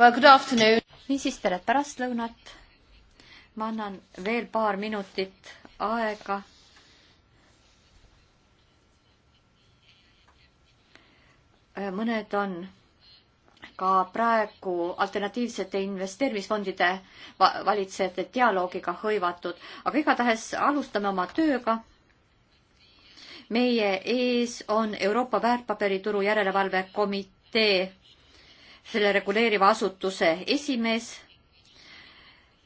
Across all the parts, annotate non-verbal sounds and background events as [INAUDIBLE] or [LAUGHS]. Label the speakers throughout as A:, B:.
A: well, good afternoon. niisiis, tere pärastlõunat. ma annan veel paar minutit aega. Äh, mõned on ka praegu alternatiivsete investeerimisfondide valitsejate dialoogiga hõivatud, aga igatahes alustame oma tööga. meie ees on Euroopa väärtpaberituru järelevalve komitee selle reguleeriva asutuse esimees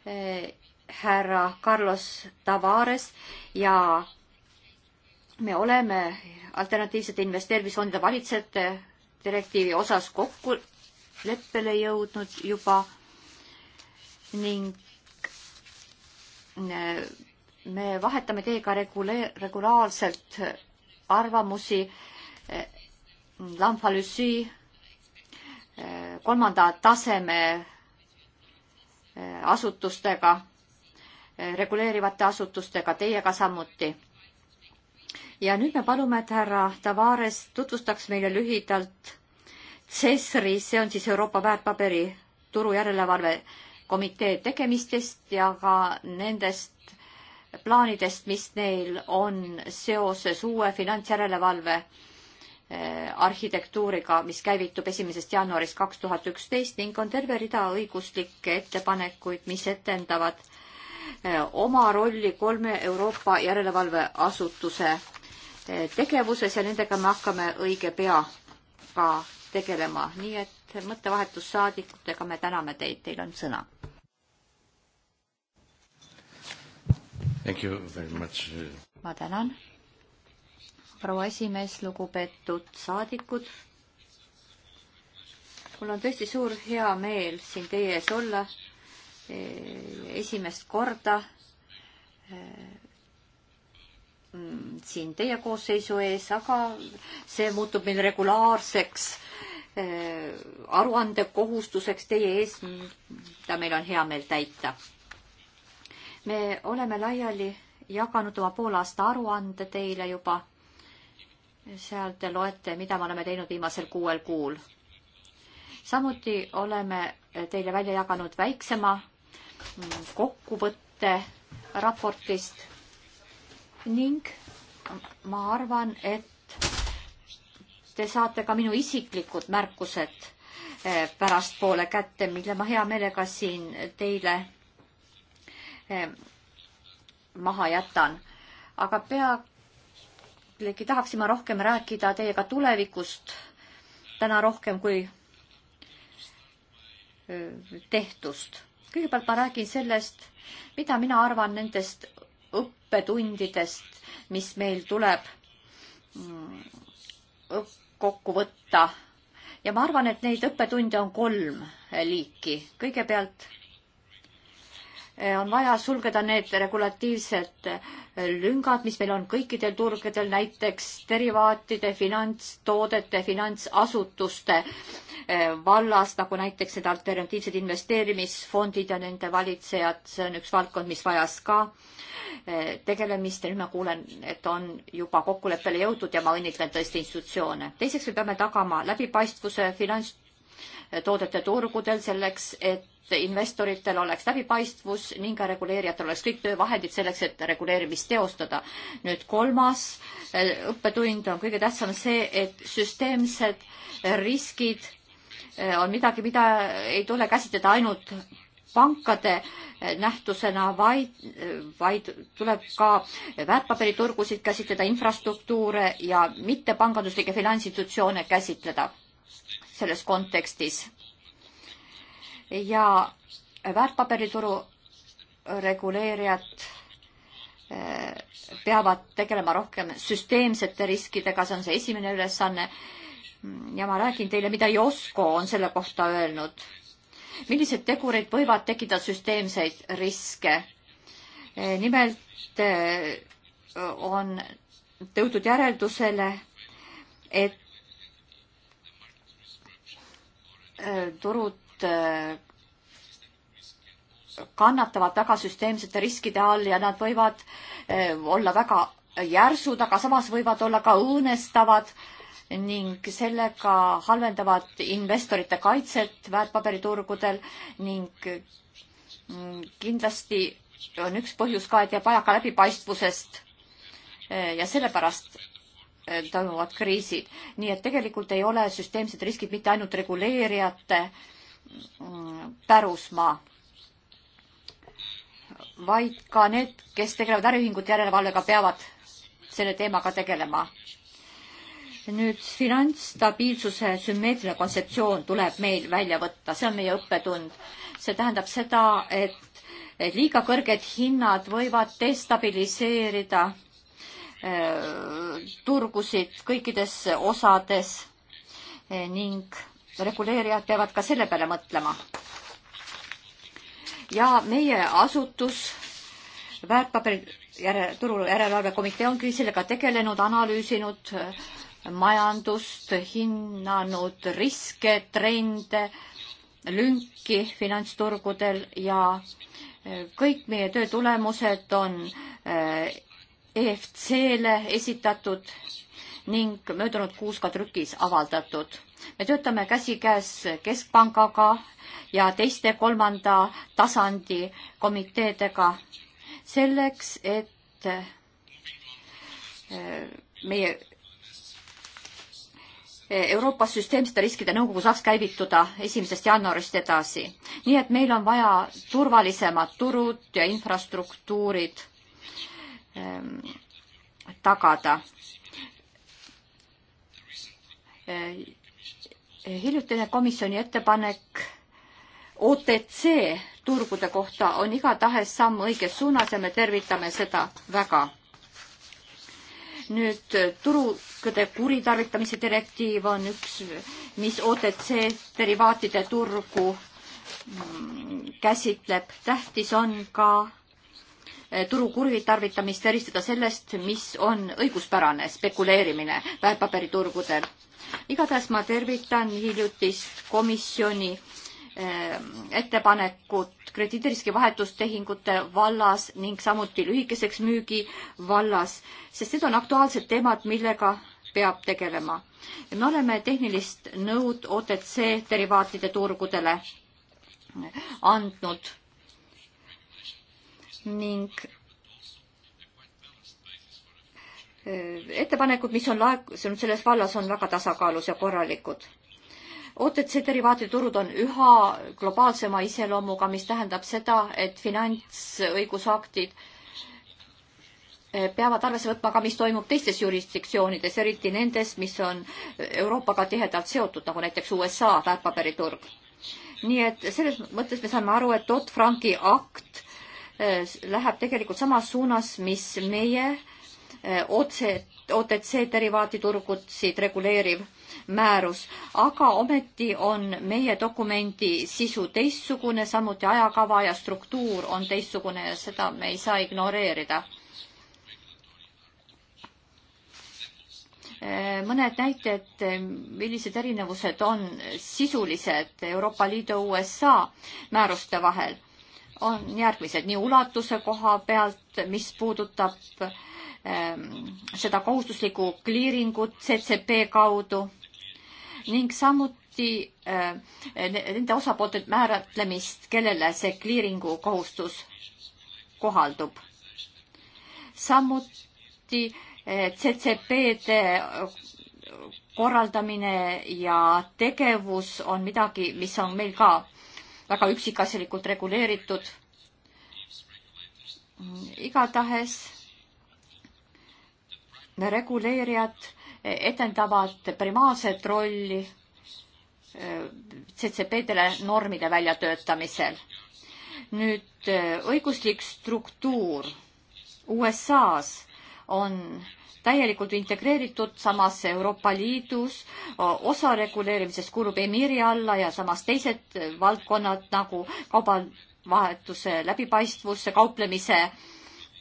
A: eh, härra Carlos Tavares ja me oleme alternatiivsete investeerimisfondide valitsejate direktiivi osas kokkuleppele jõudnud juba ning eh, me vahetame teiega reguleer-, regulaarselt arvamusi eh, Lamfalussy kolmanda taseme äh, asutustega, äh, reguleerivate asutustega, teiega samuti. ja nüüd me palume, et härra Tavares tutvustaks meile lühidalt CESRi, see on siis Euroopa väärtpaberituru järelevalve komitee tegemistest ja ka nendest plaanidest, mis neil on seoses uue finantsjärelevalve arhitektuuriga, mis käivitub esimesest jaanuarist kaks tuhat üksteist ning on terve rida õiguslikke ettepanekuid, mis etendavad eh, oma rolli kolme Euroopa järelevalveasutuse eh, tegevuses ja nendega me hakkame õige pea ka tegelema, nii et mõttevahetus saadikutega, me täname teid, teil on sõna. ma tänan proua esimees, lugupeetud saadikud. mul on tõesti suur hea meel siin teie ees olla. E, esimest korda e, siin teie koosseisu ees, aga see muutub meil regulaarseks e, aruandekohustuseks teie ees, mida meil on hea meel täita. me oleme laiali jaganud oma poolaasta aruande teile juba seal te loete, mida me oleme teinud viimasel kuuel kuul. samuti oleme teile välja jaganud väiksema kokkuvõtte raportist ning ma arvan, et te saate ka minu isiklikud märkused eh, pärastpoole kätte, mille ma hea meelega siin teile eh, maha jätan. aga pea jällegi tahaksin ma rohkem rääkida teiega tulevikust täna rohkem kui tehtust. kõigepealt ma räägin sellest, mida mina arvan nendest õppetundidest, mis meil tuleb mm, kokku võtta. ja ma arvan, et neid õppetunde on kolm liiki. kõigepealt Eh, on vaja sulgeda need regulatiivsed eh, lüngad, mis meil on kõikidel turgudel, näiteks derivaatide, finantstoodete, finantsasutuste eh, vallas, nagu näiteks need alternatiivsed investeerimisfondid ja nende valitsejad, see on üks valdkond, mis vajas ka tegelemist ja nüüd ma kuulen, et on juba kokkuleppele jõutud ja ma õnnitlen tõesti institutsioone. teiseks me peame tagama läbipaistvuse finants toodete turgudel selleks, et investoritel oleks läbipaistvus ning ka reguleerijatel oleks kõik töövahendid selleks, et reguleerimist teostada. nüüd kolmas äh, õppetund on kõige tähtsam see, et süsteemsed riskid äh, on midagi, mida ei tule käsitleda ainult pankade äh, nähtusena, vaid, vaid tuleb ka väärtpaberiturgusid käsitleda, infrastruktuure ja mittepanganduslikke finantsinstitutsioone käsitleda selles kontekstis. ja väärtpaberituru reguleerijad eh, peavad tegelema rohkem süsteemsete riskidega, see on see esimene ülesanne. ja ma räägin teile, mida Josko on selle kohta öelnud. millised tegurid võivad tekitada süsteemseid riske? Eh, nimelt eh, on jõutud järeldusele, et Äh, turud äh, kannatavad väga süsteemsete riskide all ja nad võivad äh, olla väga järsud, aga samas võivad olla ka õõnestavad ning sellega halvendavad investorite kaitset väärtpaberiturgudel ning mm, kindlasti on üks põhjus ka, et jääb vajaka läbipaistvusest. ja sellepärast toimuvad kriisid. nii et tegelikult ei ole süsteemsed riskid mitte ainult reguleerijate mm, pärusmaa, vaid ka need, kes tegelevad äriühingute järelevalvega, peavad selle teemaga tegelema. nüüd finantsstabiilsuse sümmeetriline kontseptsioon tuleb meil välja võtta, see on meie õppetund. see tähendab seda, et liiga kõrged hinnad võivad destabiliseerida Äh, turgusid kõikides osades äh, ning reguleerijad peavad ka selle peale mõtlema. ja meie asutus, väärtpaberi järel, turu järelevalvekomitee ongi sellega tegelenud, analüüsinud äh, majandust, hinnanud riske, trende, lünki finantsturgudel ja kõik meie töö tulemused on EFC-le esitatud ning möödunud kuus ka trükis avaldatud. me töötame käsikäes Keskpangaga ja teiste kolmanda tasandi komiteedega selleks, et äh, meie äh, Euroopas süsteemsete riskide nõukogu saaks käivituda esimesest jaanuarist edasi. nii et meil on vaja turvalisemad turud ja infrastruktuurid Ähm, tagada. Äh, hiljutine komisjoni ettepanek OTC turgude kohta on igatahes samm õiges suunas ja me tervitame seda väga. nüüd äh, turude kuritarvitamise direktiiv on üks, mis OTC derivaatide turgu mm, käsitleb. tähtis on ka Eh, turu kurvitarvitamist eristada sellest, mis on õiguspärane spekuleerimine väärtpaberiturgudel. igatahes ma tervitan hiljutist komisjoni eh, ettepanekut krediidiriski vahetustehingute vallas ning samuti lühikeseks müügi vallas, sest need on aktuaalsed teemad, millega peab tegelema. me oleme tehnilist nõud OTC derivaatide turgudele andnud ning ettepanekud, mis on laekunud selles vallas, on väga tasakaalus ja korralikud. OTC derivaatiturud on üha globaalsema iseloomuga, mis tähendab seda, et finantsõigusaktid peavad arvesse võtma ka, mis toimub teistes jurisdiktsioonides, eriti nendes, mis on Euroopaga tihedalt seotud, nagu näiteks USA väärtpaberiturg. nii et selles mõttes me saame aru, et Dodd-Franki akt Äh, läheb tegelikult samas suunas, mis meie otse, äh, OTC derivaatiturgusid reguleeriv määrus, aga ometi on meie dokumendi sisu teistsugune, samuti ajakava ja struktuur on teistsugune ja seda me ei saa ignoreerida. Äh, mõned näited, millised erinevused on sisulised Euroopa Liidu USA määruste vahel on järgmised nii ulatuse koha pealt, mis puudutab ähm, seda kohustuslikku kliiringut CCP kaudu ning samuti äh, nende osapoolte määratlemist, kellele see kliiringu kohustus kohaldub. samuti äh, CCP-de korraldamine ja tegevus on midagi, mis on meil ka väga üksikasjalikult reguleeritud. igatahes reguleerijad etendavad primaarset rolli eh, CCP-dele normide väljatöötamisel. nüüd eh, õiguslik struktuur USA-s on täielikult integreeritud, samas Euroopa Liidus osa reguleerimisest kuulub emiri alla ja samas teised valdkonnad nagu kaubavahetuse läbipaistvus, kauplemise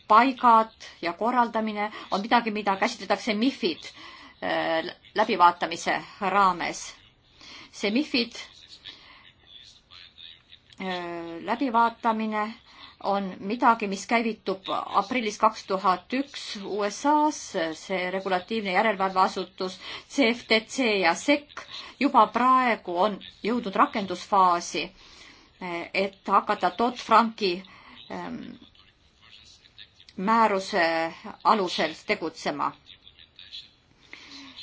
A: paigad ja korraldamine on midagi, mida käsitletakse MIFID e, läbivaatamise raames. see MIFID e, läbivaatamine on midagi, mis käivitub aprillis kaks tuhat üks USA-s, see regulatiivne järelevalveasutus CFTC ja SEC juba praegu on jõudnud rakendusfaasi, et hakata Dodd-Franki ehm, määruse alusel tegutsema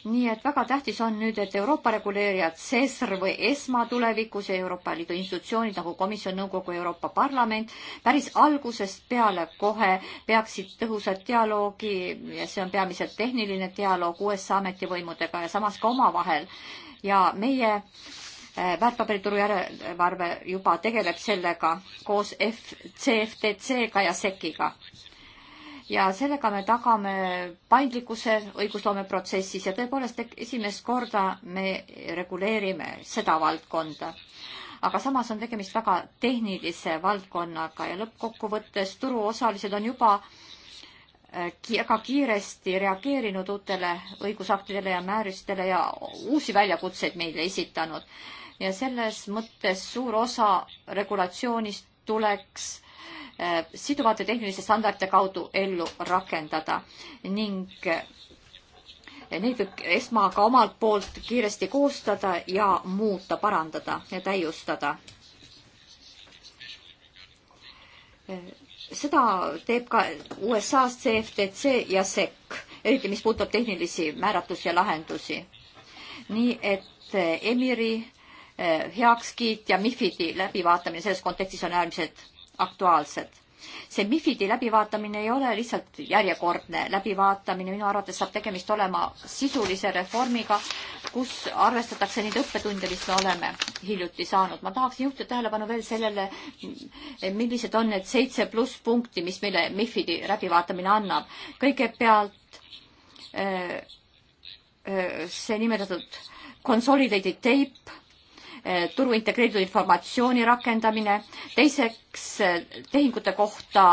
A: nii et väga tähtis on nüüd, et Euroopa reguleerijad CESR või ESMA tulevikus ja Euroopa Liidu institutsioonid nagu Komisjon, Nõukogu, Euroopa Parlament päris algusest peale kohe peaksid tõhusat dialoogi ja see on peamiselt tehniline dialoog USA ametivõimudega ja samas ka omavahel ja meie eh, väärtpaberituru järelevalve juba tegeleb sellega koos F, CFTC-ga ja SEC-iga ja sellega me tagame paindlikkuse õigusloome protsessis ja tõepoolest esimest korda me reguleerime seda valdkonda. aga samas on tegemist väga tehnilise valdkonnaga ja lõppkokkuvõttes turuosalised on juba äh, väga kiiresti reageerinud uutele õigusaktidele ja määrustele ja uusi väljakutseid meile esitanud. ja selles mõttes suur osa regulatsioonist tuleks Äh, siduvate tehniliste standardite kaudu ellu rakendada ning äh, neid võib ESMA ka omalt poolt kiiresti koostada ja muuta, parandada ja täiustada. Äh, seda teeb ka USA-s CFTC ja SEC, eriti mis puudutab tehnilisi määratusi ja lahendusi. nii et Emiri heakskiit ja MIFID-i läbivaatamine selles kontekstis on äärmiselt aktuaalsed. see MIFID-i läbivaatamine ei ole lihtsalt järjekordne läbivaatamine, minu arvates saab tegemist olema sisulise reformiga, kus arvestatakse neid õppetunde, mis me oleme hiljuti saanud. ma tahaksin juhtida tähelepanu veel sellele, millised on need seitse pluss punkti, mis meile MIFID-i läbivaatamine annab. kõigepealt äh, äh, see nimetatud consolidated tape Eh, turu integreeritud informatsiooni rakendamine, teiseks eh, tehingute kohta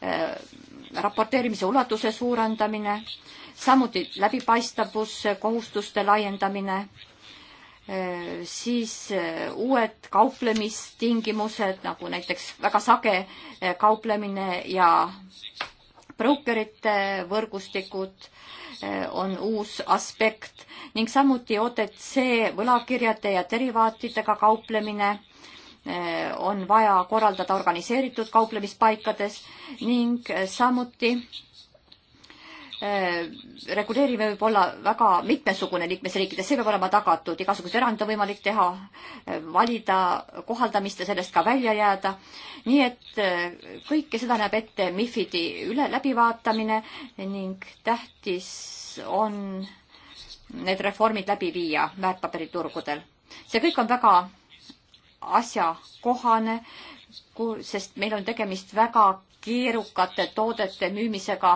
A: eh, raporteerimise ulatuse suurendamine, samuti läbipaistvuse kohustuste laiendamine, siis uued kauplemistingimused, nagu näiteks väga sage kauplemine ja brokerite võrgustikud eh, on uus aspekt ning samuti OTC võlakirjade ja derivaatidega kauplemine eh, on vaja korraldada organiseeritud kauplemispaikades ning eh, samuti Äh, reguleerimine võib olla väga mitmesugune liikmesriikides, see peab olema tagatud, igasuguseid erandeid on võimalik teha, äh, valida kohaldamist ja sellest ka välja jääda. nii et äh, kõike seda näeb ette MIFID-i üle läbivaatamine ning tähtis on need reformid läbi viia väärtpaberiturgudel. see kõik on väga asjakohane, sest meil on tegemist väga keerukate toodete müümisega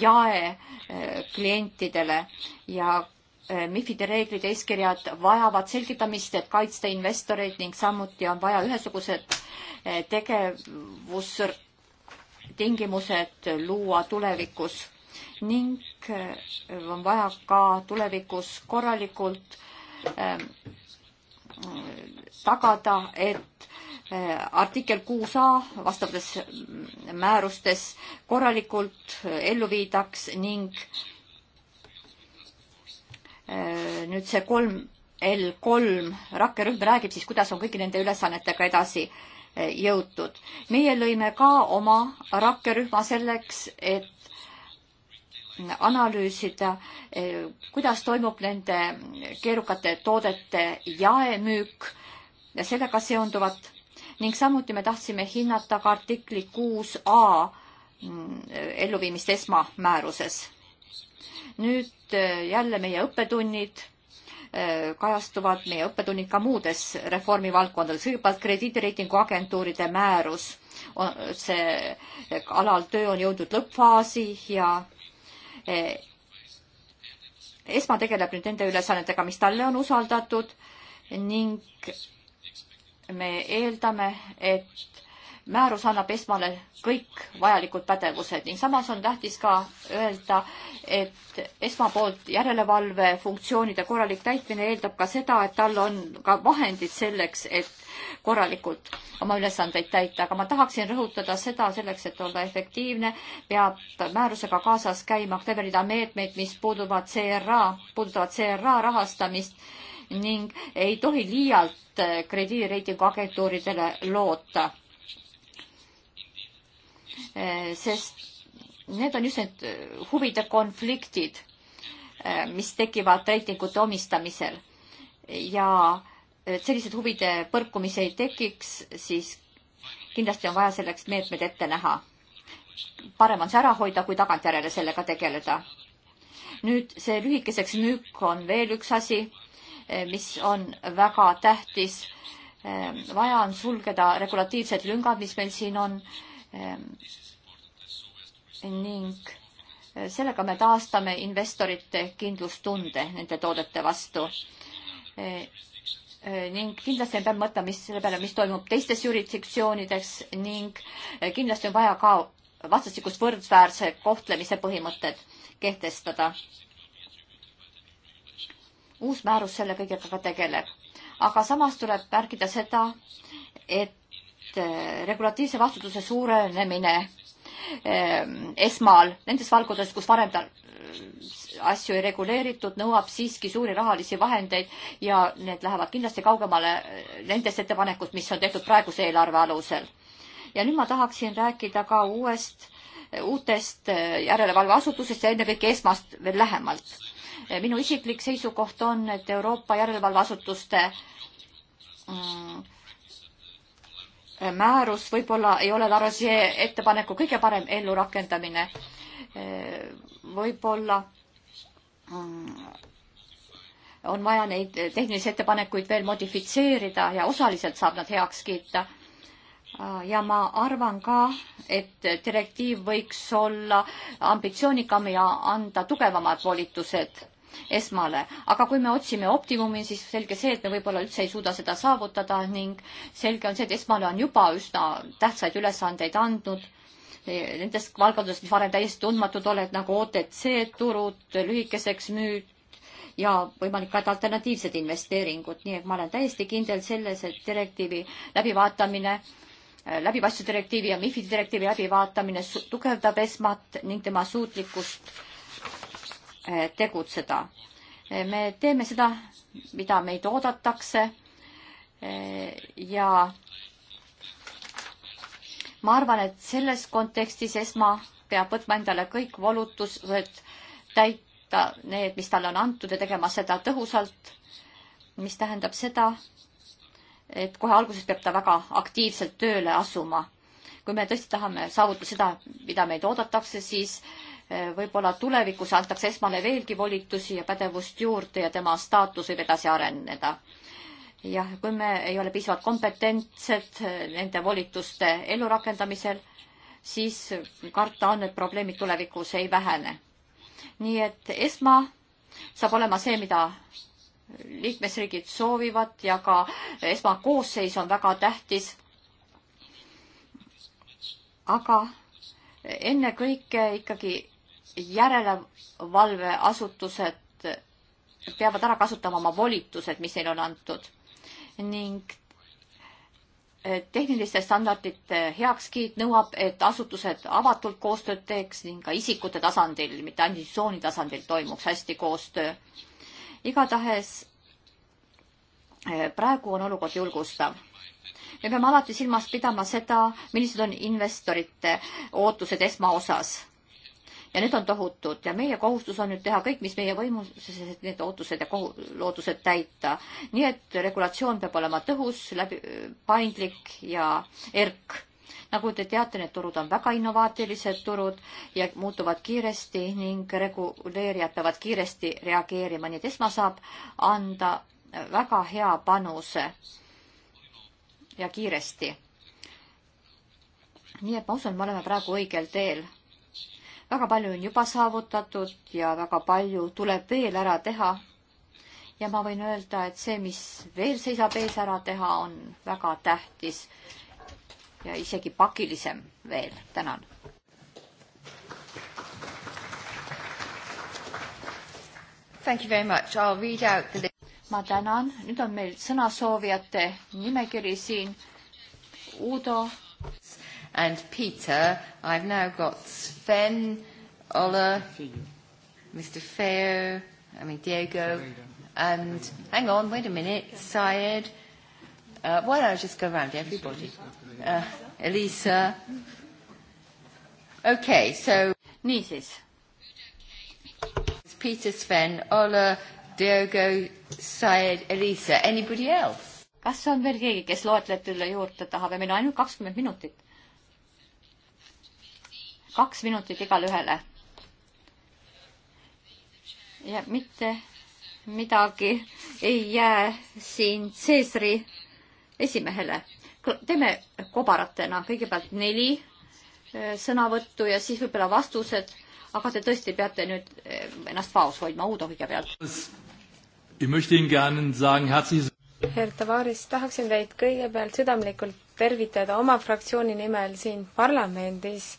A: jaeklientidele eh, ja eh, MIFide reeglid ja eeskirjad vajavad selgitamist, et kaitsta investoreid ning samuti on vaja ühesugused eh, tegevustingimused luua tulevikus ning on vaja ka tulevikus korralikult tagada, et Äh, artikkel kuus A vastavates mm, määrustes korralikult äh, ellu viidaks ning äh, nüüd see kolm L kolm rakkerühm räägib siis, kuidas on kõigi nende ülesannetega edasi jõutud. meie lõime ka oma rakkerühma selleks, et analüüsida, kuidas toimub nende keerukate toodete jaemüük ja sellega seonduvat ning samuti me tahtsime hinnata ka artikli kuus A mm, elluviimist esmamääruses. nüüd äh, jälle meie õppetunnid äh, kajastuvad meie õppetunnid ka muudes reformi valdkondades. kõigepealt krediidireitingu agentuuride määrus, see äh, alal töö on jõudnud lõppfaasi ja esma tegeleb nüüd nende ülesannetega, mis talle on usaldatud ning me eeldame, et määrus annab esmale kõik vajalikud pädevused ning samas on tähtis ka öelda, et esmapoolt järelevalve funktsioonide korralik täitmine eeldab ka seda, et tal on ka vahendid selleks, et korralikult oma ülesandeid täita, aga ma tahaksin rõhutada seda selleks, et olla efektiivne, peab määrusega kaasas käima terve rida meetmeid, mis puuduvad CRA, puudutavad CRA rahastamist ning ei tohi liialt eh, krediidireitingu agentuuridele loota. Eh, sest need on just need eh, huvide konfliktid, mis tekivad reitingute omistamisel ja et sellised huvide põrkumisi ei tekiks, siis kindlasti on vaja selleks meetmed ette näha. parem on see ära hoida, kui tagantjärele sellega tegeleda. nüüd see lühikeseks müük on veel üks asi Eh, mis on väga tähtis. Eh, vaja on sulgeda regulatiivsed lüngad, mis meil siin on. Eh, ning sellega me taastame investorite kindlustunde nende toodete vastu ning kindlasti me peame mõtlema, mis selle peale, mis toimub teistes jurisdiktsioonides ning kindlasti on vaja ka vastastikust võrdväärse kohtlemise põhimõtted kehtestada uus määrus selle kõigega ka tegeleb. aga samas tuleb märkida seda, et äh, regulatiivse vastutuse suurenemine ähm, esmal nendes valdkondades, kus varem tal äh, asju ei reguleeritud, nõuab siiski suuri rahalisi vahendeid ja need lähevad kindlasti kaugemale äh, nendest ettepanekust, mis on tehtud praeguse eelarve alusel. ja nüüd ma tahaksin rääkida ka uuest, uutest järelevalveasutusest ja ennekõike esmast veel lähemalt minu isiklik seisukoht on, et Euroopa järelevalveasutuste mm, määrus võib-olla ei ole Larosier ettepaneku kõige parem ellurakendamine. võib-olla mm, on vaja neid tehnilisi ettepanekuid veel modifitseerida ja osaliselt saab nad heaks kiita. ja ma arvan ka, et direktiiv võiks olla ambitsioonikam ja anda tugevamad volitused esmale. aga kui me otsime optimumi, siis selge see, et me võib-olla üldse ei suuda seda saavutada ning selge on see, et esmale on juba üsna tähtsaid ülesandeid andnud nendest valdkondadest, mis varem täiesti tundmatud olid, nagu OTC turud, lühikeseks müük ja võimalik ka alternatiivsed investeeringud, nii et ma olen täiesti kindel selles, et direktiivi läbivaatamine läbipaistvuse direktiivi ja MIFID direktiivi läbivaatamine tugevdab esmat ning tema suutlikkust Eh, tegutseda. Eh, me teeme seda, mida meid oodatakse eh, ja ma arvan, et selles kontekstis esma peab võtma endale kõik volutused, täita need, mis talle on antud ja tegema seda tõhusalt, mis tähendab seda, et kohe alguses peab ta väga aktiivselt tööle asuma. kui me tõesti tahame saavutada seda, mida meid oodatakse, siis äh, võib-olla tulevikus antakse esmale veelgi volitusi ja pädevust juurde ja tema staatus võib edasi areneda. jah, kui me ei ole piisavalt kompetentsed nende volituste ellurakendamisel, siis karta on, et probleemid tulevikus ei vähene. nii et esma saab olema see, mida liikmesriigid soovivad ja ka esmakoosseis on väga tähtis. aga ennekõike ikkagi järelevalveasutused peavad ära kasutama oma volitused, mis neile on antud ning eh, tehniliste standardite heakskiit nõuab, et asutused avatult koostööd teeks ning ka isikute tasandil, mitte ainult institutsiooni tasandil toimuks hästi koostöö. igatahes eh, praegu on olukord julgustav. me peame alati silmas pidama seda, millised on investorite ootused esmaosas ja need on tohutud ja meie kohustus on nüüd teha kõik, mis meie võimuses, et need ootused ja kohu-, lootused täita. nii et regulatsioon peab olema tõhus, läbi, paindlik ja erk. nagu te teate, need turud on väga innovaatilised turud ja muutuvad kiiresti ning reguleerijad peavad kiiresti reageerima, nii et ESMA saab anda väga hea panuse ja kiiresti. nii et ma usun, me oleme praegu õigel teel väga palju on juba saavutatud ja väga palju tuleb veel ära teha. ja ma võin öelda, et see, mis veel seisab ees ära teha, on väga tähtis ja isegi pakilisem veel. tänan. Thank you very much. I'll read out the ma tänan, nüüd on meil sõnasoovijate nimekiri siin. Udo
B: and Peter. I've now got
A: Sven, Ola, Mr. Feo, I mean Diego, and hang on, wait a minute, Syed. Uh, why don't I just go around
B: everybody? Uh, Elisa. Okay,
A: so. Niisiis. Peter, Sven, Ola, Diogo, Syed, Elisa. Anybody else? kas on veel keegi, kes loetlejatele juurde tahab ja meil on ainult kakskümmend minutit? kaks minutit igale ühele. ja mitte midagi ei jää siin Seesri esimehele. teeme kobaratena kõigepealt neli äh, sõnavõttu ja siis võib-olla vastused, aga te tõesti peate nüüd äh, ennast vaos hoidma. Uudo kõigepealt. Herr Tavares, tahaksin teid kõigepealt
C: südamlikult tervitada oma fraktsiooni nimel siin parlamendis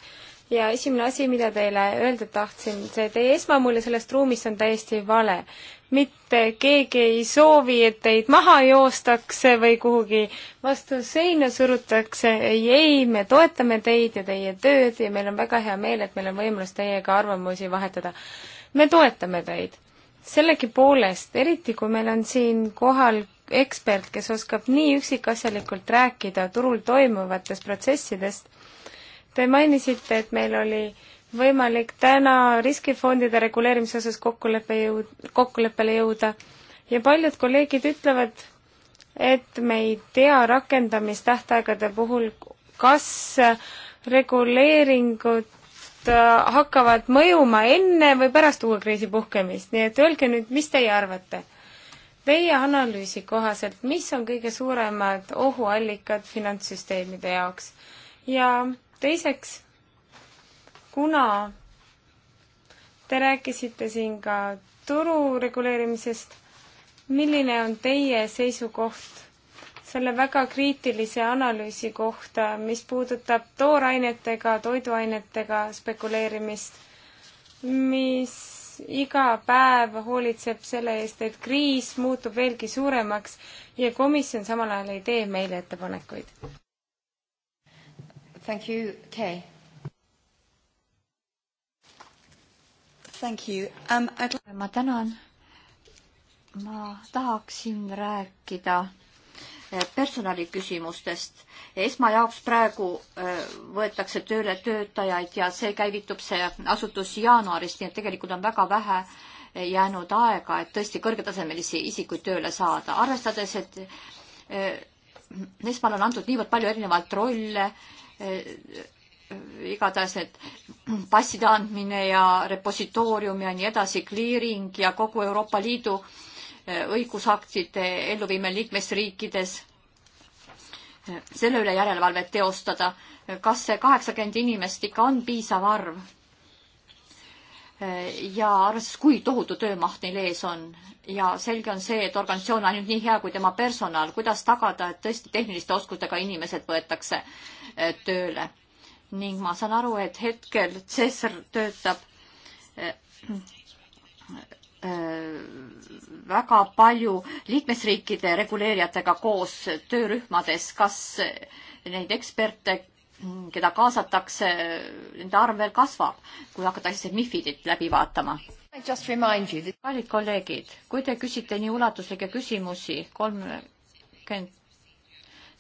C: ja esimene asi, mida teile öelda tahtsin, see teie esmamulje sellest ruumist on täiesti vale. mitte keegi ei soovi, et teid maha joostakse või kuhugi vastu seina surutakse, ei, ei, me toetame teid ja teie tööd ja meil on väga hea meel, et meil on võimalus teiega arvamusi vahetada. me toetame teid. sellegipoolest, eriti kui meil on siin kohal ekspert, kes oskab nii üksikasjalikult rääkida turul toimuvatest protsessidest Te mainisite, et meil oli võimalik täna riskifondide reguleerimise osas kokkuleppe jõud-, kokkuleppele jõuda ja paljud kolleegid ütlevad, et me ei tea rakendamistähtaegade puhul, kas reguleeringud äh, hakkavad mõjuma enne või pärast uue kriisi puhkemist, nii et öelge nüüd, mis teie arvate? Teie analüüsi kohaselt, mis on kõige suuremad ohuallikad finantssüsteemide jaoks ja teiseks, kuna te rääkisite siin ka turu reguleerimisest, milline on teie seisukoht selle väga kriitilise analüüsi kohta, mis puudutab toorainetega, toiduainetega spekuleerimist, mis iga päev hoolitseb selle eest, et kriis muutub veelgi suuremaks ja komisjon samal ajal ei tee meile ettepanekuid.
A: Thank you, Kay. Thank you. Um, I'd... ma tänan. ma tahaksin rääkida eh, personaliküsimustest. esmajaoks praegu eh, võetakse tööle töötajaid ja see käivitub see asutus jaanuarist, nii et tegelikult on väga vähe eh, jäänud aega, et tõesti kõrgetasemelisi isikuid tööle saada, arvestades, et Nesmale on antud niivõrd palju erinevaid rolle, eh, igatahes need passide andmine ja repositoorium ja nii edasi, clearing ja kogu Euroopa Liidu eh, õigusaktide elluviimine liikmesriikides,
D: eh,
A: selle üle järelevalvet teostada. kas see kaheksakümmend inimest ikka on piisav arv? ja arvestades, kui tohutu töömaht neil ees on ja selge on see, et organisatsioon on ainult nii hea kui tema personal, kuidas tagada, et tõesti tehniliste oskustega inimesed võetakse äh, tööle. ning ma saan aru, et hetkel CESR töötab äh, äh, väga palju liikmesriikide reguleerijatega koos töörühmades, kas neid eksperte keda kaasatakse, nende arv veel kasvab, kui hakatakse MIFIDit läbi vaatama. kallid kolleegid, kui te küsite nii ulatuslikke küsimusi, kolmkümmend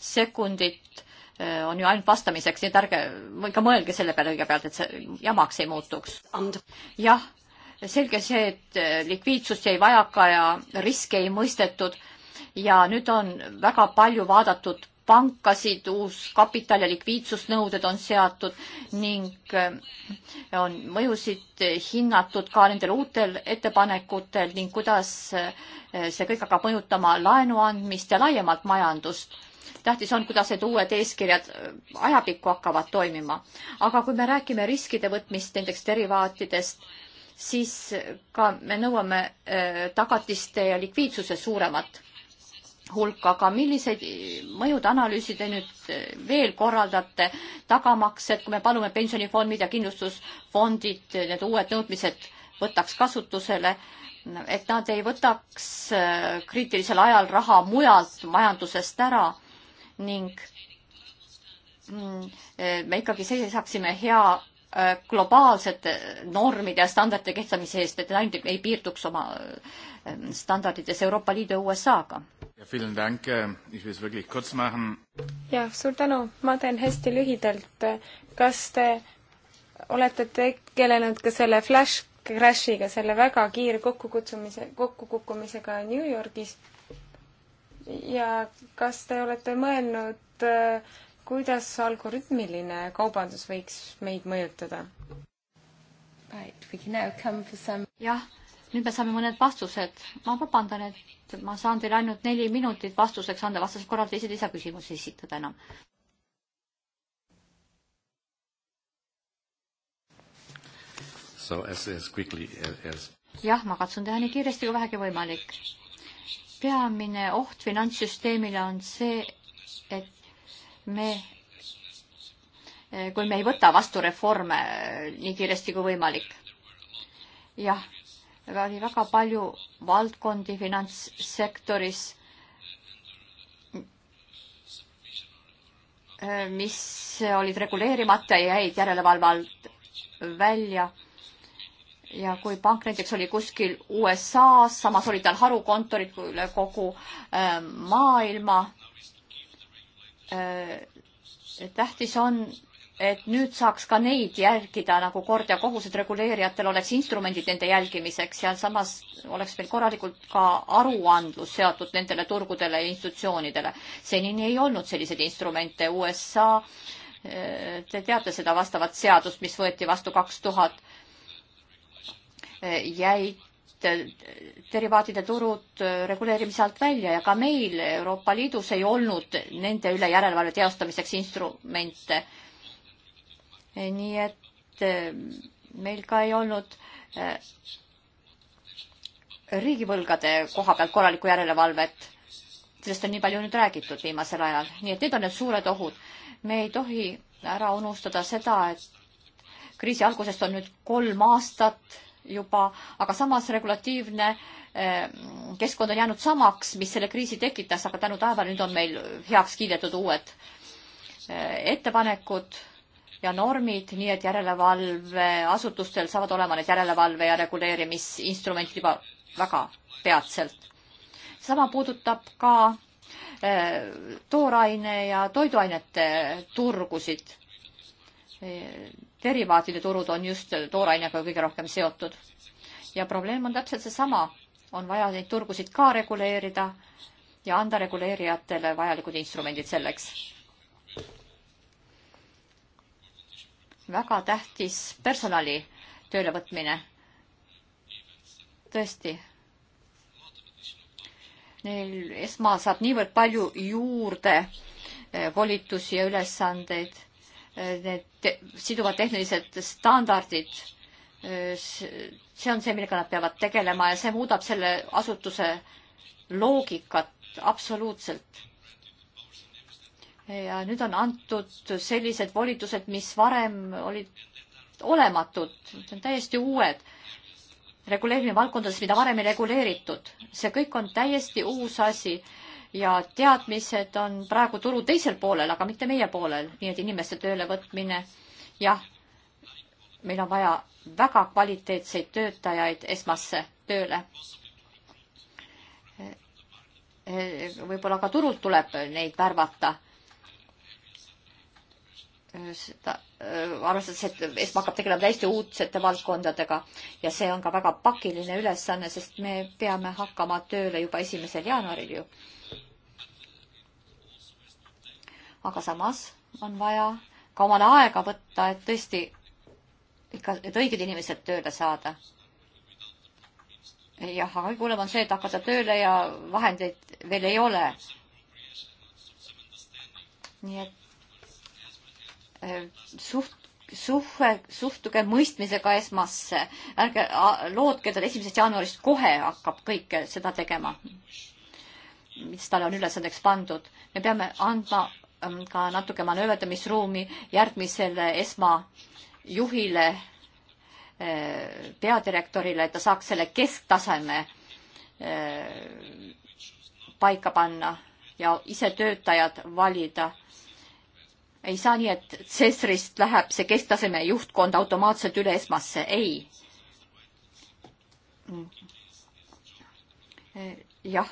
A: sekundit eh, on ju ainult vastamiseks, nii et ärge ikka mõelge selle peale kõigepealt, et see jamaks ei muutuks. jah, selge see, et eh, likviidsust jäi vajaka ja riske ei mõistetud ja nüüd on väga palju vaadatud pankasid, uus kapital ja likviidsusnõuded on seatud ning äh, on mõjusid hinnatud ka nendel uutel ettepanekutel ning kuidas äh, see kõik hakkab mõjutama laenu andmist ja laiemalt majandust. tähtis on, kuidas need uued eeskirjad äh, ajapikku hakkavad toimima. aga kui me räägime riskide võtmist näiteks derivaatidest, siis ka me nõuame tagatiste ja likviidsuse suuremat hulka, aga milliseid mõjude analüüsi te nüüd eh, veel korraldate, tagamaks, et kui me palume pensionifondid ja kindlustusfondid need uued nõudmised võtaks kasutusele, et nad ei võtaks eh, kriitilisel ajal raha mujalt majandusest ära ning mm, eh, me ikkagi seisaksime hea globaalsete normide ja standardite kehtestamise eest, et ainult ei piirduks oma standardites Euroopa Liidu ja USA-ga
D: jah,
C: äh, suur tänu, ma teen hästi lühidalt. kas te olete tegelenud ka selle flash crash'iga, selle väga kiire kokkukutsumise, kokkukukkumisega New Yorgis? ja kas te olete mõelnud, äh, kuidas algoritmiline kaubandus võiks meid mõjutada?
A: jah, nüüd me saame mõned vastused. ma vabandan, et ma saan teile ainult neli minutit vastuseks anda, vastasel korral teised ei saa küsimusi esitada enam. jah, ma katsun teha nii kiiresti kui vähegi võimalik. peamine oht finantssüsteemile on see, et me kui me ei võta vastu reforme nii kiiresti kui võimalik. jah oli väga palju valdkondi finantssektoris, mis olid reguleerimata ja jäid järelevalve alt välja. ja kui pank näiteks oli kuskil USA-s, samas olid tal harukontorid üle kogu äh, maailma, äh, tähtis on et nüüd saaks ka neid jälgida nagu kord ja kohus, et reguleerijatel oleks instrumendid nende jälgimiseks ja samas oleks meil korralikult ka aruandlus seatud nendele turgudele ja institutsioonidele. senini ei olnud selliseid instrumente. USA, eh, te teate seda vastavat seadust, mis võeti vastu kaks tuhat, eh, jäid eh, derivaatide turud reguleerimise alt välja ja ka meil Euroopa Liidus ei olnud nende üle järelevalve teostamiseks instrumente nii et eh, meil ka ei olnud eh, riigivõlgade koha pealt korralikku järelevalvet. sellest on nii palju nüüd räägitud viimasel ajal, nii et need on need suured ohud. me ei tohi ära unustada seda, et kriisi algusest on nüüd kolm aastat juba, aga samas regulatiivne eh, keskkond on jäänud samaks, mis selle kriisi tekitas, aga tänu taevale nüüd on meil heaks kiidetud uued ettepanekud ja normid, nii et järelevalveasutustel saavad olema need järelevalve ja reguleerimisinstrumendid juba väga peatselt. sama puudutab ka eh, tooraine ja toiduainete turgusid. Eh, derivaatide turud on just toorainega kõige rohkem seotud. ja probleem on täpselt seesama, on vaja neid turgusid ka reguleerida ja anda reguleerijatele vajalikud instrumendid selleks väga tähtis personali töölevõtmine. tõesti. Neil esma saab niivõrd palju juurde eh, volitusi ja ülesandeid, eh, need te siduvad tehnilised standardid, eh, see on see, millega nad peavad tegelema ja see muudab selle asutuse loogikat absoluutselt ja nüüd on antud sellised volitused, mis varem olid olematud, on täiesti uued reguleerimine valdkondades, mida varem ei reguleeritud. see kõik on täiesti uus asi ja teadmised on praegu turu teisel poolel, aga mitte meie poolel, nii et inimeste töölevõtmine, jah, meil on vaja väga kvaliteetseid töötajaid esmasse tööle. võib-olla ka turult tuleb neid värvata seda, äh, arvestades, et ESMA hakkab tegelema täiesti uudsete valdkondadega ja see on ka väga pakiline ülesanne, sest me peame hakkama tööle juba esimesel jaanuaril ju. aga samas on vaja ka omale aega võtta, et tõesti ikka, et õiged inimesed tööle saada. jah, aga kõige hullem on see, et hakata tööle ja vahendeid veel ei ole. nii et suht-, suhe, suhtuge mõistmisega esmasse. ärge lootke, et esimesest jaanuarist kohe hakkab kõike seda tegema, mis talle on ülesandeks pandud. me peame andma ähm, ka natuke manööverdamisruumi järgmisele esmajuhile, äh, peadirektorile, et ta saaks selle kesktaseme äh, paika panna ja ise töötajad valida ei saa nii, et Cesrist läheb see kesktaseme juhtkond automaatselt üle esmasse, ei. jah,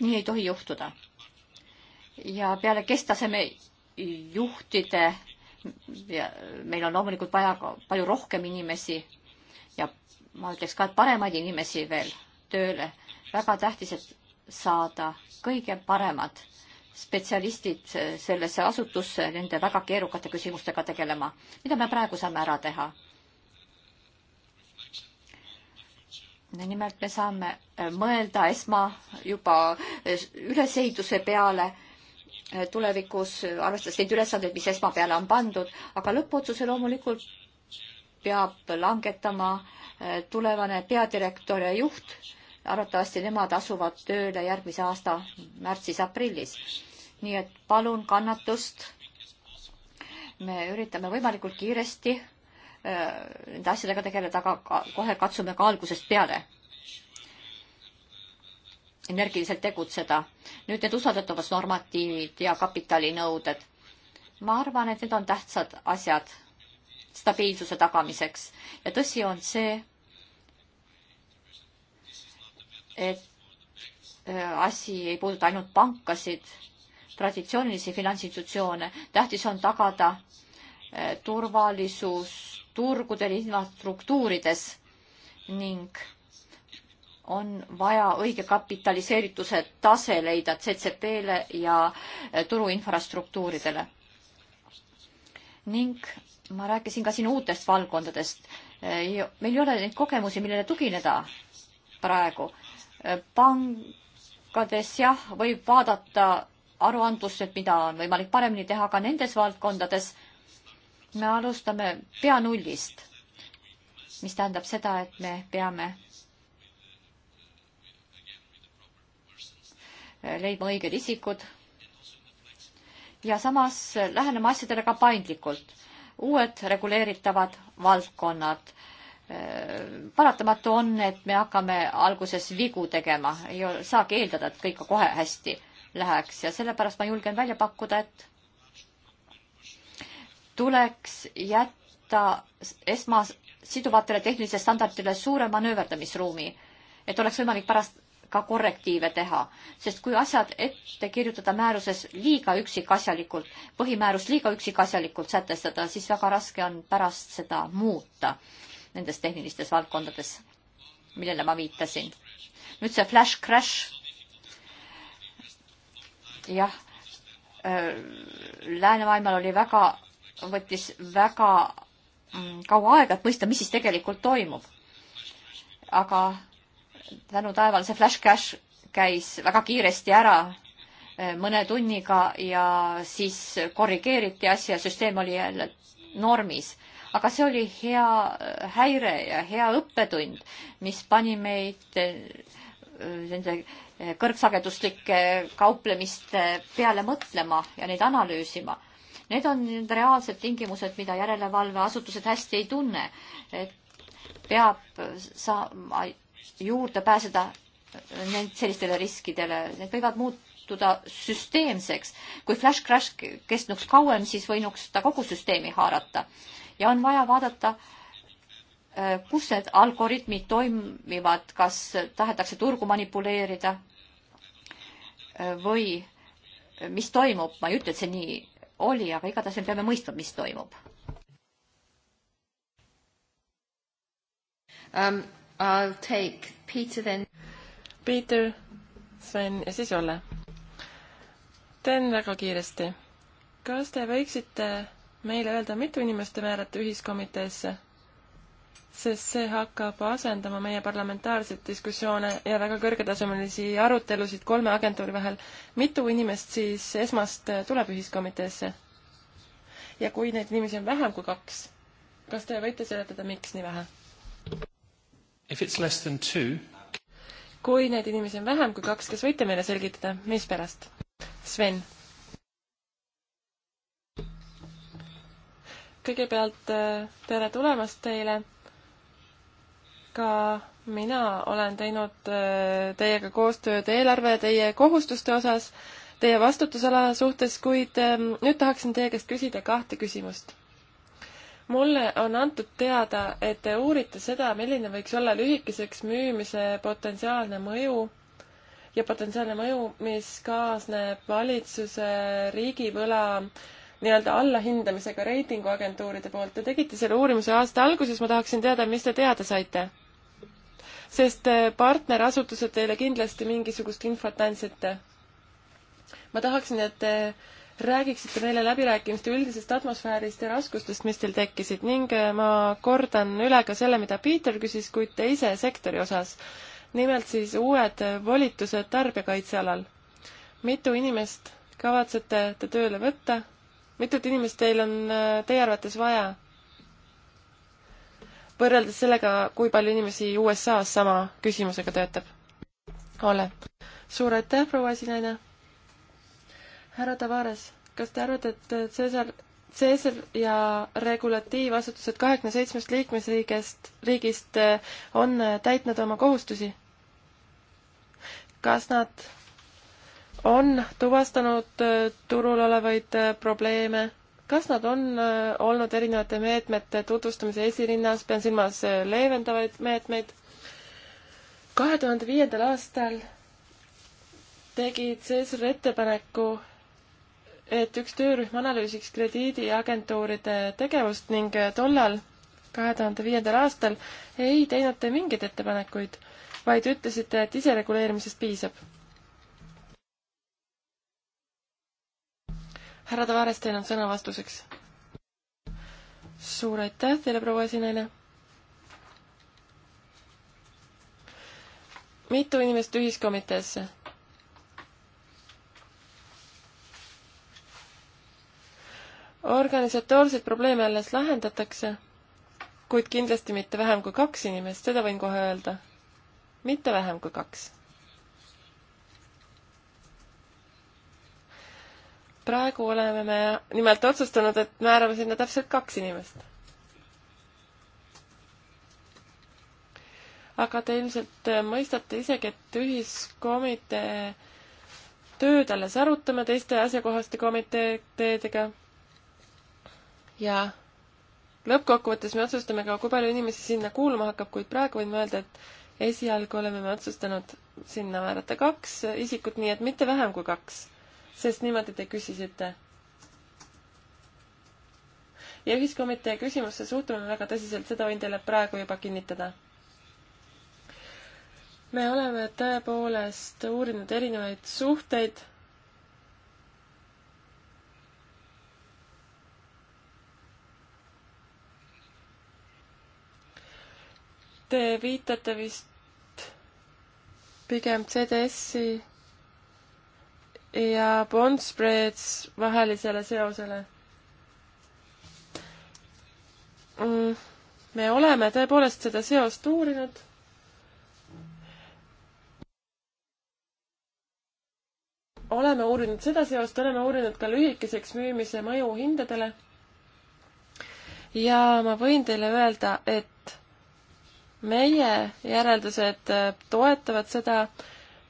A: nii ei tohi juhtuda. ja peale kesktaseme juhtide meil on loomulikult vaja ka palju rohkem inimesi ja ma ütleks ka, et paremaid inimesi veel tööle. väga tähtis, et saada kõige paremad spetsialistid eh, sellesse asutusse nende väga keerukate küsimustega tegelema. mida me praegu saame ära teha? nimelt me saame eh, mõelda esma juba eh, ülesehituse peale tulevikus, arvestades neid ülesandeid, mis esma peale on pandud, aga lõppotsuse loomulikult peab langetama tulevane peadirektor ja juht arvatavasti nemad asuvad tööle järgmise aasta märtsis-aprillis. nii et palun kannatust. me üritame võimalikult kiiresti äh, nende asjadega tegeleda, aga ka, kohe katsume ka algusest peale energiliselt tegutseda. nüüd need usaldatavus normatiivid ja kapitalinõuded. ma arvan, et need on tähtsad asjad stabiilsuse tagamiseks ja tõsi on see, et äh, asi ei puuduta ainult pankasid, traditsioonilisi finantsinstitutsioone, tähtis on tagada äh, turvalisus turgudel, infrastruktuurides ning on vaja õige kapitaliseerituse tase leida CCP-le ja äh, turu infrastruktuuridele. ning ma rääkisin ka siin uutest valdkondadest. meil ei ole neid kogemusi, millele tugineda praegu pangades jah, võib vaadata aruandlust, et mida on võimalik paremini teha ka nendes valdkondades. me alustame pea nullist, mis tähendab seda, et me peame leidma õiged isikud ja samas lähenema asjadele ka paindlikult. uued reguleeritavad valdkonnad paratamatu on, et me hakkame alguses vigu tegema, ei saagi eeldada, et kõik kohe hästi läheks ja sellepärast ma julgen välja pakkuda, et tuleks jätta esmas siduvatele tehnilisele standardile suure manööverdamisruumi, et oleks võimalik pärast ka korrektiive teha, sest kui asjad ette kirjutada määruses liiga üksikasjalikult, põhimäärus liiga üksikasjalikult sätestada, siis väga raske on pärast seda muuta nendes tehnilistes valdkondades, millele ma viitasin. nüüd see flash crash. jah, äh, läänemaailmal oli väga, võttis väga mm, kaua aega, et mõista, mis siis tegelikult toimub. aga tänu taevale see flash crash käis väga kiiresti ära äh, mõne tunniga ja siis korrigeeriti asja, süsteem oli jälle normis, aga see oli hea äh, häire ja hea õppetund, mis pani meid äh, nende äh, kõrgsageduslike kauplemiste peale mõtlema ja neid analüüsima. Need on need reaalsed tingimused, mida järelevalveasutused hästi ei tunne. et peab saama juurde pääseda sellistele riskidele, need võivad muud muutuda süsteemseks. kui flash crash kestnuks kauem, siis võinuks ta kogu süsteemi haarata ja on vaja vaadata, äh, kus need algoritmid toimivad, kas tahetakse turgu manipuleerida äh, või äh, mis toimub, ma ei ütle, et see nii oli, aga igatahes me peame mõistma, mis toimub um,. I'll take Peter then. Peter,
E: Sven ja siis Olle teen väga kiiresti. kas te võiksite meile öelda, mitu inimest te määrate ühiskomiteesse? sest see hakkab asendama meie parlamentaarseid diskussioone ja väga kõrgetasemelisi arutelusid kolme agentuuri vahel. mitu inimest siis esmast tuleb ühiskomiteesse? ja kui neid inimesi on vähem kui kaks, kas te võite seletada, miks nii vähe?
D: Two...
E: kui neid inimesi on vähem kui kaks, kas võite meile selgitada, mispärast? Sven. kõigepealt äh, tere tulemast teile. ka mina olen teinud äh, teiega koostööd eelarve teie kohustuste osas, teie vastutusala suhtes, kuid ähm, nüüd tahaksin teie käest küsida kahte küsimust mulle on antud teada, et te uurite seda, milline võiks olla lühikeseks müümise potentsiaalne mõju ja potentsiaalne mõju, mis kaasneb valitsuse riigivõla nii-öelda allahindamisega reitinguagentuuride poolt. Te tegite selle uurimuse aasta alguses, ma tahaksin teada, mis te teada saite? sest eh, partnerasutused teile kindlasti mingisugust infot andsid. ma tahaksin, et te räägiksite meile läbirääkimiste üldisest atmosfäärist ja raskustest, mis teil tekkisid ning eh, ma kordan üle ka selle, mida Peter küsis, kuid teise sektori osas nimelt siis uued volitused tarbijakaitse alal. mitu inimest kavatsete te tööle võtta? mitut inimest teil on äh, teie arvates vaja? võrreldes sellega, kui palju inimesi USA-s sama küsimusega töötab? Ole. suur aitäh, proua esinaine. härra Tavares, kas te arvate, et äh, Cesar CESR ja regulatiivasutused kahekümne seitsmest liikmesriigist, riigist äh, on täitnud oma kohustusi? kas nad on tuvastanud äh, turul olevaid äh, probleeme, kas nad on äh, olnud erinevate meetmete tutvustamise esirinnas, pean silmas leevendavaid meetmeid. kahe tuhande viiendal aastal tegi CESR ettepaneku, et üks töörühm analüüsiks krediidiagentuuride tegevust ning tollal, kahe tuhande viiendal aastal, ei teinud te mingeid ettepanekuid vaid ütlesite, et isereguleerimisest piisab. härra Tavares, teil on sõna vastuseks. suur aitäh teile, proua esinaine. mitu inimest ühiskomiteesse? organisatoorseid probleeme alles lahendatakse, kuid kindlasti mitte vähem kui kaks inimest, seda võin kohe öelda mitte vähem kui kaks. praegu oleme me nimelt otsustanud, et määrame sinna täpselt kaks inimest. aga te ilmselt mõistate isegi, et ühiskomitee tööd alles arutame teiste asjakohaste komiteedega. ja lõppkokkuvõttes me otsustame ka, kui palju inimesi sinna kuuluma hakkab, kuid praegu võin öelda, et esialgu oleme me otsustanud sinna määrata kaks isikut, nii et mitte vähem kui kaks, sest niimoodi te küsisite. ja ühiskomitee küsimusse suhtume väga tõsiselt, seda võin teile praegu juba kinnitada. me oleme tõepoolest uurinud erinevaid suhteid Te viitate vist pigem CDS-i ja Bond Spreads vahelisele seosele mm,. me oleme tõepoolest seda seost uurinud. oleme uurinud seda seost, oleme uurinud ka lühikeseks müümise mõju hindadele. ja ma võin teile öelda, et meie järeldused äh, toetavad seda,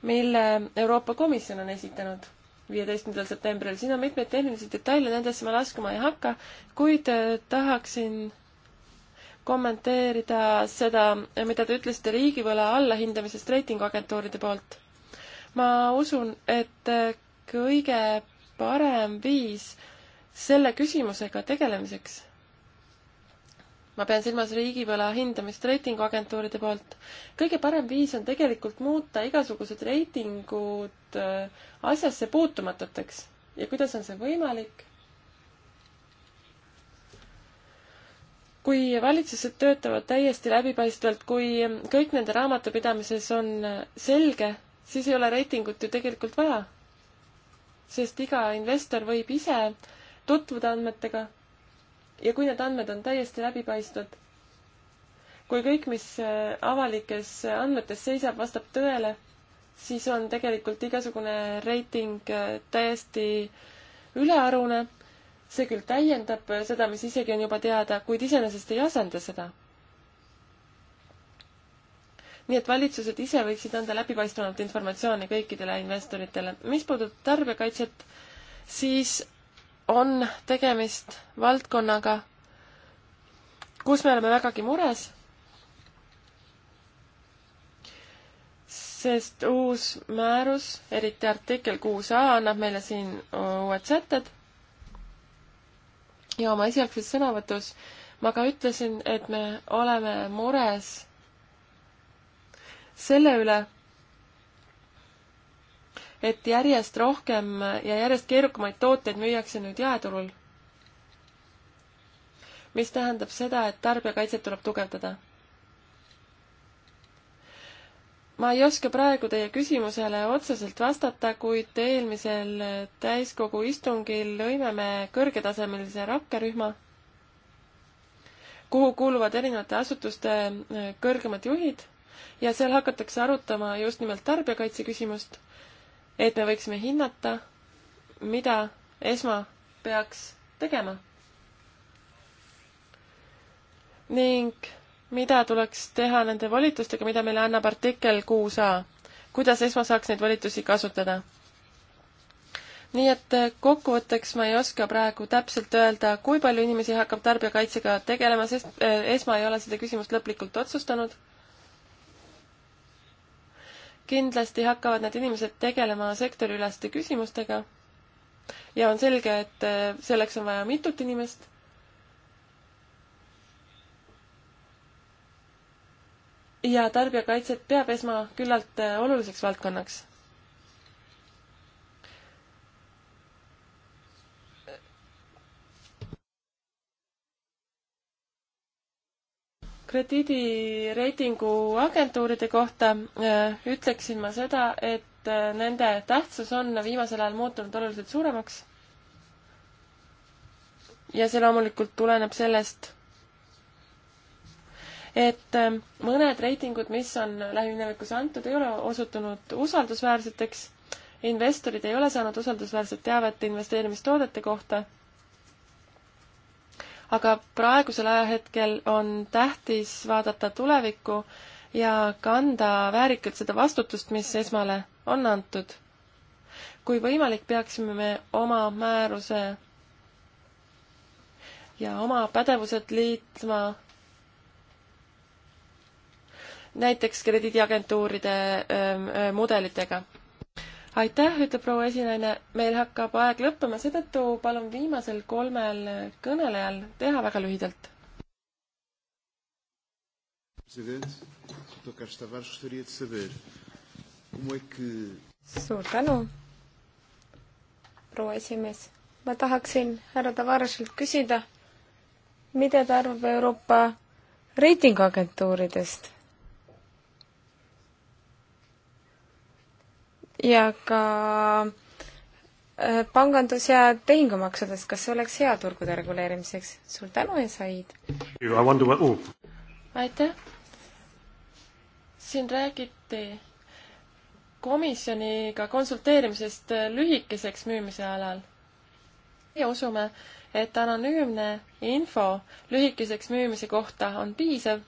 E: mille Euroopa Komisjon on esitanud viieteistkümnendal septembril. siin on mitmeid tehnilisi detaile, nendesse ma laskuma ei hakka, kuid äh, tahaksin kommenteerida seda, mida te ütlesite riigivõla allahindamisest reitinguagentuuride poolt. ma usun, et äh, kõige parem viis selle küsimusega tegelemiseks ma pean silmas riigivõla hindamist reitinguagentuuride poolt. kõige parem viis on tegelikult muuta igasugused reitingud äh, asjasse puutumatuteks ja kuidas on see võimalik? kui valitsused töötavad täiesti läbipaistvalt, kui kõik nende raamatupidamises on äh, selge, siis ei ole reitingut ju tegelikult vaja. sest iga investor võib ise tutvuda andmetega ja kui need andmed on täiesti läbipaistvad, kui kõik, mis äh, avalikes äh, andmetes seisab, vastab tõele, siis on tegelikult igasugune reiting äh, täiesti ülearune. see küll täiendab seda, mis isegi on juba teada, kuid iseenesest ei asenda seda. nii et valitsused ise võiksid anda läbipaistvamat informatsiooni kõikidele investoritele. mis puudutab tarbijakaitset, siis on tegemist valdkonnaga, kus me oleme vägagi mures, sest uus määrus, eriti artikkel kuus A annab meile siin uued sätted ja oma esialgses sõnavõtus ma ka ütlesin, et me oleme mures selle üle, et järjest rohkem ja järjest keerukamaid tooteid müüakse nüüd jaeturul. mis tähendab seda, et tarbijakaitset tuleb tugevdada. ma ei oska praegu teie küsimusele otseselt vastata, kuid eelmisel täiskogu istungil lõime me kõrgetasemelise rakkerühma, kuhu kuuluvad erinevate asutuste äh, kõrgemad juhid ja seal hakatakse arutama just nimelt tarbijakaitse küsimust et me võiksime hinnata, mida esma peaks tegema. ning mida tuleks teha nende volitustega, mida meile annab artikkel kuus A. kuidas esma saaks neid volitusi kasutada? nii et kokkuvõtteks ma ei oska praegu täpselt öelda, kui palju inimesi hakkab tarbijakaitsega tegelema, sest eh, esma ei ole seda küsimust lõplikult otsustanud kindlasti hakkavad need inimesed tegelema sektoriüleste küsimustega ja on selge, et eh, selleks on vaja mitut inimest. ja tarbijakaitset peab ESMA küllalt eh, oluliseks valdkonnaks krediidireitingu agentuuride kohta äh, ütleksin ma seda, et äh, nende tähtsus on viimasel ajal muutunud oluliselt suuremaks. ja see loomulikult tuleneb sellest, et äh, mõned reitingud, mis on lähiminevikus antud, ei ole osutunud usaldusväärseteks, investorid ei ole saanud usaldusväärset teavet investeerimistoodete kohta aga praegusel ajahetkel on tähtis vaadata tulevikku ja kanda väärikalt seda vastutust, mis esmale on antud. kui võimalik, peaksime me oma määruse ja oma pädevused liitma näiteks krediidiagentuuride mudelitega aitäh, ütleb proua esinaine, meil hakkab aeg lõppema, seetõttu palun viimasel kolmel kõnelejal teha väga lühidalt.
C: suur tänu, proua esimees. ma tahaksin härra Tavarasilt küsida, mida ta arvab Euroopa reitinguagentuuridest ja ka äh, pangandus- ja tehingumaksudest, kas see oleks
E: hea turgude reguleerimiseks? suur tänu ja said! Oh. aitäh! siin räägiti komisjoniga konsulteerimisest lühikeseks müümise alal. meie usume, et anonüümne info lühikeseks müümise kohta on piisav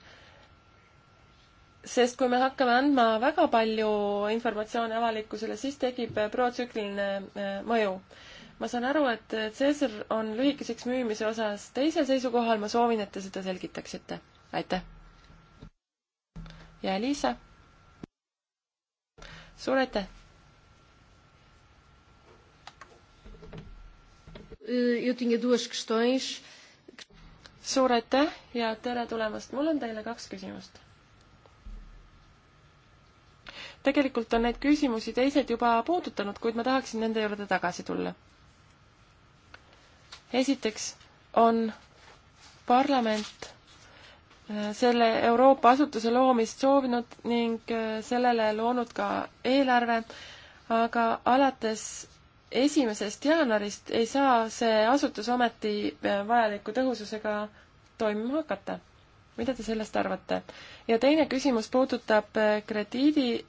E: sest kui me hakkame andma väga palju informatsiooni avalikkusele, siis tekib äh, protsükliline äh, mõju. ma saan aru, et äh, Cäsar on lühikeseks müümise osas teisel seisukohal, ma soovin, et te seda selgitaksite. aitäh! ja Liisa? suur aitäh! Eu tinha duas questões. Suur aitäh ja tere tulemast! mul on teile kaks küsimust tegelikult on neid küsimusi teised juba puudutanud, kuid ma tahaksin nende juurde tagasi tulla. esiteks on parlament äh, selle Euroopa asutuse loomist soovinud ning äh, sellele loonud ka eelarve, aga alates esimesest jaanuarist ei saa see asutus ometi äh, vajaliku tõhususega toimima hakata mida te sellest arvate? ja teine küsimus puudutab krediidi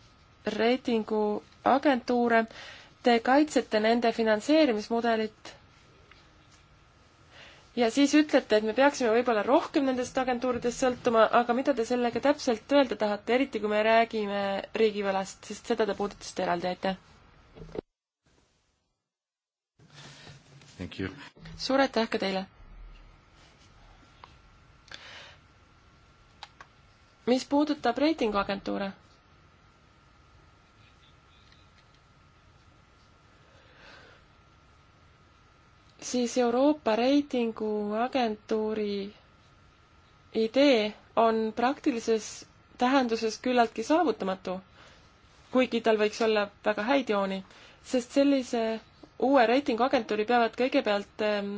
E: reitinguagentuure, te kaitsete nende finantseerimismudelit ja siis ütlete, et me peaksime võib-olla rohkem nendest agentuuridest sõltuma, aga mida te sellega täpselt öelda tahate, eriti kui me räägime riigivõlast, sest seda te puudutasite eraldi, aitäh! suur aitäh ka teile! mis puudutab reitinguagentuure siis Euroopa reitinguagentuuri idee on praktilises tähenduses küllaltki saavutamatu, kuigi tal võiks olla väga häid jooni, sest sellise uue reitinguagentuuri peavad kõigepealt ähm,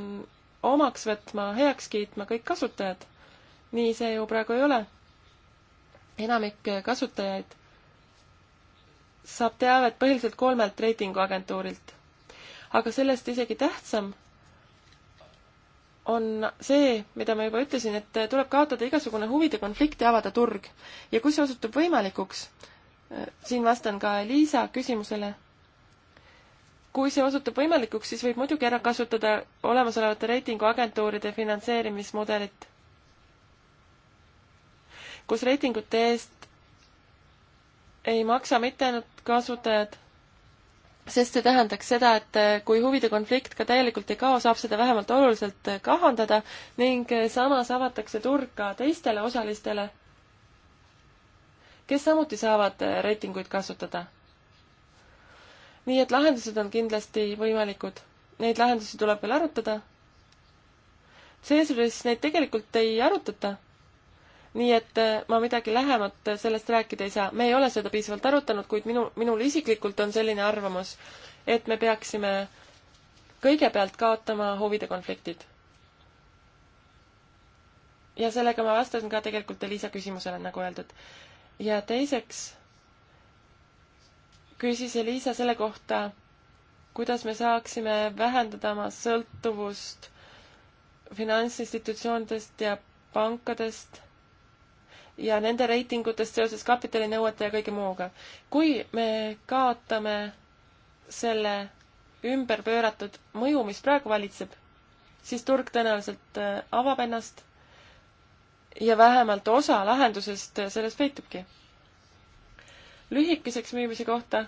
E: omaks võtma, heaks kiitma kõik kasutajad. nii see ju praegu ei ole. enamik eh, kasutajaid saab teavet põhiliselt kolmelt reitinguagentuurilt. aga sellest isegi tähtsam on see, mida ma juba ütlesin, et tuleb kaotada igasugune huvide konflikt ja avada turg. ja kui see osutub võimalikuks, äh, siin vastan ka Liisa küsimusele, kui see osutub võimalikuks, siis võib muidugi ära kasutada olemasolevate reitinguagentuuride finantseerimismudelit, kus reitingute eest ei maksa mitte ainult kasutajad sest see tähendaks seda, et äh, kui huvide konflikt ka täielikult ei kao, saab seda vähemalt oluliselt äh, kahandada ning äh, samas avatakse turg ka teistele osalistele, kes samuti saavad reitinguid kasutada. nii et lahendused on kindlasti võimalikud. Neid lahendusi tuleb veel arutada. Caesaris neid tegelikult ei arutata nii et äh, ma midagi lähemat äh, sellest rääkida ei saa. me ei ole seda piisavalt arutanud, kuid minu, minul isiklikult on selline arvamus, et me peaksime kõigepealt kaotama huvide konfliktid. ja sellega ma vastasin ka tegelikult Elisa küsimusele, nagu öeldud. ja teiseks küsis Elisa selle kohta, kuidas me saaksime vähendada oma sõltuvust finantsinstitutsioonidest ja pankadest ja nende reitingutest seoses kapitalinõuete ja kõige muuga. kui me kaotame selle ümberpööratud mõju, mis praegu valitseb, siis turg tõenäoliselt äh, avab ennast ja vähemalt osa lahendusest äh, selles peitubki. lühikeseks müümise kohta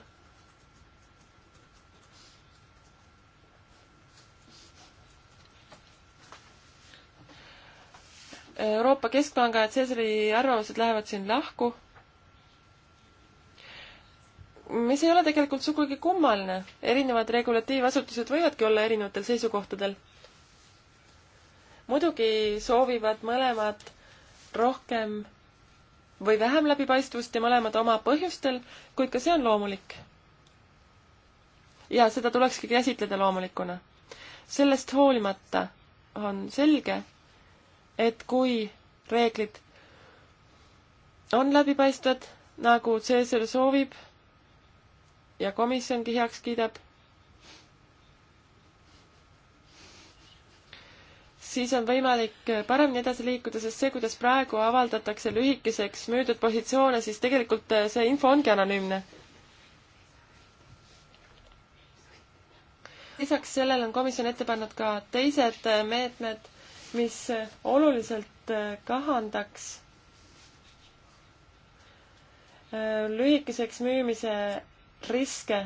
E: Euroopa Keskpanga ja Cesari arvamused lähevad siin lahku, mis ei ole tegelikult sugugi kummaline. erinevad regulatiivasutused võivadki olla erinevatel seisukohtadel. muidugi soovivad mõlemad rohkem või vähem läbipaistvust ja mõlemad oma põhjustel, kuid ka see on loomulik. ja seda tulekski käsitleda loomulikuna. sellest hoolimata on selge, et kui reeglid on läbipaistvad, nagu Cäsar soovib ja komisjongi heaks kiidab, siis on võimalik paremini edasi liikuda, sest see, kuidas praegu avaldatakse lühikeseks müüdud positsioone, siis tegelikult äh, see info ongi anonüümne. lisaks sellele on komisjon ette pannud ka teised äh, meetmed, mis oluliselt äh, kahandaks äh, lühikeseks müümise riske.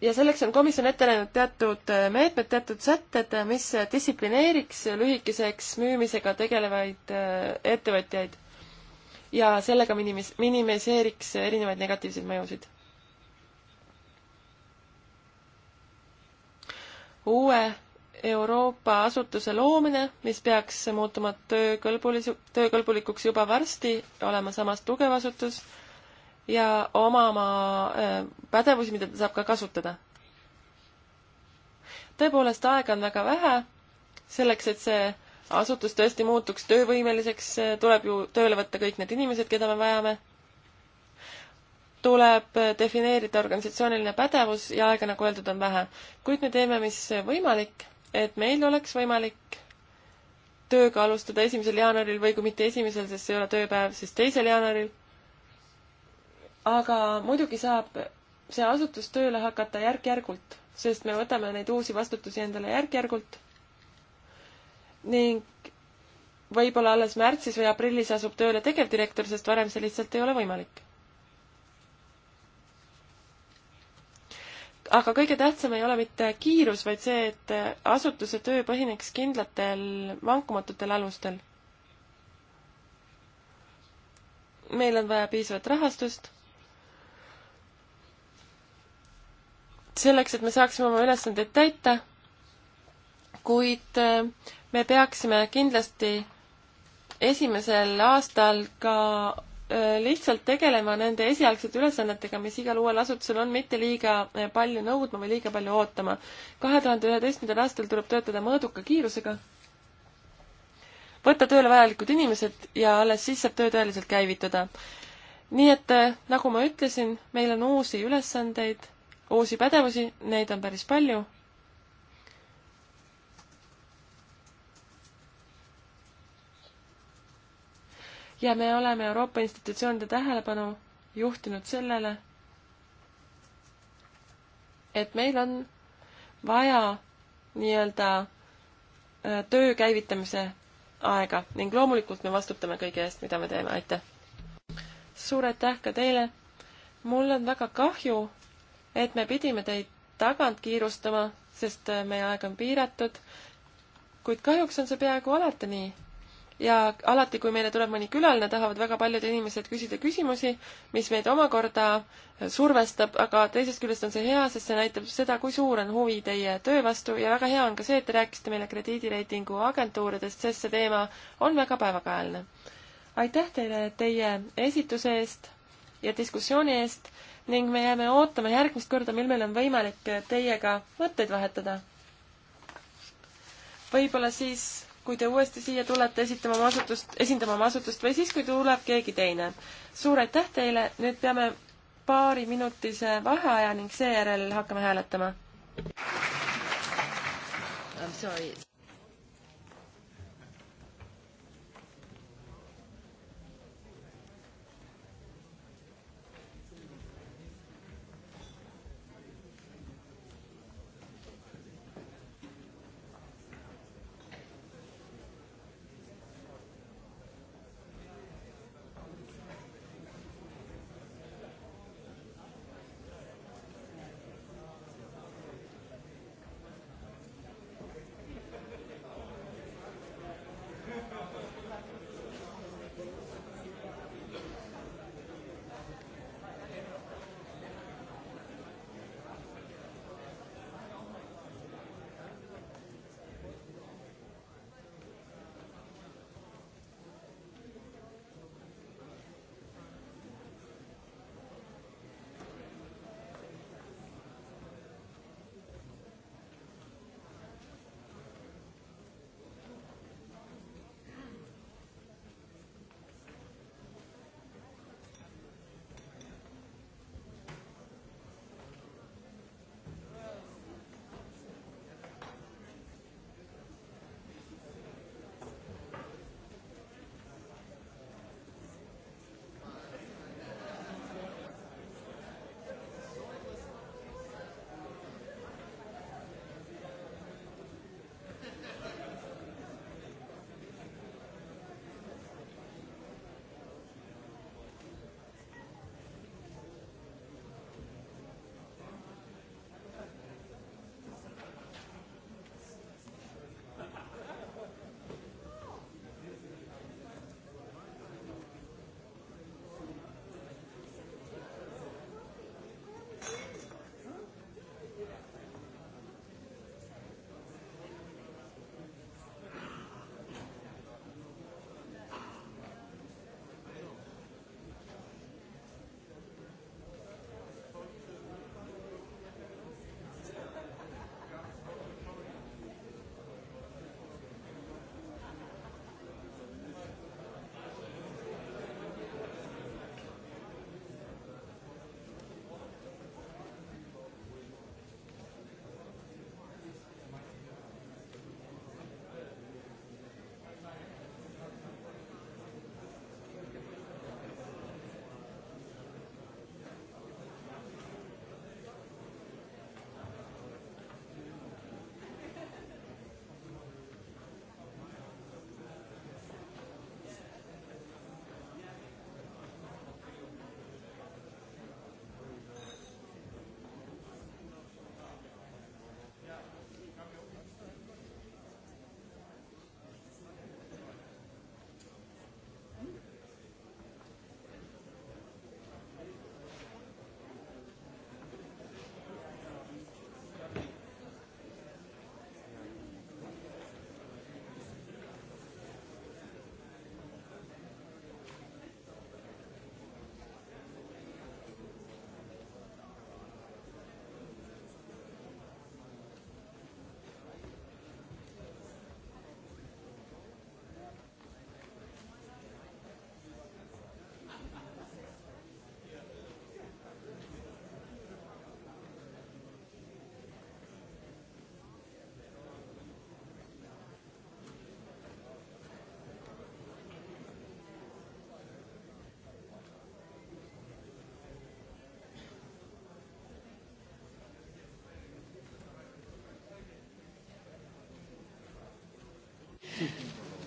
E: ja selleks on komisjon ette näinud teatud äh, meetmed, teatud sätted, mis distsiplineeriks lühikeseks müümisega tegelevaid ettevõtjaid ja sellega minimis-, minimiseeriks erinevaid negatiivseid mõjusid uue Euroopa asutuse loomine, mis peaks muutuma töökõlbulis-, töökõlbulikuks juba varsti, olema samas tugev asutus ja omama äh, pädevusi, mida ta saab ka kasutada. tõepoolest, aega on väga vähe selleks, et see asutus tõesti muutuks töövõimeliseks, äh, tuleb ju tööle võtta kõik need inimesed, keda me vajame tuleb defineerida organisatsiooniline pädevus ja aega, nagu öeldud, on vähe. kuid me teeme, mis võimalik, et meil oleks võimalik tööga alustada esimesel jaanuaril või kui mitte esimesel, sest see ei ole tööpäev, siis teisel jaanuaril. aga muidugi saab see asutus tööle hakata järk-järgult, sest me võtame neid uusi vastutusi endale järk-järgult ning võib-olla alles märtsis või aprillis asub tööle tegevdirektor, sest varem see lihtsalt ei ole võimalik aga kõige tähtsam ei ole mitte kiirus, vaid see, et asutuse töö põhineks kindlatel vankumatutel alustel. meil on vaja piisavat rahastust, selleks, et me saaksime oma ülesandeid täita, kuid äh, me peaksime kindlasti esimesel aastal ka Äh, lihtsalt tegelema nende esialgsete ülesannetega, mis igal uuel asutusel on, mitte liiga äh, palju nõudma või liiga palju ootama. kahe tuhande üheteistkümnendal aastal tuleb töötada mõõduka kiirusega, võtta tööle vajalikud inimesed ja alles siis saab töö tõeliselt käivitada. nii et äh, nagu ma ütlesin, meil on uusi ülesandeid, uusi pädevusi, neid on päris palju ja me oleme Euroopa institutsioonide tähelepanu juhtinud sellele, et meil on vaja nii-öelda äh, töö käivitamise aega ning loomulikult me vastutame kõige eest, mida me teeme, aitäh! suur aitäh ka teile! mul on väga kahju, et me pidime teid tagant kiirustama, sest äh, meie aeg on piiratud, kuid kahjuks on see peaaegu alati nii ja alati, kui meile tuleb mõni külaline, tahavad väga paljud inimesed küsida küsimusi, mis meid omakorda äh, survestab, aga teisest küljest on see hea, sest see näitab seda, kui suur on huvi teie töö vastu ja väga hea on ka see, et te rääkisite meile krediidireitingu agentuuridest, sest see teema on väga päevakajaline. aitäh teile teie esituse eest ja diskussiooni eest ning me jääme ootama järgmist korda, mil meil on võimalik teiega mõtteid vahetada. võib-olla siis kui te uuesti siia tulete esitama oma asutust, esindama oma asutust või siis, kui tuleb keegi teine. suur aitäh teile, nüüd peame paariminutise vaheaja ning seejärel hakkame hääletama. I am sorry.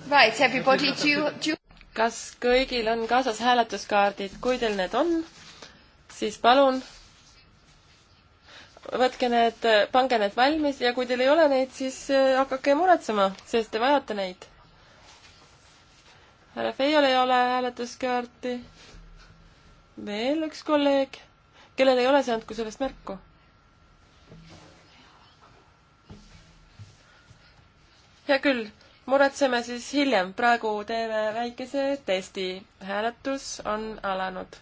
E: Right, everybody, do you, do you... kas kõigil on kaasas hääletuskaardid, kui teil need on, siis palun võtke need, pange need valmis ja kui teil ei ole neid, siis eh, hakake muretsema, sest te vajate neid. härra Feiol ei ole hääletuskaarti. veel üks kolleeg, kellel ei ole, see andku sellest märku hea küll, muretseme siis hiljem, praegu teeme väikese testi. hääletus on alanud.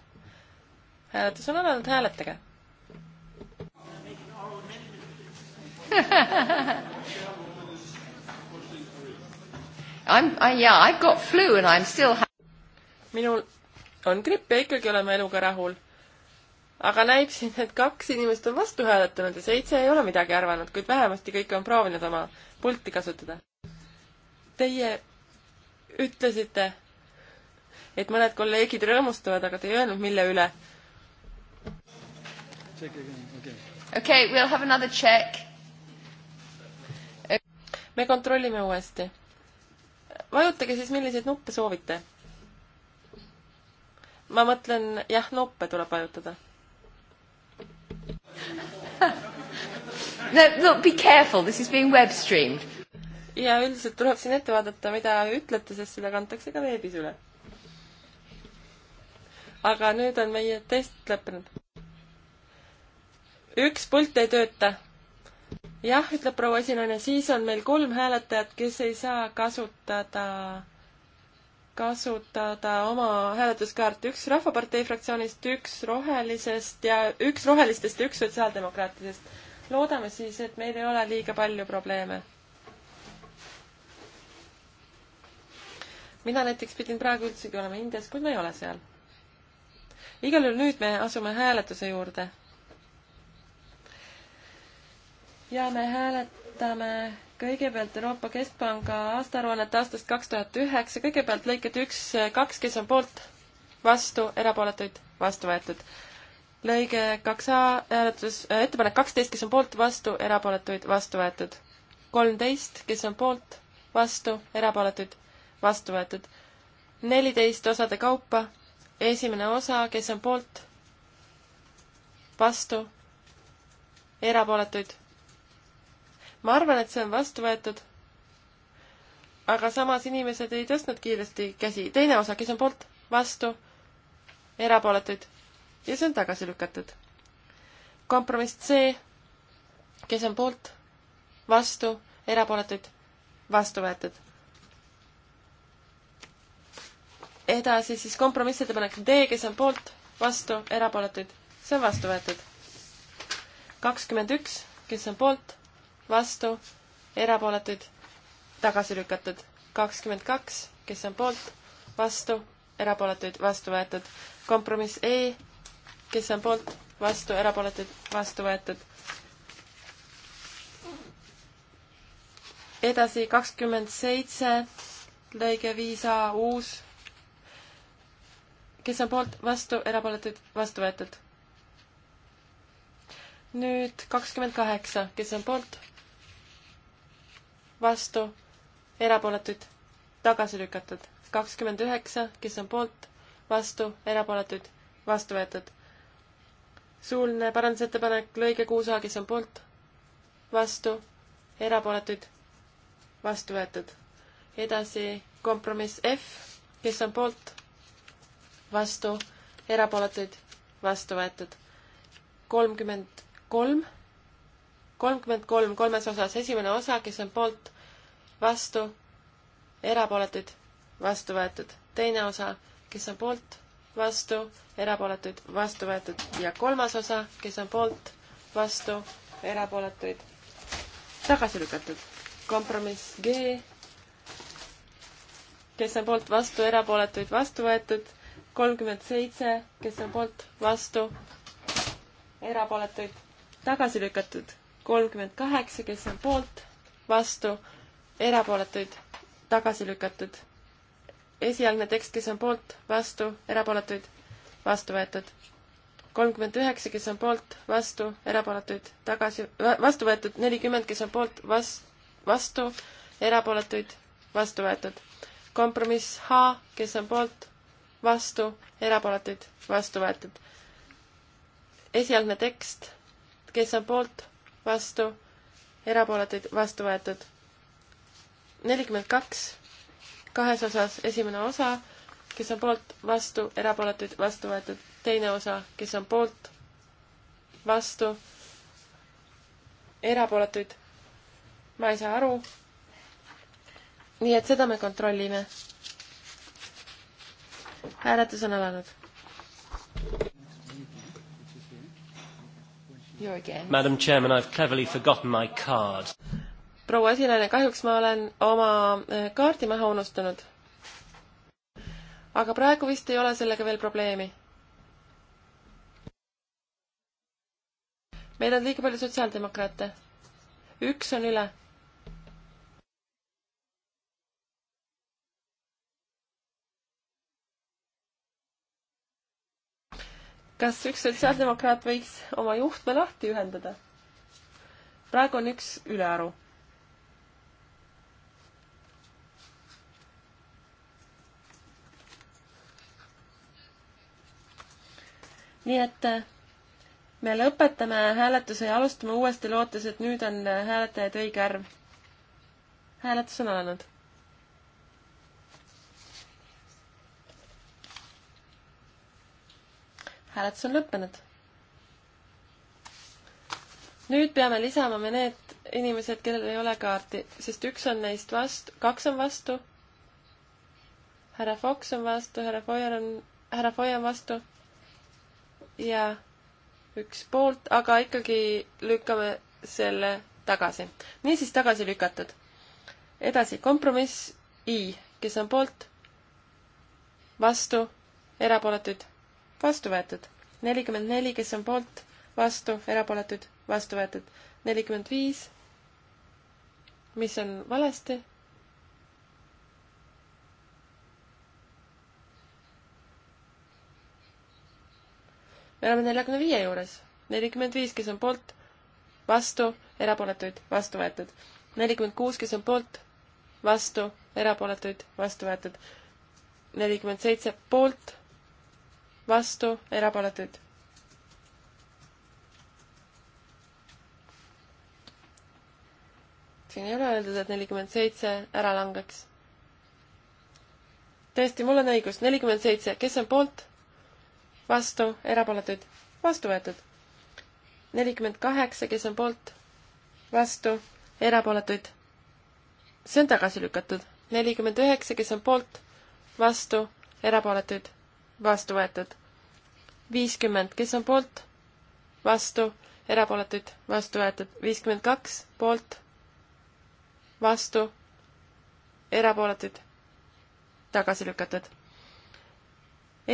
E: hääletus on alanud, hääletage. [LAUGHS] I'm, I, yeah, I've got flu and I'm still ha-. minul on gripp ja ikkagi oleme eluga rahul. aga näib siin, et kaks inimest on vastu hääletanud ja seitse ei ole midagi arvanud, kuid vähemasti kõik on proovinud oma pulti kasutada Teie ütlesite, et mõned kolleegid rõõmustavad, aga te ei öelnud, mille üle.
D: Okay,
E: we'll have another check. me kontrollime uuesti. vajutage siis, milliseid nuppe soovite. ma mõtlen, jah, nuppe tuleb vajutada [LAUGHS] no, look, be careful. This
C: is being web streamed
E: ja üldiselt tuleb siin ette vaadata, mida ütlete, sest seda kantakse ka veebis üle. aga nüüd on meie test lõppenud. üks pult ei tööta. jah, ütleb proua esinaine, siis on meil kolm hääletajat, kes ei saa kasutada, kasutada oma hääletuskaarti. üks Rahvapartei fraktsioonist, üks Rohelisest ja üks Rohelistest ja üks Sotsiaaldemokraatidest. loodame siis, et meil ei ole liiga palju probleeme mina näiteks pidin praegu üldsegi olema Indias, kuid ma ei ole seal. igal juhul nüüd me asume hääletuse juurde. ja me hääletame kõigepealt Euroopa Keskpanga aastaaruannet aastast kaks tuhat üheksa, kõigepealt lõiked üks, kaks, kes on poolt, vastu, erapooletuid, vastu võetud. lõige kaks A hääletus äh,, ettepanek kaksteist, kes on poolt, vastu, erapooletuid, vastu võetud. kolmteist, kes on poolt, vastu, erapooletuid, vastu võetud. neliteist osade kaupa, esimene osa, kes on poolt, vastu, erapooletuid. ma arvan, et see on vastu võetud. aga samas inimesed ei tõstnud kiiresti käsi. teine osa, kes on poolt, vastu, erapooletuid ja see on tagasi lükatud. kompromiss C, kes on poolt, vastu, erapooletuid, vastu võetud edasi siis kompromissettepanek D, kes on poolt, vastu, erapooletuid, see on vastu võetud. kakskümmend üks, kes on poolt, vastu, erapooletuid, tagasi lükatud. kakskümmend kaks, kes on poolt, vastu, erapooletuid, vastu võetud. kompromiss E, kes on poolt, vastu, erapooletuid, vastu võetud. edasi kakskümmend seitse, lõige viis A, uus kes on poolt, vastu, erapooletuid, vastu võetud. nüüd kakskümmend kaheksa, kes on poolt, vastu, erapooletuid, tagasi lükatud. kakskümmend üheksa, kes on poolt, vastu, erapooletuid, vastu võetud. suuline parandusettepanek, lõige kuus A, kes on poolt, vastu, erapooletuid, vastu võetud. edasi kompromiss F, kes on poolt vastu, erapooletuid, vastu võetud. kolmkümmend kolm, kolmkümmend kolm kolmes osas, esimene osa, kes on poolt, vastu, erapooletuid, vastu võetud. teine osa, kes on poolt, vastu, erapooletuid, vastu võetud. ja kolmas osa, kes on poolt, vastu, erapooletuid, tagasi lükatud. kompromiss G, kes on poolt, vastu, erapooletuid, vastu võetud kolmkümmend seitse, kes on poolt, vastu, erapooletuid, tagasi lükatud. kolmkümmend kaheksa, kes on poolt, vastu, erapooletuid, tagasi lükatud. esialgne tekst, kes on poolt, vastu, erapooletuid, vastu võetud. kolmkümmend üheksa, kes on poolt, vastu, erapooletuid, tagasi, vastu võetud. nelikümmend, kes on poolt, vas-, vastu, erapooletuid, vastu võetud. kompromiss H, kes on poolt, vastu, erapooletuid, vastu võetud. esialgne tekst, kes on poolt, vastu, erapooletuid, vastu võetud. nelikümmend kaks, kahes osas esimene osa, kes on poolt, vastu, erapooletuid, vastu võetud. teine osa, kes on poolt, vastu, erapooletuid, ma ei saa aru. nii et seda me kontrollime hääletus on alanud.
D: Madam Chairman, I have cleverly forgotten my card.
E: proua esinaine, kahjuks ma olen oma eh, kaardi maha unustanud. aga praegu vist ei ole sellega veel probleemi. meil on liiga palju sotsiaaldemokraate. üks on üle kas üks sotsiaaldemokraat võiks oma juhtme lahti ühendada? praegu on üks ülearu. nii et äh, me lõpetame hääletuse ja alustame uuesti, lootes, et nüüd on äh, hääletajaid õige arv. hääletus on alanud. hääletus on lõppenud. nüüd peame lisama me need inimesed, kellel ei ole kaarti, sest üks on neist vastu, kaks on vastu. härra Fox on vastu, härra Foyer on, härra Foyer on vastu. ja üks poolt, aga ikkagi lükkame selle tagasi. niisiis tagasi lükatud. edasi, kompromiss I, kes on poolt, vastu, erapooletuid vastu võetud. nelikümmend neli, kes on poolt, vastu, erapooletud, vastu võetud. nelikümmend viis, mis on valesti. me oleme neljakümne viie juures. nelikümmend viis, kes on poolt, vastu, erapooletuid, vastu võetud. nelikümmend kuus, kes on poolt, vastu, erapooletuid, vastu võetud. nelikümmend seitse, poolt vastu, erapooletuid. siin ei ole öeldud, et nelikümmend seitse ära langeks. tõesti, mul on õigus, nelikümmend seitse, kes on poolt? vastu, erapooletuid, vastu võetud. nelikümmend kaheksa, kes on poolt? vastu, erapooletuid. see on tagasi lükatud. nelikümmend üheksa, kes on poolt? vastu, erapooletuid, vastu võetud viiskümmend, kes on poolt, vastu, erapooletuid, vastu võetud, viiskümmend kaks, poolt, vastu, erapooletuid, tagasi lükatud.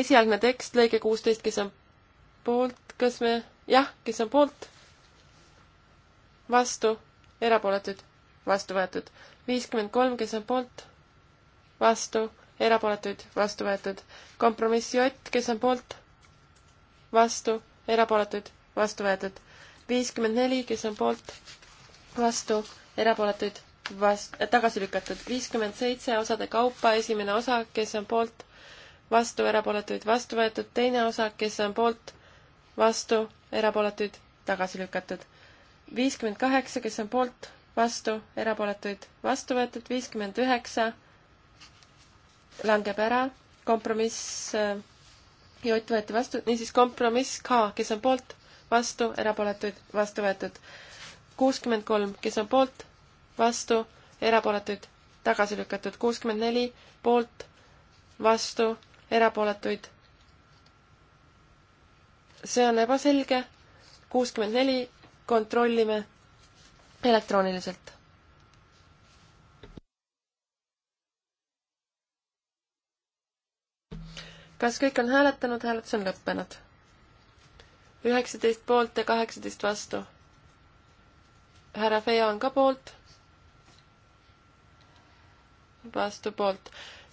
E: esialgne tekst, lõige kuusteist, kes on poolt, kas me, jah, kes on poolt, vastu, erapooletuid, vastu võetud, viiskümmend kolm, kes on poolt, vastu, erapooletuid, vastu võetud. kompromiss J, kes on poolt, vastu, erapooletuid, vastu võetud. viiskümmend neli, kes on poolt, vastu, erapooletuid, vast-, äh, tagasi lükatud. viiskümmend seitse osade kaupa, esimene osa, kes on poolt, vastu, erapooletuid, vastu võetud, teine osa, kes on poolt, vastu, erapooletuid, tagasi lükatud. viiskümmend kaheksa, kes on poolt, vastu, erapooletuid, vastu võetud, viiskümmend üheksa, langeb ära, kompromiss äh, J võeti vastu, niisiis kompromiss K, kes on poolt, vastu, erapooletuid, vastu võetud. kuuskümmend kolm, kes on poolt, vastu, erapooletuid, tagasi lükatud. kuuskümmend neli, poolt, vastu, erapooletuid. see on ebaselge. kuuskümmend neli, kontrollime elektrooniliselt kas kõik on hääletanud, hääletus on lõppenud? üheksateist poolt ja kaheksateist vastu. härra Feja on ka poolt. vastu poolt.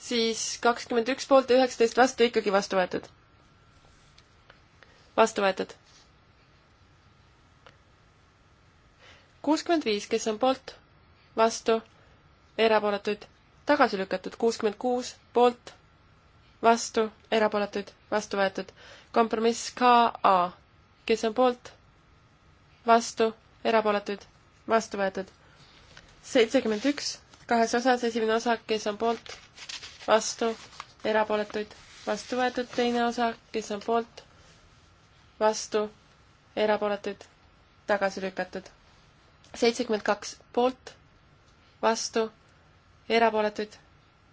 E: siis kakskümmend üks poolt ja üheksateist vastu ikkagi vastu võetud. vastu võetud. kuuskümmend viis, kes on poolt, vastu, erapooletuid, tagasi lükatud, kuuskümmend kuus poolt vastu, erapooletuid, vastu võetud. kompromiss KA, kes on poolt, vastu, erapooletuid, vastu võetud. seitsekümmend üks, kahes osas, esimene osa, kes on poolt, vastu, erapooletuid, vastu võetud, teine osa, kes on poolt, vastu, erapooletuid, tagasi lükatud. seitsekümmend kaks, poolt, vastu, erapooletuid,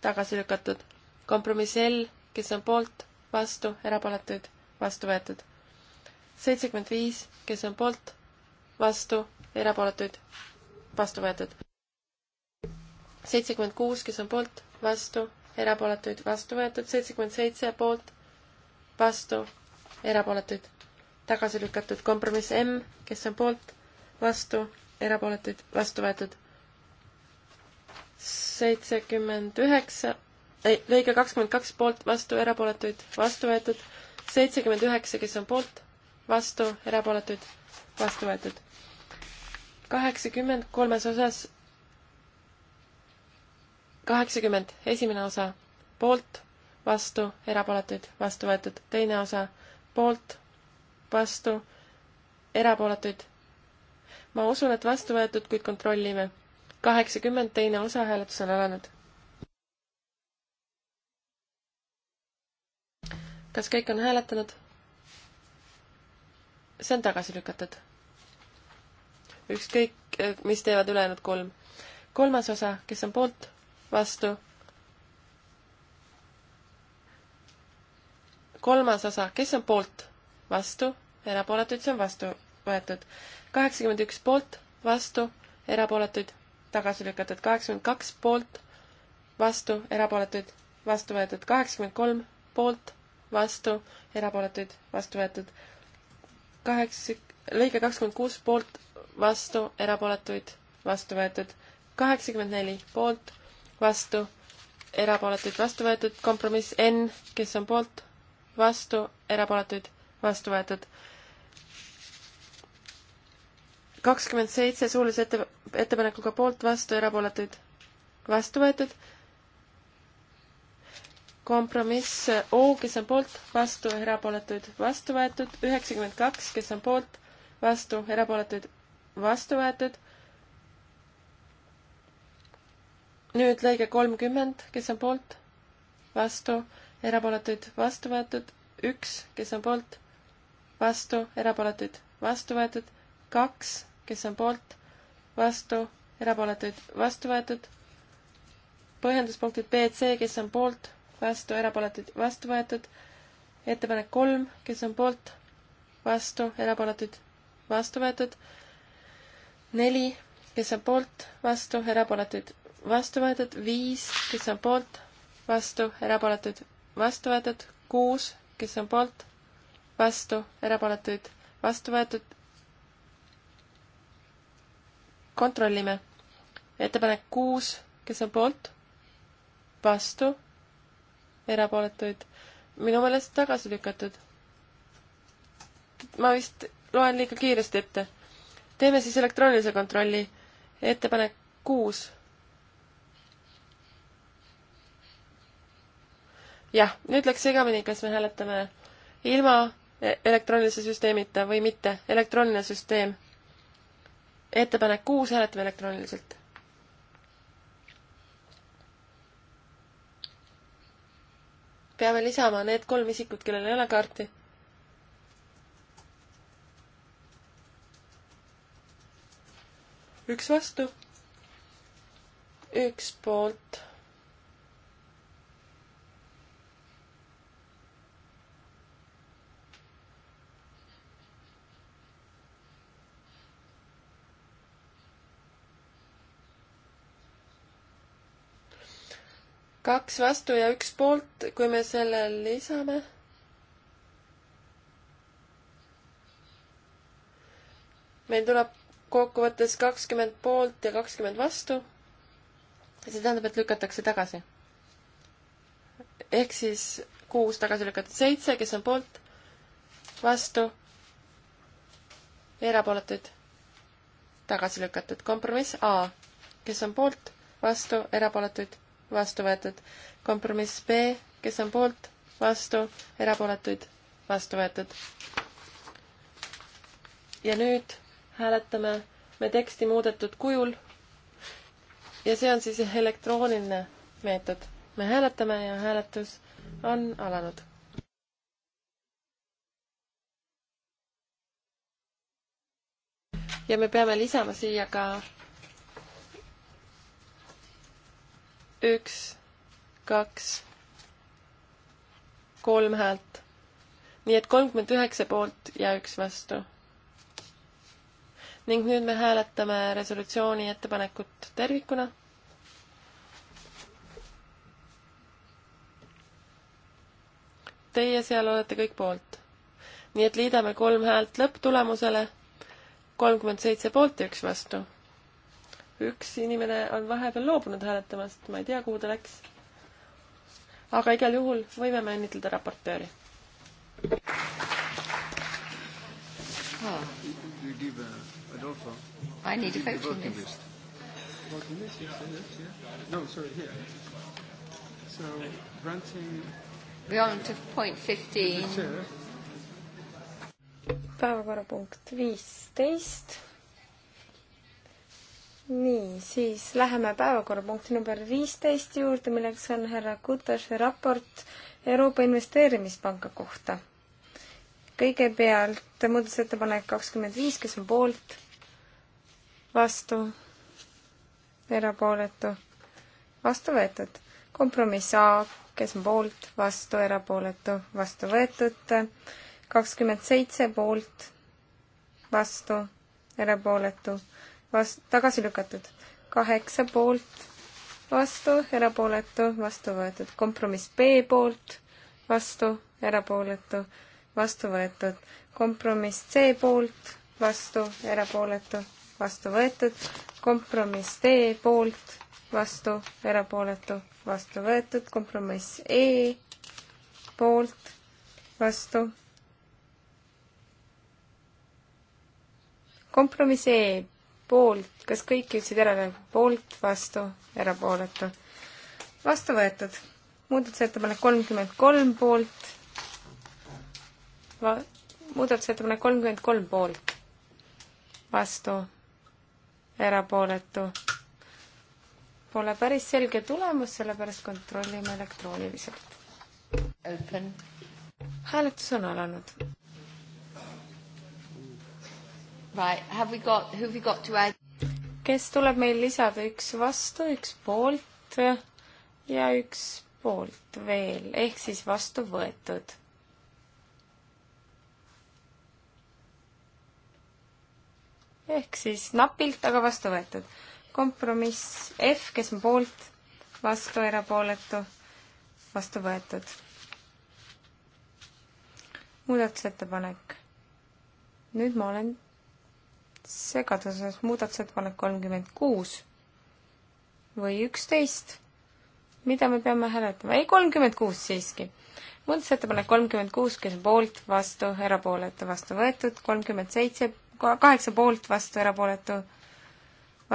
E: tagasi lükatud kompromiss L, kes on poolt, vastu, erapooletuid, vastu võetud. seitsekümmend viis, kes on poolt, vastu, erapooletuid, vastu võetud. seitsekümmend kuus, kes on poolt, vastu, erapooletuid, vastu võetud. seitsekümmend seitse, poolt, vastu, erapooletuid, tagasi lükatud. kompromiss M, kes on poolt, vastu, erapooletuid, vastu võetud. seitsekümmend üheksa lõige kakskümmend kaks poolt, vastu, erapooletuid, vastu võetud. seitsekümmend üheksa, kes on poolt, vastu, erapooletuid, vastu võetud. kaheksakümmend kolmes osas, kaheksakümmend, esimene osa, poolt, vastu, erapooletuid, vastu võetud. teine osa, poolt, vastu, erapooletuid. ma usun, et vastu võetud, kuid kontrollime. kaheksakümmend, teine osa, hääletus on alanud kas kõik on hääletanud? see on tagasi lükatud. ükskõik, eh, mis teevad ülejäänud kolm. kolmas osa, kes on poolt, vastu. kolmas osa, kes on poolt, vastu, erapooletuid, see on vastu võetud. kaheksakümmend üks poolt, vastu, erapooletuid, tagasi lükatud. kaheksakümmend kaks poolt, vastu, erapooletuid, vastu võetud. kaheksakümmend kolm poolt vastu, erapooletuid, vastu võetud. kaheksa, lõige kakskümmend kuus poolt, vastu, erapooletuid, vastu võetud. kaheksakümmend neli poolt, vastu, erapooletuid, vastu võetud. kompromiss N, kes on poolt, vastu, erapooletuid, vastu võetud. kakskümmend seitse suulise ette, ettepanekuga poolt, vastu, erapooletuid, vastu võetud kompromiss O, kes on poolt, vastu, erapooletuid, vastu võetud, üheksakümmend kaks, kes on poolt, vastu, erapooletuid, vastu võetud. nüüd lõige kolmkümmend, kes on poolt, vastu, erapooletuid, vastu võetud, üks, kes on poolt, vastu, erapooletuid, vastu võetud, kaks, kes on poolt, vastu, erapooletuid, vastu võetud, põhjenduspunktid B, C, kes on poolt, vastu, erapooletuid vastu võetud. ettepanek kolm, kes on poolt, vastu, erapooletuid vastu võetud. neli, kes on poolt, vastu, erapooletuid vastu võetud. viis, kes on poolt, vastu, erapooletuid vastu võetud. kuus, kes on poolt, vastu, erapooletuid vastu võetud. kontrollime. ettepanek kuus, kes on poolt, vastu erapooletuid minu meelest tagasi lükatud. ma vist loen liiga kiiresti ette. teeme siis elektroonilise kontrolli. ettepanek kuus. jah, nüüd läks segamini, kas me hääletame ilma e- elektroonilise süsteemita või mitte. elektrooniline süsteem. ettepanek kuus, hääletame elektrooniliselt peame lisama need kolm isikut, kellel ei ole kaarti. üks vastu, üks poolt kaks vastu ja üks poolt, kui me selle lisame. meil tuleb kokkuvõttes kakskümmend poolt ja kakskümmend vastu. see tähendab, et lükatakse tagasi. ehk siis kuus tagasi lükatud, seitse, kes on poolt, vastu, erapooletuid, tagasi lükatud. kompromiss A, kes on poolt, vastu, erapooletuid vastu võetud. kompromiss B, kes on poolt, vastu, erapooletuid, vastu võetud. ja nüüd hääletame me teksti muudetud kujul. ja see on siis elektrooniline meetod. me hääletame ja hääletus on alanud ja me peame lisama siia ka üks, kaks, kolm häält. nii et kolmkümmend üheksa poolt ja üks vastu. ning nüüd me hääletame resolutsiooni ettepanekut tervikuna. Teie seal olete kõik poolt. nii et liidame kolm häält lõpptulemusele, kolmkümmend seitse poolt ja üks vastu üks inimene on vahepeal loobunud hääletamast, ma ei tea, kuhu ta läks. aga igal juhul võime me õnnitleda raportööri.
D: I need a voting list. Voting list, yes, yes, yes. No, sorry, here. So, granting... We're on to point 15.
C: päevakorrapunkt viisteist nii, siis läheme päevakorrapunkti number viisteist juurde, milleks on härra Kutaše raport Euroopa Investeerimispanga kohta. kõigepealt muudatusettepanek kakskümmend viis, kes on poolt, vastu, erapooletu, vastu võetud. kompromiss A, kes on poolt, vastu, erapooletu, vastu võetud. kakskümmend seitse poolt, vastu, erapooletu vast-, tagasi lükatud. kaheksa poolt, vastu, erapooletu, vastu võetud. kompromiss B poolt, vastu, erapooletu, vastu võetud. kompromiss C poolt, vastu, erapooletu, vastu võetud. kompromiss D poolt, vastu, erapooletu, vastu võetud. kompromiss E poolt, vastu, kompromiss E poolt, kas kõik jõudsid järele? poolt, vastu, erapooletu. vastu võetud. muudatusettepanek kolmkümmend kolm poolt. muudatusettepanek kolmkümmend kolm poolt. vastu, erapooletu. Pole päris selge tulemus, sellepärast
B: kontrollime elektrooniliselt. hääletus on alanud. Right, have we got, who have we got to add?
C: kes tuleb meil lisada, üks vastu, üks poolt ja üks poolt veel, ehk siis vastu võetud. ehk siis napilt, aga vastu võetud. kompromiss F, kes on poolt, vastu, erapooletu, vastu võetud. muudatusettepanek. nüüd ma olen segaduses muudatusettepanek kolmkümmend kuus või üksteist, mida me peame hääletama, ei kolmkümmend kuus siiski. muudatusettepanek kolmkümmend kuus, kes on poolt, vastu, erapooletu, vastu võetud, kolmkümmend seitse, kaheksa poolt, vastu, erapooletu,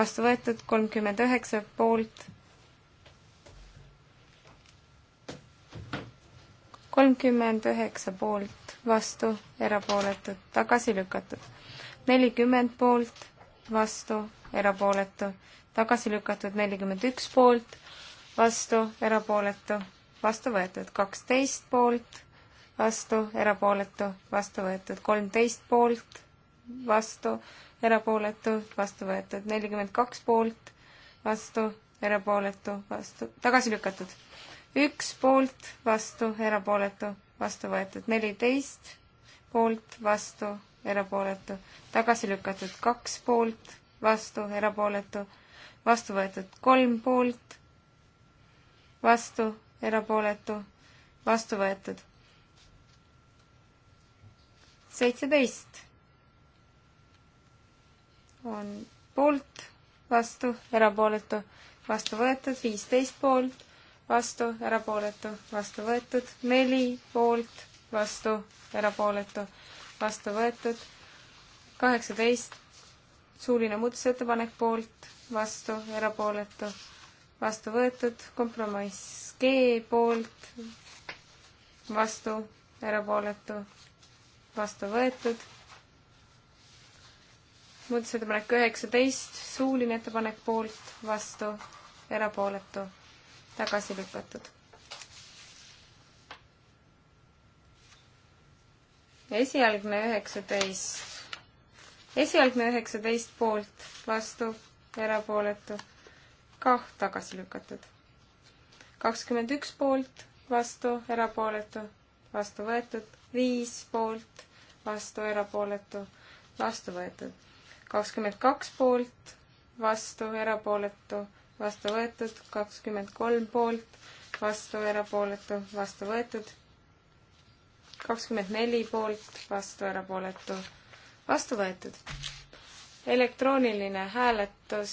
C: vastu võetud, kolmkümmend üheksa poolt, kolmkümmend üheksa poolt, vastu, erapooletud, tagasi lükatud nelikümmend poolt, vastu, erapooletu, tagasi lükatud nelikümmend üks poolt, vastu, erapooletu, vastu võetud kaksteist poolt, vastu, erapooletu, vastu võetud kolmteist poolt, vastu, erapooletu, vastu võetud nelikümmend kaks poolt, vastu, erapooletu, vastu, tagasi lükatud. üks poolt, vastu, erapooletu, vastu võetud neliteist poolt, vastu, erapooletu, tagasi lükatud kaks poolt, vastu, erapooletu, vastu võetud kolm poolt, vastu, erapooletu, vastu võetud seitseteist on poolt, vastu, erapooletu, vastu võetud, viisteist poolt, vastu, erapooletu, vastu võetud, neli poolt, vastu, erapooletu, vastu võetud, kaheksateist, suuline muudatusettepanek poolt, vastu, erapooletu, vastu võetud, kompromiss G poolt, vastu, erapooletu, vastu võetud, muudatusettepanek üheksateist, suuline ettepanek poolt, vastu, erapooletu, tagasi lükatud esialgne üheksateist, esialgne üheksateist poolt, vastu, erapooletu, kah tagasi lükatud. kakskümmend üks poolt, vastu, erapooletu, vastu võetud, viis poolt, vastu, erapooletu, vastu võetud. kakskümmend kaks poolt, vastu, erapooletu, vastu võetud, kakskümmend kolm poolt, vastu, erapooletu, vastu võetud, kakskümmend neli poolt, vastu, erapooletu, vastu võetud. elektrooniline hääletus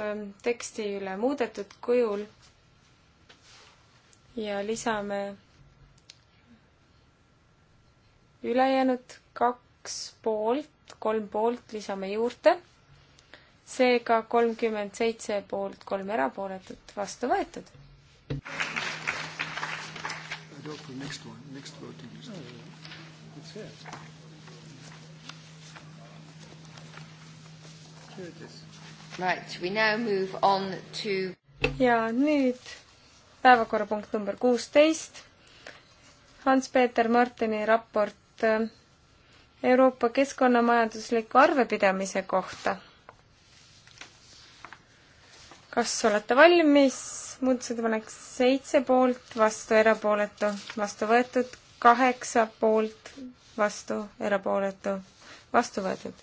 C: ähm, teksti üle muudetud kujul ja lisame ülejäänud kaks poolt, kolm poolt lisame juurde. seega kolmkümmend seitse poolt, kolm erapooletut, vastu võetud
D: go to next one, next voting list. Oh, it's here. Here it is.
B: Right, we now move on to... ja nüüd
C: päevakorrapunkt number kuusteist. Hans-Peeter Martini raport äh, Euroopa keskkonnamajandusliku arvepidamise kohta. kas olete valmis? muudatusettepanek seitse poolt, vastu, erapooletu, vastu võetud, kaheksa poolt, vastu, erapooletu, vastu võetud.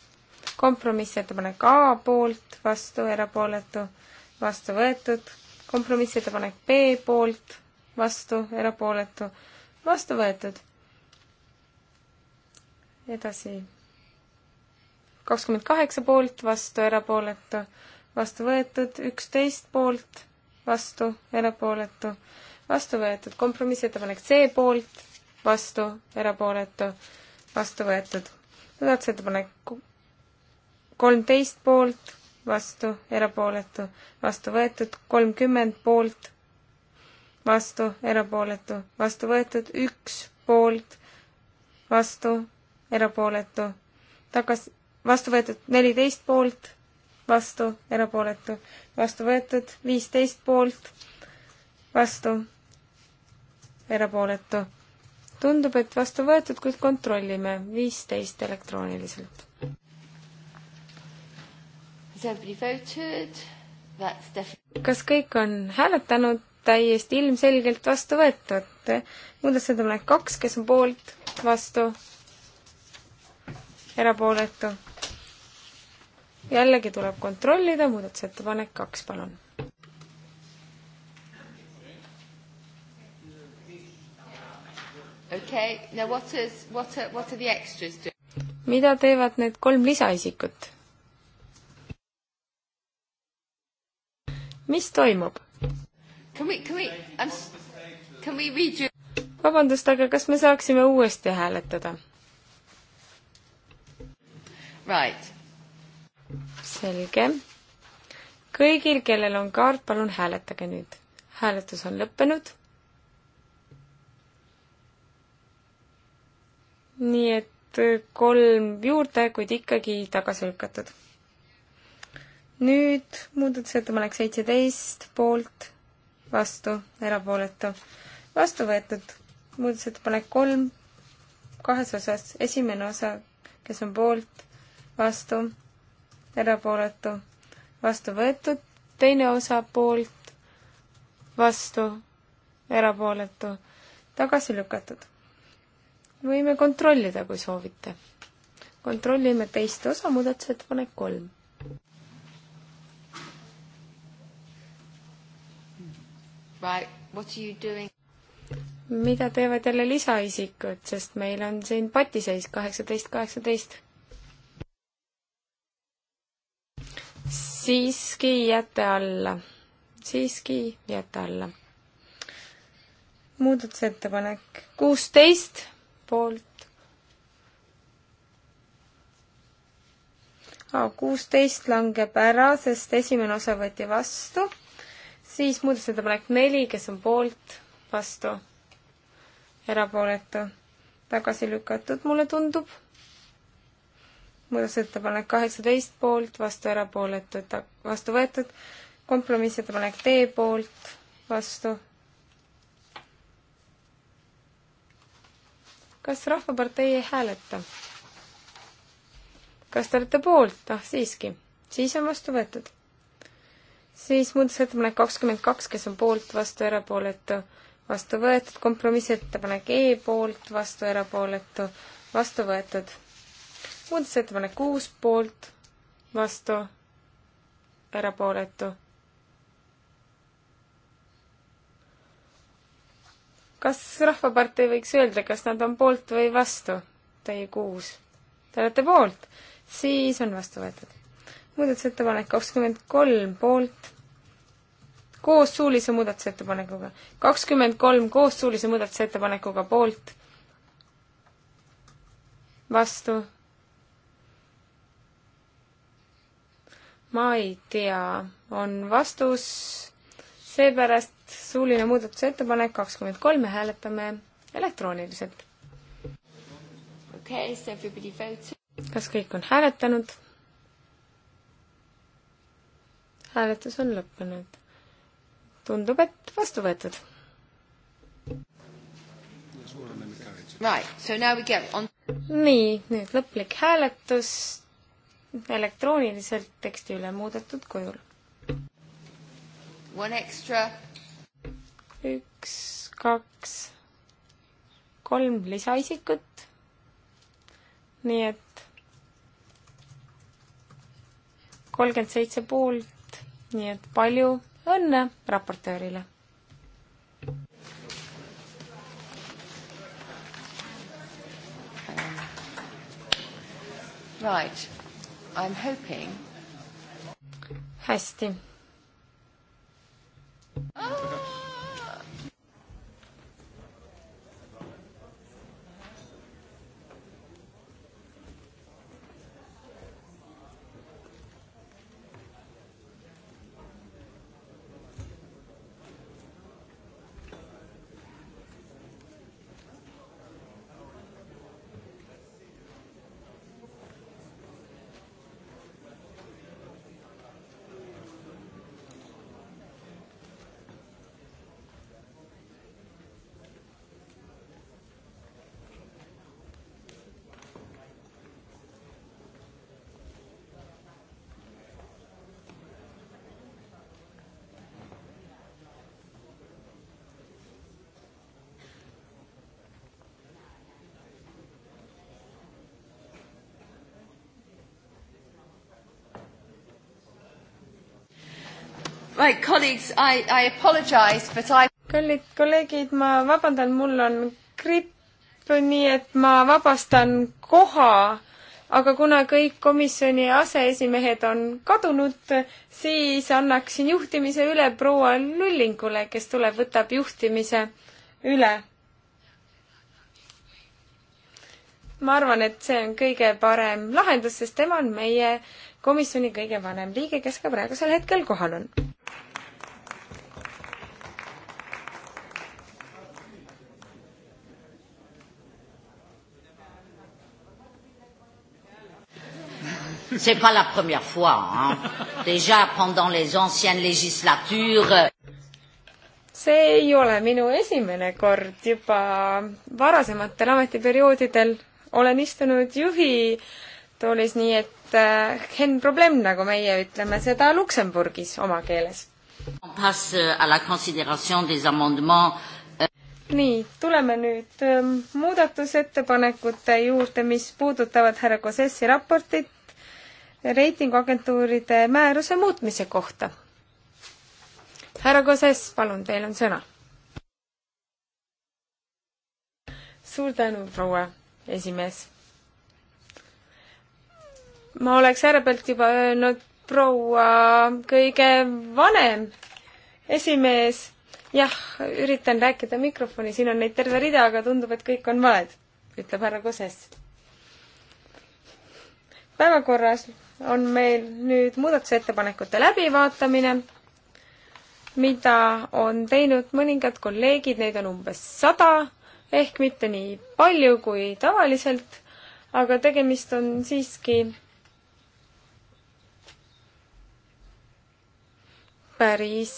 C: kompromissettepanek A poolt, vastu, erapooletu, vastu võetud, kompromissettepanek B poolt, vastu, erapooletu, vastu võetud. edasi. kakskümmend kaheksa poolt, vastu, erapooletu, vastu võetud, üksteist poolt vastu, erapooletu, vastu võetud. kompromissettepanek C poolt, vastu, erapooletu, vastu võetud. muudatusettepanek kolmteist poolt, vastu, erapooletu, vastu võetud. kolmkümmend poolt, vastu, erapooletu, vastu võetud. üks poolt, vastu, erapooletu, tagasi, vastu võetud. neliteist poolt vastu, erapooletu, vastu võetud, viisteist poolt, vastu, erapooletu. tundub, et vastu võetud, kuid kontrollime, viisteist elektrooniliselt. kas kõik on hääletanud? täiesti ilmselgelt vastu võetud. muudatusettepanek kaks, kes on poolt, vastu, erapooletu jällegi tuleb kontrollida, muudatusettepanek kaks, palun.
B: okei okay., no what is, what are, what are the
A: extras doing?
C: mida teevad need kolm lisaisikut? mis toimub?
A: Can we, can we, I m can we read you?
C: vabandust, aga kas me saaksime uuesti hääletada? Right selge. kõigil, kellel on kaart, palun hääletage nüüd. hääletus on lõppenud. nii et äh, kolm juurde, kuid ikkagi tagasi lükatud. nüüd muudatusettepanek seitseteist, poolt, vastu, erapooletu. vastu võetud muudatusettepanek kolm, kahes osas, esimene osa, kes on poolt, vastu, erapooletu, vastu võetud, teine osa poolt, vastu, erapooletu, tagasi lükatud. võime kontrollida, kui soovite. kontrollime teist osa, muudatusettepanek kolm
B: Right, what are you doing?
C: mida teevad jälle lisaisikud, sest meil on siin patiseis kaheksateist, kaheksateist. siiski jäte alla, siiski jäte alla. muudatusettepanek kuusteist poolt. kuusteist langeb ära, sest esimene osa võeti vastu. siis muudatusettepanek neli, kes on poolt, vastu, erapooletu, tagasi lükatud, mulle tundub muudatusettepanek kaheksateist poolt, vastu erapooletud, vastu võetud, kompromissettepanek D poolt, vastu. kas Rahvapartei ei hääleta? kas te olete poolt? ah, siiski. siis on vastu võetud. siis muudatusettepanek kakskümmend kaks, kes on poolt, vastu, erapooletu, vastu võetud, kompromissettepanek E poolt, vastu, erapooletu, vastu võetud muudatusettepanek kuus poolt, vastu, erapooletu. kas Rahvapartei võiks öelda, kas nad on poolt või vastu? Teie kuus. Te olete poolt, siis on vastu võetud. muudatusettepanek kakskümmend kolm poolt, koos suulise muudatusettepanekuga. kakskümmend kolm koos suulise muudatusettepanekuga poolt, vastu ma ei tea, on vastus. seepärast suuline muudatusettepanek kakskümmend kolm ja hääletame elektrooniliselt. kas kõik on hääletanud? hääletus on lõppenud. tundub, et vastu võetud. nii, nüüd lõplik hääletus elektrooniliselt teksti üle muudetud kujul.
B: One extra. üks,
C: kaks, kolm lisaisikut. nii et kolmkümmend seitse poolt, nii et palju õnne raportöörile.
D: Right I am hoping. hästi oh..
B: Right, colleagues, I, I apologize, but I... kallid
C: kolleegid, ma vabandan, mul on gripp, nii et ma vabastan koha, aga kuna kõik komisjoni aseesimehed on kadunud, siis annaksin juhtimise üle proua Lullingule, kes tuleb, võtab juhtimise üle. ma arvan, et see on kõige parem lahendus, sest tema on meie komisjoni kõige vanem liige, kes ka praegusel hetkel kohal on
B: C'est pas la première fois. Hein. Déjà pendant les anciennes législatures. Euh, see ei ole minu
C: esimene kord, juba varasematel ametiperioodidel olen istunud juhi toolis, nii et äh, Henn probleem, nagu meie ütleme seda Luksemburgis oma keeles.
B: Euh, nii, tuleme nüüd ähm, muudatusettepanekute juurde, mis
C: puudutavad härra Kosessi raportit reitinguagentuuride määruse muutmise kohta. härra Koses, palun, teil on sõna. suur tänu, proua esimees. ma oleks äärepealt juba öelnud proua kõige vanem esimees. jah, üritan rääkida mikrofoni, siin on neid terve rida, aga tundub, et kõik on valed, ütleb härra Koses. päevakorras on meil nüüd muudatusettepanekute läbivaatamine, mida on teinud mõningad kolleegid, neid on umbes sada, ehk mitte nii palju kui tavaliselt, aga tegemist on siiski päris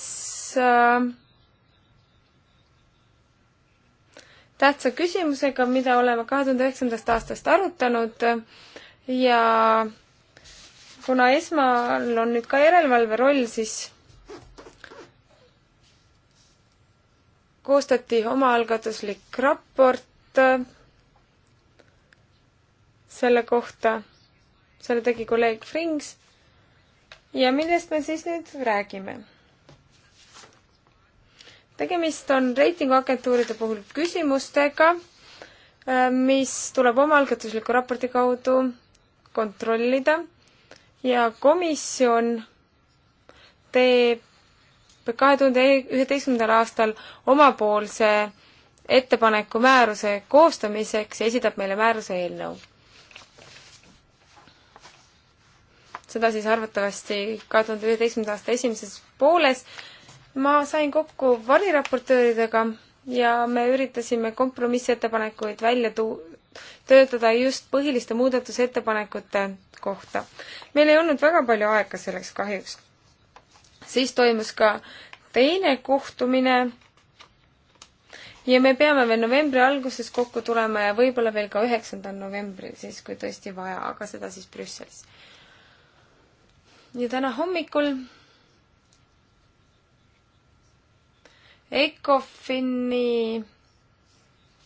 C: äh, tähtsa küsimusega, mida oleme kahe tuhande üheksandast aastast arutanud ja äh, kuna esmal on nüüd ka järelevalve roll, siis koostati omaalgatuslik raport äh, selle kohta, selle tegi kolleeg Frings ja millest me siis nüüd räägime? tegemist on reitinguagentuuride puhul küsimustega, äh, mis tuleb omaalgatusliku raporti kaudu kontrollida ja komisjon teeb kahe tuhande üheteistkümnendal aastal omapoolse ettepaneku määruse koostamiseks ja esitab meile määruse eelnõu. seda siis arvatavasti kahe tuhande üheteistkümnenda aasta esimeses pooles. ma sain kokku variraportööridega ja me üritasime kompromissettepanekuid välja tu-, töötada just põhiliste muudatusettepanekute kohta. meil ei olnud väga palju aega selleks kahjuks. siis toimus ka teine kohtumine ja me peame veel novembri alguses kokku tulema ja võib-olla veel ka üheksandal novembril, siis kui tõesti vaja, aga seda siis Brüsselis. ja täna hommikul ECOFIN-i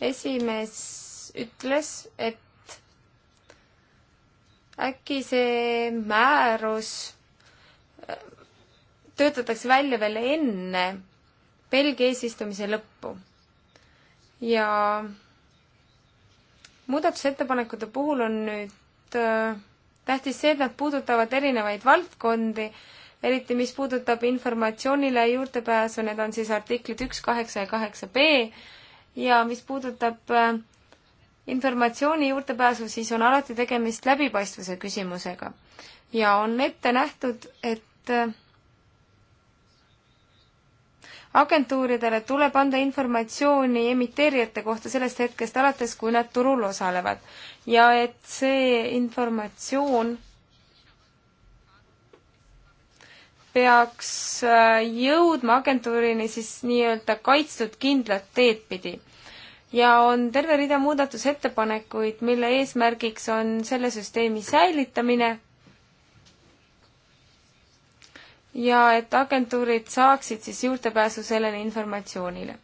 C: esimees ütles, et äkki see määrus äh, töötatakse välja veel enne Belgia eesistumise lõppu. ja muudatusettepanekute puhul on nüüd äh, tähtis see, et nad puudutavad erinevaid valdkondi, eriti mis puudutab informatsioonile juurdepääsu, need on siis artiklid üks, kaheksa ja kaheksa B ja mis puudutab äh, informatsiooni juurdepääsu, siis on alati tegemist läbipaistvuse küsimusega. ja on ette nähtud, et äh, agentuuridele tuleb anda informatsiooni emiteerijate kohta sellest hetkest alates, kui nad turul osalevad. ja et see informatsioon peaks äh, jõudma agentuurini siis nii-öelda kaitstud kindlat teed pidi ja on terve rida muudatusettepanekuid, mille eesmärgiks on selle süsteemi säilitamine ja et agentuurid saaksid siis juurdepääsu sellele informatsioonile.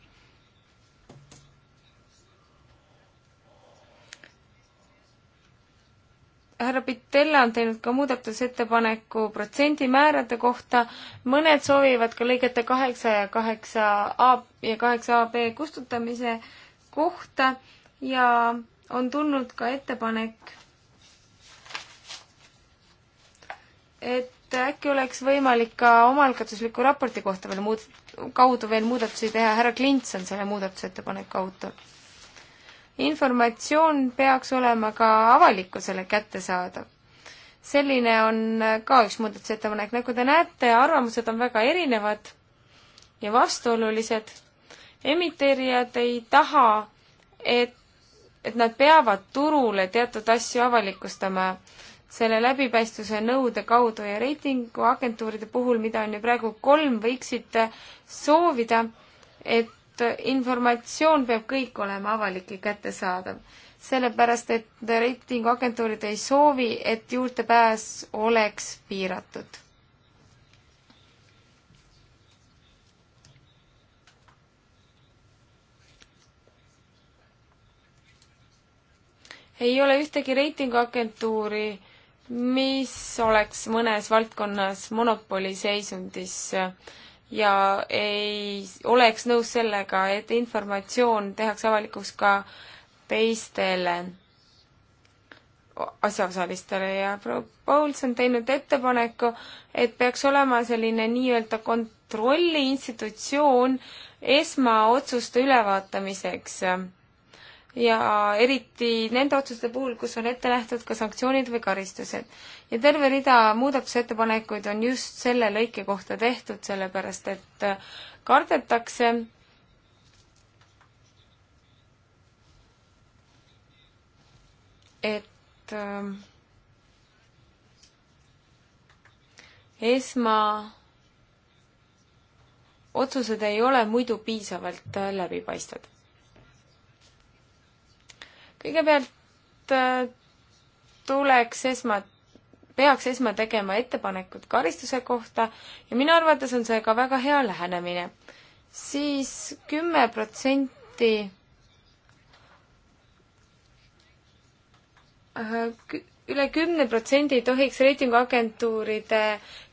C: härra Pitella on teinud ka muudatusettepaneku protsendimäärade kohta, mõned soovivad ka lõigete kaheksa ja kaheksa A ja kaheksa AB kustutamise äh, kohta ja on tulnud ka ettepanek, et äkki oleks võimalik ka omaalgatusliku raporti kohta veel muud-, kaudu veel muudatusi teha, härra Klints on selle muudatusettepaneku autor. informatsioon peaks olema ka avalikkusele kättesaadav. selline on ka üks muudatusettepanek, nagu te näete, arvamused on väga erinevad ja vastuolulised emiteerijad ei taha, et, et nad peavad turule teatud asju avalikustama selle läbipaistvuse nõude kaudu ja reitinguagentuuride puhul, mida on ju praegu kolm, võiksid soovida, et informatsioon peab kõik olema avalik ja kättesaadav. sellepärast, et reitinguagentuurid ei soovi, et juurdepääs oleks piiratud. ei ole ühtegi reitinguagentuuri, mis oleks mõnes valdkonnas monopoliseisundis ja ei oleks nõus sellega, et informatsioon tehakse avalikuks ka teistele asjaosalistele ja Pauls on teinud ettepaneku, et peaks olema selline nii-öelda kontrolliinstitutsioon esmaotsuste ülevaatamiseks ja eriti nende otsuste puhul, kus on ette nähtud ka sanktsioonid või karistused. ja terve rida muudatusettepanekuid on just selle lõike kohta tehtud, sellepärast et äh, kardetakse, et äh, esma otsused ei ole muidu piisavalt äh, läbipaistvad kõigepealt äh, tuleks esmalt peaks esma tegema ettepanekud karistuse kohta ja minu arvates on see ka väga hea lähenemine siis. siis kümme protsenti äh, üle kümne protsendi ei tohiks reitinguagentuuride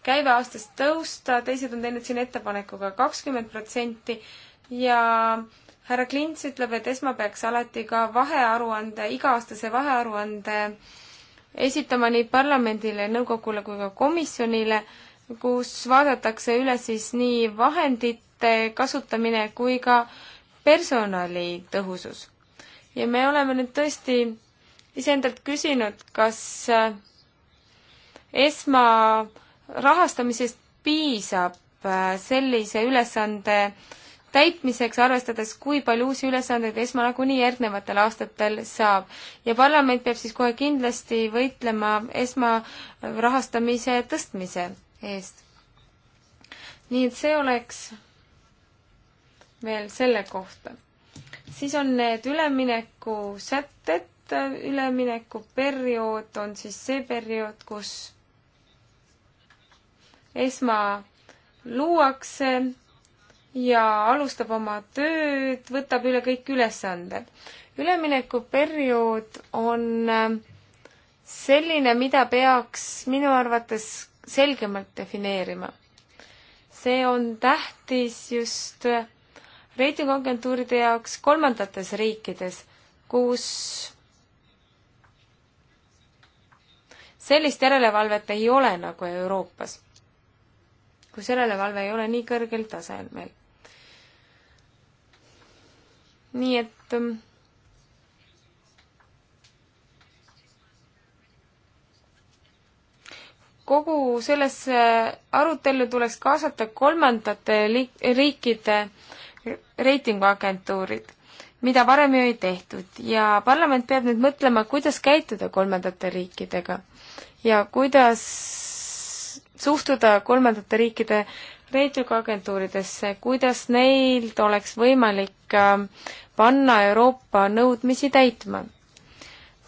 C: käive aastas tõusta, teised on teinud siin ettepanekuga kakskümmend protsenti ja härra Klints ütleb, et ESMA peaks alati ka vahearuande, iga-aastase vahearuande esitama nii parlamendile, nõukogule kui ka komisjonile, kus vaadatakse üle siis nii vahendite kasutamine kui ka personali tõhusus. ja me oleme nüüd tõesti iseendalt küsinud, kas äh, ESMA rahastamisest piisab äh, sellise ülesande äh, täitmiseks, arvestades, kui palju uusi ülesandeid ESMA nagunii järgnevatel aastatel saab. ja parlament peab siis kohe kindlasti võitlema ESMA rahastamise tõstmise eest. nii et see oleks veel selle kohta. siis on need üleminekusätted, üleminekuperiood on siis see periood, kus ESMA luuakse ja alustab oma tööd, võtab üle kõik ülesanded. üleminekuperiood on äh, selline, mida peaks minu arvates selgemalt defineerima. see on tähtis just reitinguagentuuride jaoks kolmandates riikides, kus sellist järelevalvet ei ole nagu Euroopas, kus järelevalve ei ole nii kõrgel tasemel nii et ähm, kogu sellesse arutellu tuleks kaasata kolmandate liik-, riikide reitinguagentuurid, mida varem ju ei tehtud ja parlament peab nüüd mõtlema, kuidas käituda kolmandate riikidega ja kuidas suhtuda kolmandate riikide reitinguagentuuridesse, kuidas neilt oleks võimalik ähm, panna Euroopa nõudmisi täitma.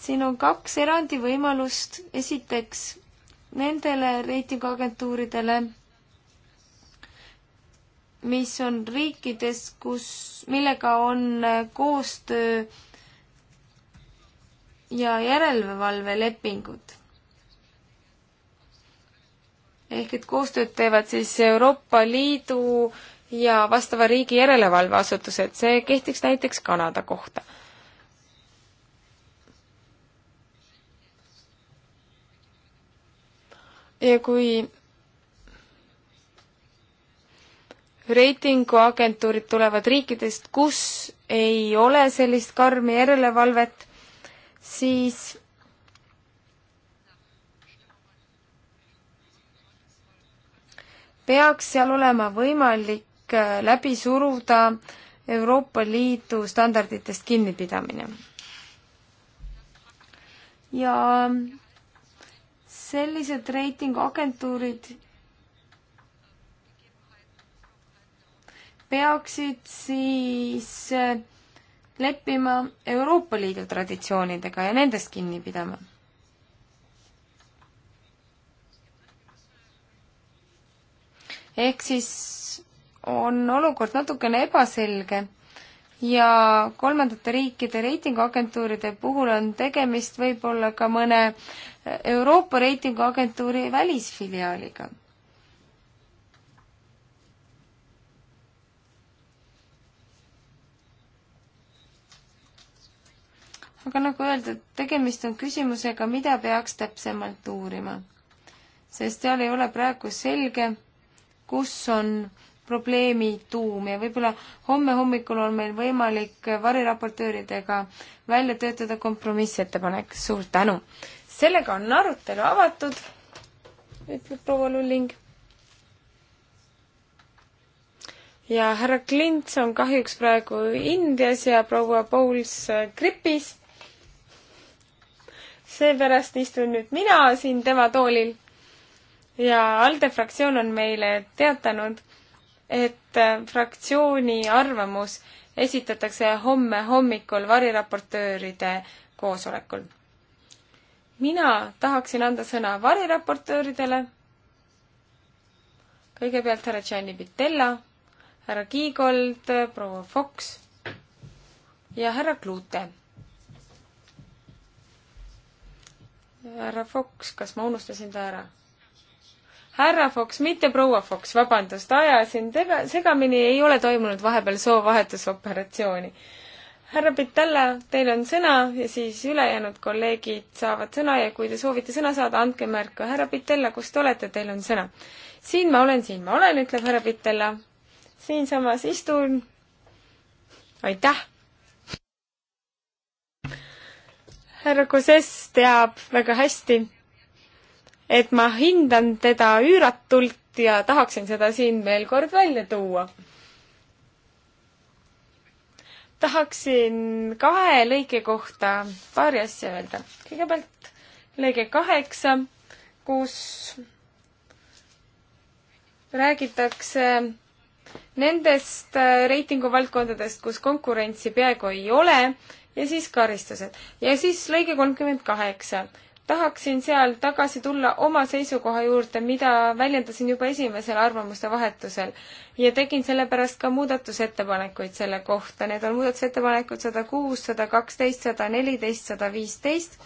C: siin on kaks erandi võimalust, esiteks nendele reitinguagentuuridele, mis on riikides, kus, millega on äh, koostöö ja järelevalvelepingud ehk et koostööd teevad siis Euroopa Liidu ja vastava riigi järelevalveasutused, see kehtiks näiteks Kanada kohta. ja kui reitinguagentuurid tulevad riikidest, kus ei ole sellist karmi järelevalvet, siis peaks seal olema võimalik äh, läbi suruda Euroopa Liidu standarditest kinnipidamine. ja sellised reitinguagentuurid peaksid siis äh, leppima Euroopa Liidu traditsioonidega ja nendest kinni pidama ehk siis on olukord natukene ebaselge ja kolmandate riikide reitinguagentuuride puhul on tegemist võib-olla ka mõne Euroopa reitinguagentuuri välisfiliaaliga aga nagu öeldud, tegemist on küsimusega, mida peaks täpsemalt uurima. sest seal ei ole praegu selge, kus on probleemi tuum ja võib-olla homme hommikul on meil võimalik variraportööridega välja töötada kompromissettepanek, suur tänu! sellega on arutelu avatud, ütleb proua Lulling. ja härra Klints on kahjuks praegu Indias ja proua Pouls äh, gripis. seepärast istun nüüd mina siin tema toolil ja ALDE fraktsioon on meile teatanud, et äh, fraktsiooni arvamus esitatakse homme hommikul variraportööride koosolekul. mina tahaksin anda sõna variraportööridele, kõigepealt härra Gianni Pitella, härra Kiigold, proua Fox ja härra Klute. härra Fox, kas ma unustasin ta ära? härra Fox, mitte proua Fox, vabandust, ajasin tega-, segamini, ei ole toimunud vahepeal soovahetusoperatsiooni. härra Pitalla, teil on sõna ja siis ülejäänud kolleegid saavad sõna ja kui te soovite sõna saada, andke märku. härra Pitalla, kus te olete, teil on sõna. siin ma olen, siin ma olen, ütleb härra Pitalla. siinsamas istun. aitäh! härra Koses teab väga hästi et ma hindan teda üüratult ja tahaksin seda siin veel kord välja tuua. tahaksin kahe lõike kohta paari asja öelda. kõigepealt lõige kaheksa, kus räägitakse nendest äh, reitinguvaldkondadest, kus konkurentsi peaaegu ei ole ja siis karistused. ja siis lõige kolmkümmend kaheksa, tahaksin seal tagasi tulla oma seisukoha juurde, mida väljendasin juba esimesel arvamuste vahetusel ja tegin sellepärast ka muudatusettepanekuid selle kohta. Need on muudatusettepanekud sada kuus, sada kaksteist, sada neliteist, sada viisteist.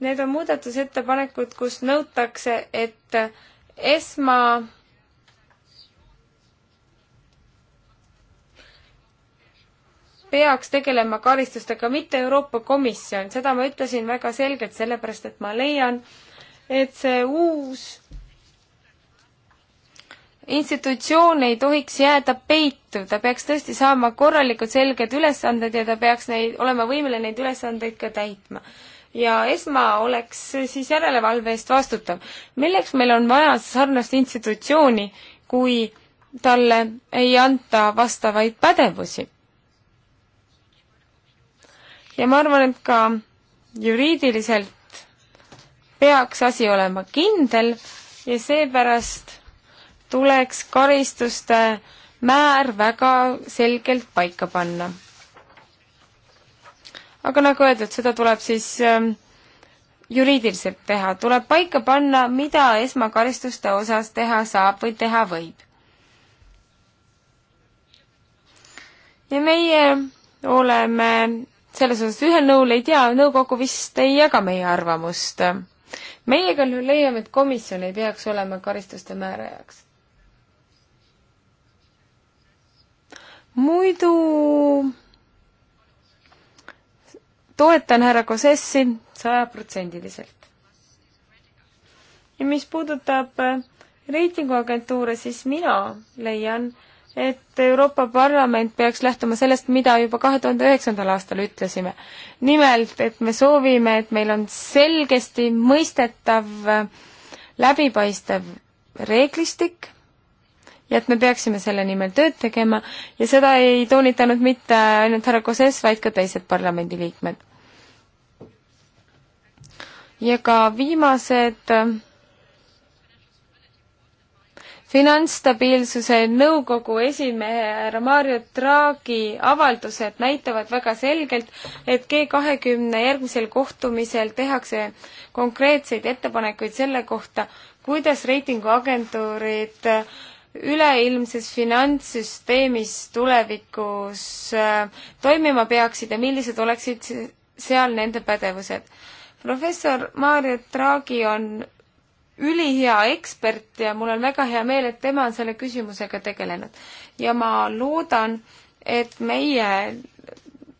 C: Need on muudatusettepanekud, kus nõutakse, et esma peaks tegelema karistustega, mitte Euroopa Komisjon, seda ma ütlesin väga selgelt, sellepärast et ma leian, et see uus institutsioon ei tohiks jääda peitu, ta peaks tõesti saama korralikult selged ülesanded ja ta peaks neid, olema võimeline neid ülesandeid ka täitma. ja ESMA oleks siis järelevalve eest vastutav. milleks meil on vaja sarnast institutsiooni, kui talle ei anta vastavaid pädevusi? ja ma arvan, et ka juriidiliselt peaks asi olema kindel ja seepärast tuleks karistuste määr väga selgelt paika panna. aga nagu öeldud, seda tuleb siis ähm, juriidiliselt teha, tuleb paika panna, mida esmakaristuste osas teha saab või teha võib. ja meie oleme selles osas ühel nõul ei tea, nõukogu vist ei jaga meie arvamust. meie küll leiame, et komisjon ei peaks olema karistuste määrajaks. muidu toetan härra Kosessi sajaprotsendiliselt. ja mis puudutab reitinguagentuure, siis mina leian, et Euroopa Parlament peaks lähtuma sellest, mida juba kahe tuhande üheksandal aastal ütlesime. nimelt, et me soovime, et meil on selgesti mõistetav läbipaistev reeglistik ja et me peaksime selle nimel tööd tegema ja seda ei toonitanud mitte ainult härra Koses, vaid ka teised parlamendiliikmed. ja ka viimased finantsstabiilsuse nõukogu esimehe härra Mario Draghi avaldused näitavad väga selgelt, et G kahekümne järgmisel kohtumisel tehakse konkreetseid ettepanekuid selle kohta, kuidas reitinguagentuurid üleilmses finantssüsteemis tulevikus äh, toimima peaksid ja millised oleksid seal nende pädevused. professor Mario Draghi on ülihea ekspert ja mul on väga hea meel, et tema on selle küsimusega tegelenud. ja ma loodan, et meie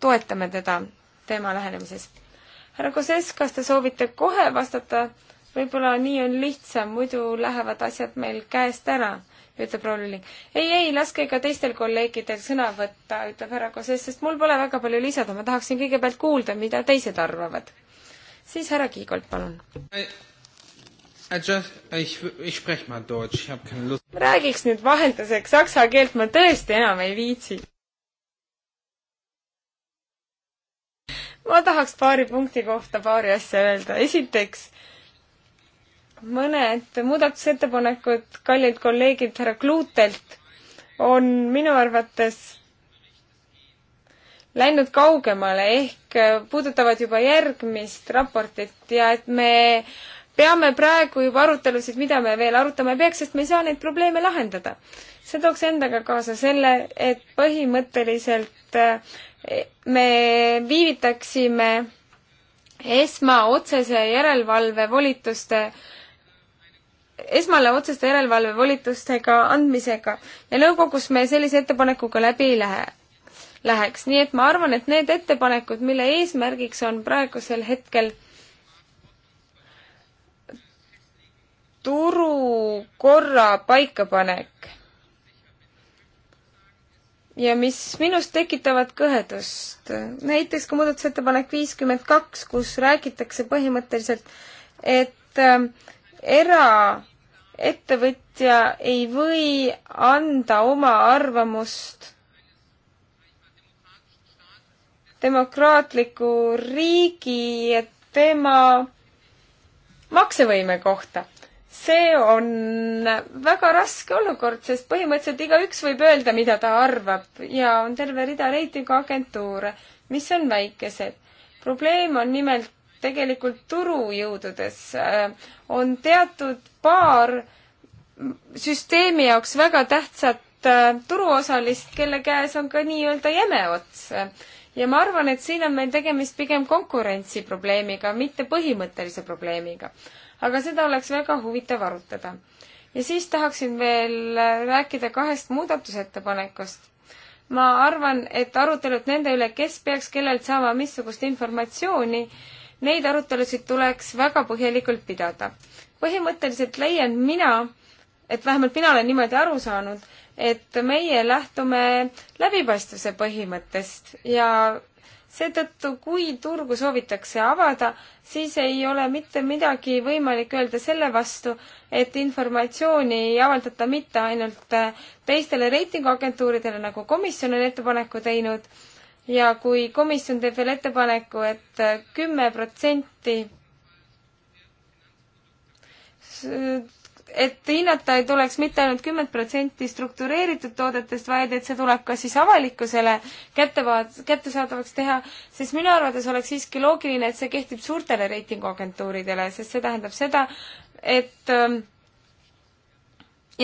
C: toetame teda tema lähenemises. härra Koses, kas te soovite kohe vastata? võib-olla nii on lihtsam, muidu lähevad asjad meil käest ära, ütleb proua Lülling. ei, ei, laske ka teistel kolleegidel sõna võtta, ütleb härra Koses, sest mul pole väga palju lisada, ma tahaksin kõigepealt kuulda, mida teised arvavad. siis härra Kiigolt, palun.
B: Just, ich, ich sprech mal Deutsch, ich hab keine Lust. räägiks
C: nüüd vahelduseks saksa keelt, ma tõesti enam ei viitsi. ma tahaks paari punkti kohta paari asja öelda. esiteks, mõned muudatusettepanekud kallilt kolleegilt härra Kluutelt on minu arvates läinud kaugemale ehk puudutavad juba järgmist raportit ja et me peame praegu juba arutelusid, mida me veel arutama ei peaks, sest me ei saa neid probleeme lahendada. see tooks endaga kaasa selle, et põhimõtteliselt eh, me viivitaksime esma otsese järelevalve volituste esmale otseste järelevalvevolitustega andmisega ja nõukogus me sellise ettepanekuga läbi ei lähe, läheks, nii et ma arvan, et need ettepanekud, mille eesmärgiks on praegusel hetkel äh, turukorra paikapanek. ja mis minus tekitavad kõhedust, näiteks ka muudatusettepanek viiskümmend kaks, kus räägitakse põhimõtteliselt, et äh, eraettevõtja ei või anda oma arvamust demokraatliku riigi ja tema maksevõime kohta see on väga raske olukord, sest põhimõtteliselt igaüks võib öelda, mida ta arvab ja on terve rida reitinguagentuure, mis on väikesed. probleem on nimelt tegelikult turujõududes. on teatud paar süsteemi jaoks väga tähtsat äh, turuosalist, kelle käes on ka nii-öelda jäme ots. ja ma arvan, et siin on meil tegemist pigem konkurentsiprobleemiga, mitte põhimõttelise probleemiga aga seda oleks väga huvitav arutada. ja siis tahaksin veel rääkida kahest muudatusettepanekust. ma arvan, et arutelud nende üle, kes peaks kellelt saama missugust informatsiooni, neid arutelusid tuleks väga põhjalikult pidada. põhimõtteliselt leian mina, et vähemalt mina olen niimoodi aru saanud, et meie lähtume läbipaistvuse põhimõttest ja seetõttu, kui turgu soovitakse avada, siis ei ole mitte midagi võimalik öelda selle vastu, et informatsiooni ei avaldata mitte ainult äh, teistele reitinguagentuuridele, nagu komisjon on ettepaneku teinud, ja kui komisjon teeb veel ettepaneku et, et äh, kümme protsenti et hinnata ei tuleks mitte ainult kümmet protsenti struktureeritud toodetest, vaid et see tuleb ka siis avalikkusele kättevaat-, kättesaadavaks teha, sest minu arvates oleks siiski loogiline, et see kehtib suurtele reitinguagentuuridele, sest see tähendab seda, et ähm,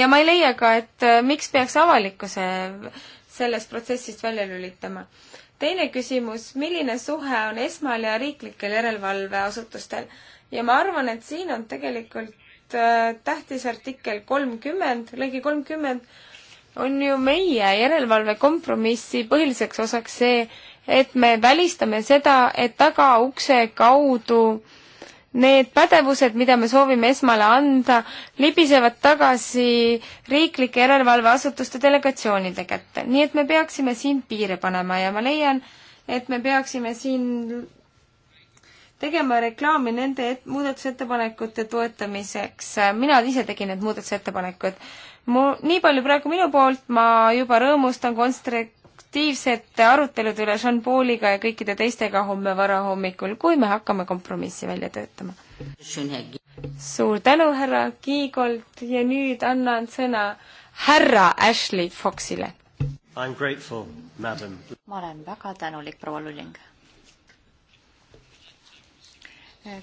C: ja ma ei leia ka, et äh, miks peaks avalikkuse sellest protsessist välja lülitama. teine küsimus, milline suhe on esmal- ja riiklikel järelevalveasutustel? ja ma arvan, et siin on tegelikult Äh, tähtis artikkel kolmkümmend, lõige kolmkümmend, on ju meie järelevalve kompromissi põhiliseks osaks see, et me välistame seda, et tagaukse kaudu need pädevused, mida me soovime esmale anda, libisevad tagasi riiklike järelevalveasutuste delegatsioonide kätte. nii et me peaksime siin piire panema ja ma leian, et me peaksime siin tegema reklaami nende et-, muudatusettepanekute toetamiseks. mina ise tegin need muudatusettepanekud. mu, nii palju praegu minu poolt, ma juba rõõmustan konstruktiivsete arutelude üle Sean Pauliga ja kõikide teistega homme varahommikul, kui me hakkame kompromissi välja töötama. suur tänu, härra Kiigold ja nüüd annan sõna
A: härra Ashley Foxile. ma olen väga tänulik, proua Luling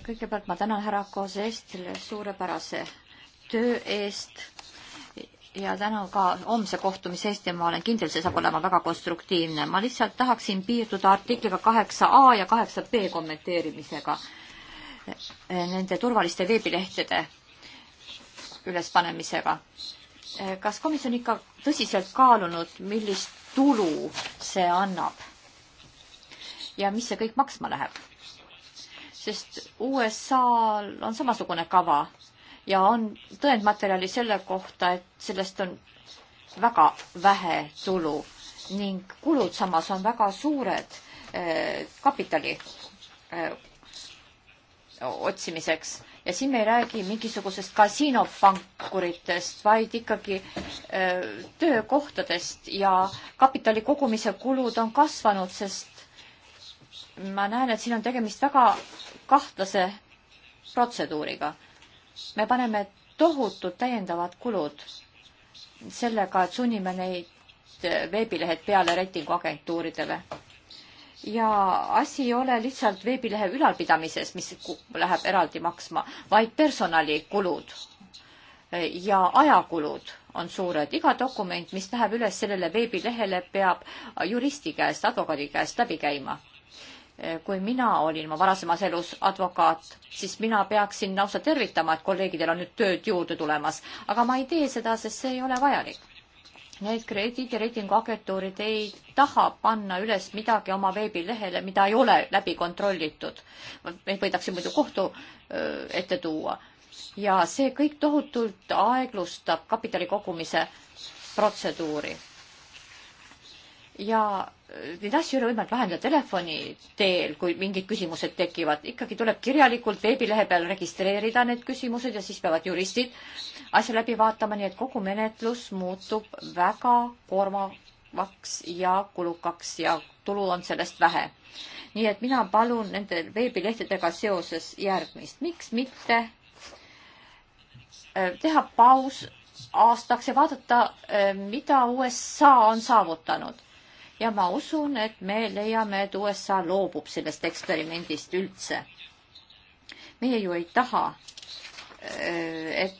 A: kõigepealt ma tänan härra Kozestile suurepärase töö eest ja tänan ka homse kohtumise eest ja ma olen kindel, see saab olema väga konstruktiivne. ma lihtsalt tahaksin piirduda artikliga kaheksa A ja kaheksa B kommenteerimisega nende turvaliste veebilehtede ülespanemisega. kas komisjon ikka tõsiselt kaalunud, millist tulu see annab ja mis see kõik maksma läheb? sest USA-l on samasugune kava ja on tõendmaterjali selle kohta, et sellest on väga vähe tulu ning kulud samas on väga suured eh, kapitali eh, otsimiseks ja siin me ei räägi mingisugusest kasiinopankuritest, vaid ikkagi eh, töökohtadest ja kapitali kogumise kulud on kasvanud, sest ma näen, et siin on tegemist väga kahtlase protseduuriga. me paneme tohutud täiendavad kulud sellega, et sunnime neid eh, veebilehed peale reitinguagentuuridele. ja asi ei ole lihtsalt veebilehe ülalpidamises, mis läheb eraldi maksma, vaid personalikulud ja ajakulud on suured. iga dokument, mis läheb üles sellele veebilehele, peab juristi käest, advokaadi käest läbi käima kui mina olin oma varasemas elus advokaat, siis mina peaksin lausa tervitama, et kolleegidel on nüüd tööd juurde tulemas, aga ma ei tee seda, sest see ei ole vajalik. Need krediidireitinguagentuurid ei taha panna üles midagi oma veebilehele, mida ei ole läbi kontrollitud. meid võidakse muidu kohtu ette tuua. ja see kõik tohutult aeglustab kapitali kogumise protseduuri ja äh, neid asju ei ole võimalik lahendada telefoni teel, kui mingid küsimused tekivad, ikkagi tuleb kirjalikult veebilehe peal registreerida need küsimused ja siis peavad juristid asja läbi vaatama, nii et kogu menetlus muutub väga koormavaks ja kulukaks ja tulu on sellest vähe. nii et mina palun nende veebilehtedega seoses järgmist, miks mitte äh, teha paus aastaks ja vaadata, äh, mida USA on saavutanud ja ma usun, et me leiame, et USA loobub sellest eksperimendist üldse. meie ju ei taha, äh, et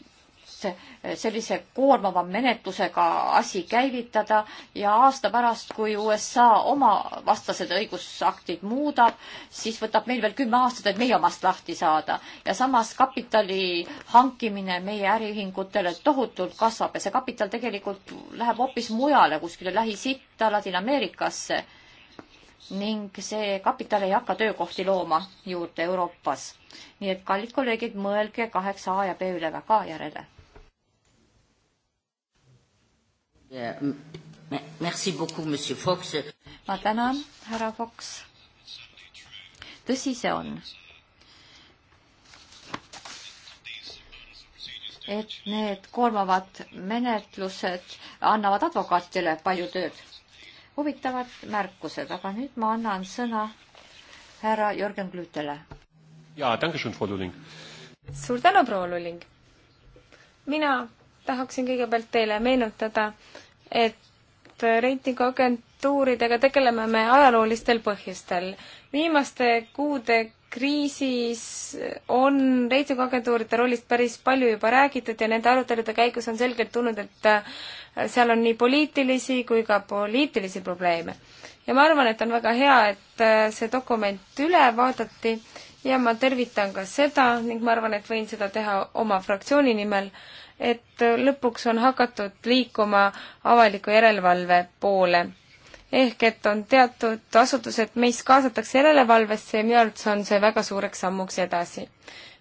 A: sellise koormava menetlusega asi käivitada ja aasta pärast, kui USA oma vastased õigusaktid muudab, siis võtab meil veel kümme aastat, et meie omast lahti saada. ja samas kapitali hankimine meie äriühingutele tohutult kasvab ja see kapital tegelikult läheb hoopis mujale, kuskile Lähis-Itta, Ladina-Ameerikasse ning see kapital ei hakka töökohti looma juurde Euroopas. nii et, kallid kolleegid, mõelge kaheksa A ja B üle väga järele. Euh, ma tänan, härra Fox. tõsi see on, et need koormavad menetlused annavad advokaatidele palju tööd. huvitavad märkused, aga nüüd ma annan sõna härra Jörgen Glüütele.
D: jaa, tänke schön, Frau Luling.
C: suur tänu, proua Luling. mina tahaksin kõigepealt teile meenutada, et reitinguagentuuridega tegeleme me ajaloolistel põhjustel. viimaste kuude kriisis on reitinguagentuuride rollist päris palju juba räägitud ja nende arutelude käigus on selgelt tulnud, et äh, seal on nii poliitilisi kui ka poliitilisi probleeme. ja ma arvan, et on väga hea, et äh, see dokument üle vaadati ja ma tervitan ka seda ning ma arvan, et võin seda teha oma fraktsiooni nimel et lõpuks on hakatud liikuma avaliku järelevalve poole. ehk et on teatud asutused, meis kaasatakse järelevalvesse ja minu arvates on see väga suureks sammuks edasi.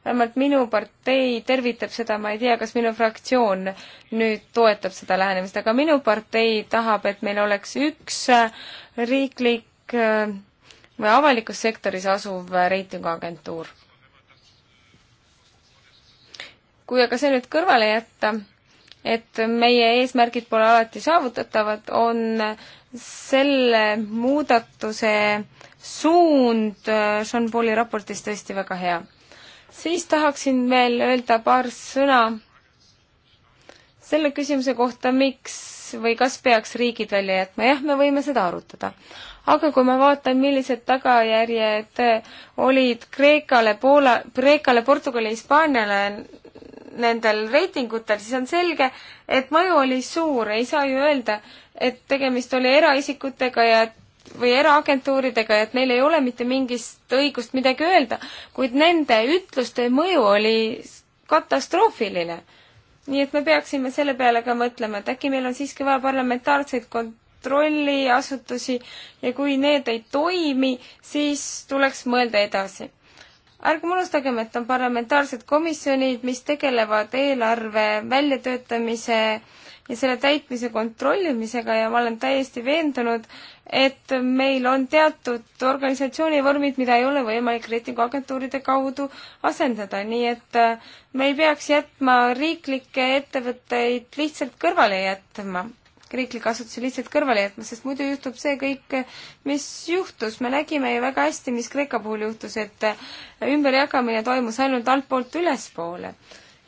C: vähemalt minu partei tervitab seda, ma ei tea, kas minu fraktsioon nüüd toetab seda lähenemist, aga minu partei tahab, et meil oleks üks äh, riiklik äh, või avalikus sektoris asuv äh, reitinguagentuur kui aga see nüüd kõrvale jätta, et meie eesmärgid pole alati saavutatavad, on selle muudatuse suund Jean-Pauli äh, raportis tõesti väga hea. siis tahaksin veel öelda paar sõna selle küsimuse kohta, miks või kas peaks riigid välja jätma, jah, me võime seda arutada. aga kui ma vaatan, millised tagajärjed olid Kreekale, Poola, Kreekale, Portugali, Hispaaniale nendel reitingutel, siis on selge, et mõju oli suur, ei saa ju öelda, et tegemist oli eraisikutega ja või eraagentuuridega, et neil ei ole mitte mingist õigust midagi öelda, kuid nende ütluste mõju oli katastroofiline. nii et me peaksime selle peale ka mõtlema, et äkki meil on siiski vaja parlamentaarseid kontrolliasutusi ja kui need ei toimi, siis tuleks mõelda edasi ärgem unustagem, et on parlamentaarsed komisjonid, mis tegelevad eelarve väljatöötamise ja selle täitmise kontrollimisega ja ma olen täiesti veendunud, et meil on teatud organisatsioonivormid, mida ei ole võimalik reitinguagentuuride kaudu asendada, nii et äh, me ei peaks jätma riiklikke ettevõtteid lihtsalt kõrvale jätma riiklikke asutusi lihtsalt kõrvale jätma, sest muidu juhtub see kõik, mis juhtus. me nägime ju väga hästi, mis Kreeka puhul juhtus, et ümberjagamine toimus ainult altpoolt ülespoole.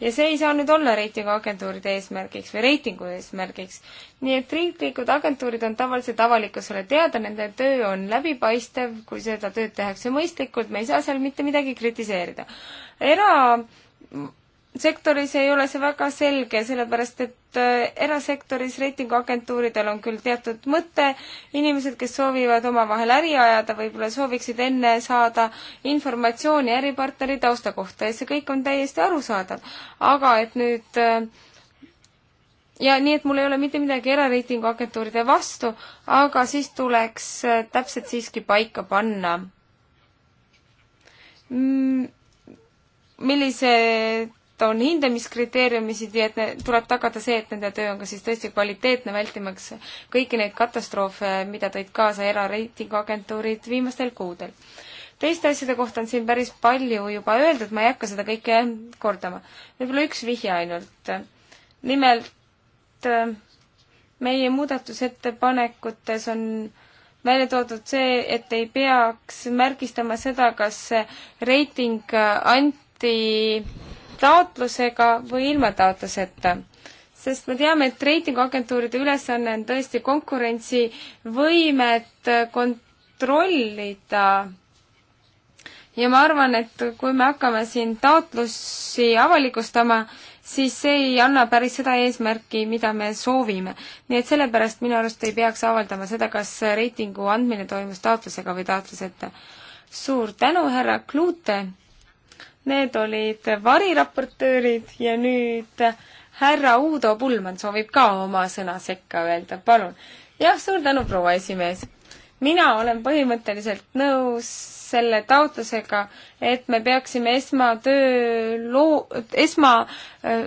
C: ja see ei saa nüüd olla reitinguagentuuride eesmärgiks või reitingu eesmärgiks. nii et riiklikud agentuurid on tavaliselt avalikkusele teada, nende töö on läbipaistev, kui seda tööd tehakse mõistlikult, me ei saa seal mitte midagi kritiseerida. era sektoris ei ole see väga selge, sellepärast et äh, erasektoris reitinguagentuuridel on küll teatud mõte, inimesed, kes soovivad omavahel äri ajada, võib-olla sooviksid enne saada informatsiooni äripartneri tausta kohta ja see kõik on täiesti arusaadav. aga et nüüd äh, ja nii, et mul ei ole mitte midagi erareitinguagentuuride vastu, aga siis tuleks äh, täpselt siiski paika panna mm,, millised on hindamiskriteeriumisid, nii et ne, tuleb tagada see, et nende töö on ka siis tõesti kvaliteetne, vältimaks kõiki neid katastroofe, mida tõid kaasa erareitinguagentuurid viimastel kuudel. teiste asjade kohta on siin päris palju juba öeldud, ma ei hakka seda kõike kordama. võib-olla üks vihje ainult. nimelt meie muudatusettepanekutes on välja toodud see, et ei peaks märgistama seda, kas reiting anti taotlusega või ilma taotluseta. sest me teame, et reitinguagentuuride ülesanne on tõesti konkurentsivõimet kontrollida ja ma arvan, et kui me hakkame siin taotlusi avalikustama, siis see ei anna päris seda eesmärki, mida me soovime. nii et sellepärast minu arust ei peaks avaldama seda, kas reitingu andmine toimus taotlusega või taotluseta. suur tänu, härra Kluute! Need olid variraportöörid ja nüüd härra Uudo Pulman soovib ka oma sõna sekka öelda, palun. jah, suur tänu, proua esimees. mina olen põhimõtteliselt nõus selle taotlusega, et me peaksime esmatöö loo-, esma äh,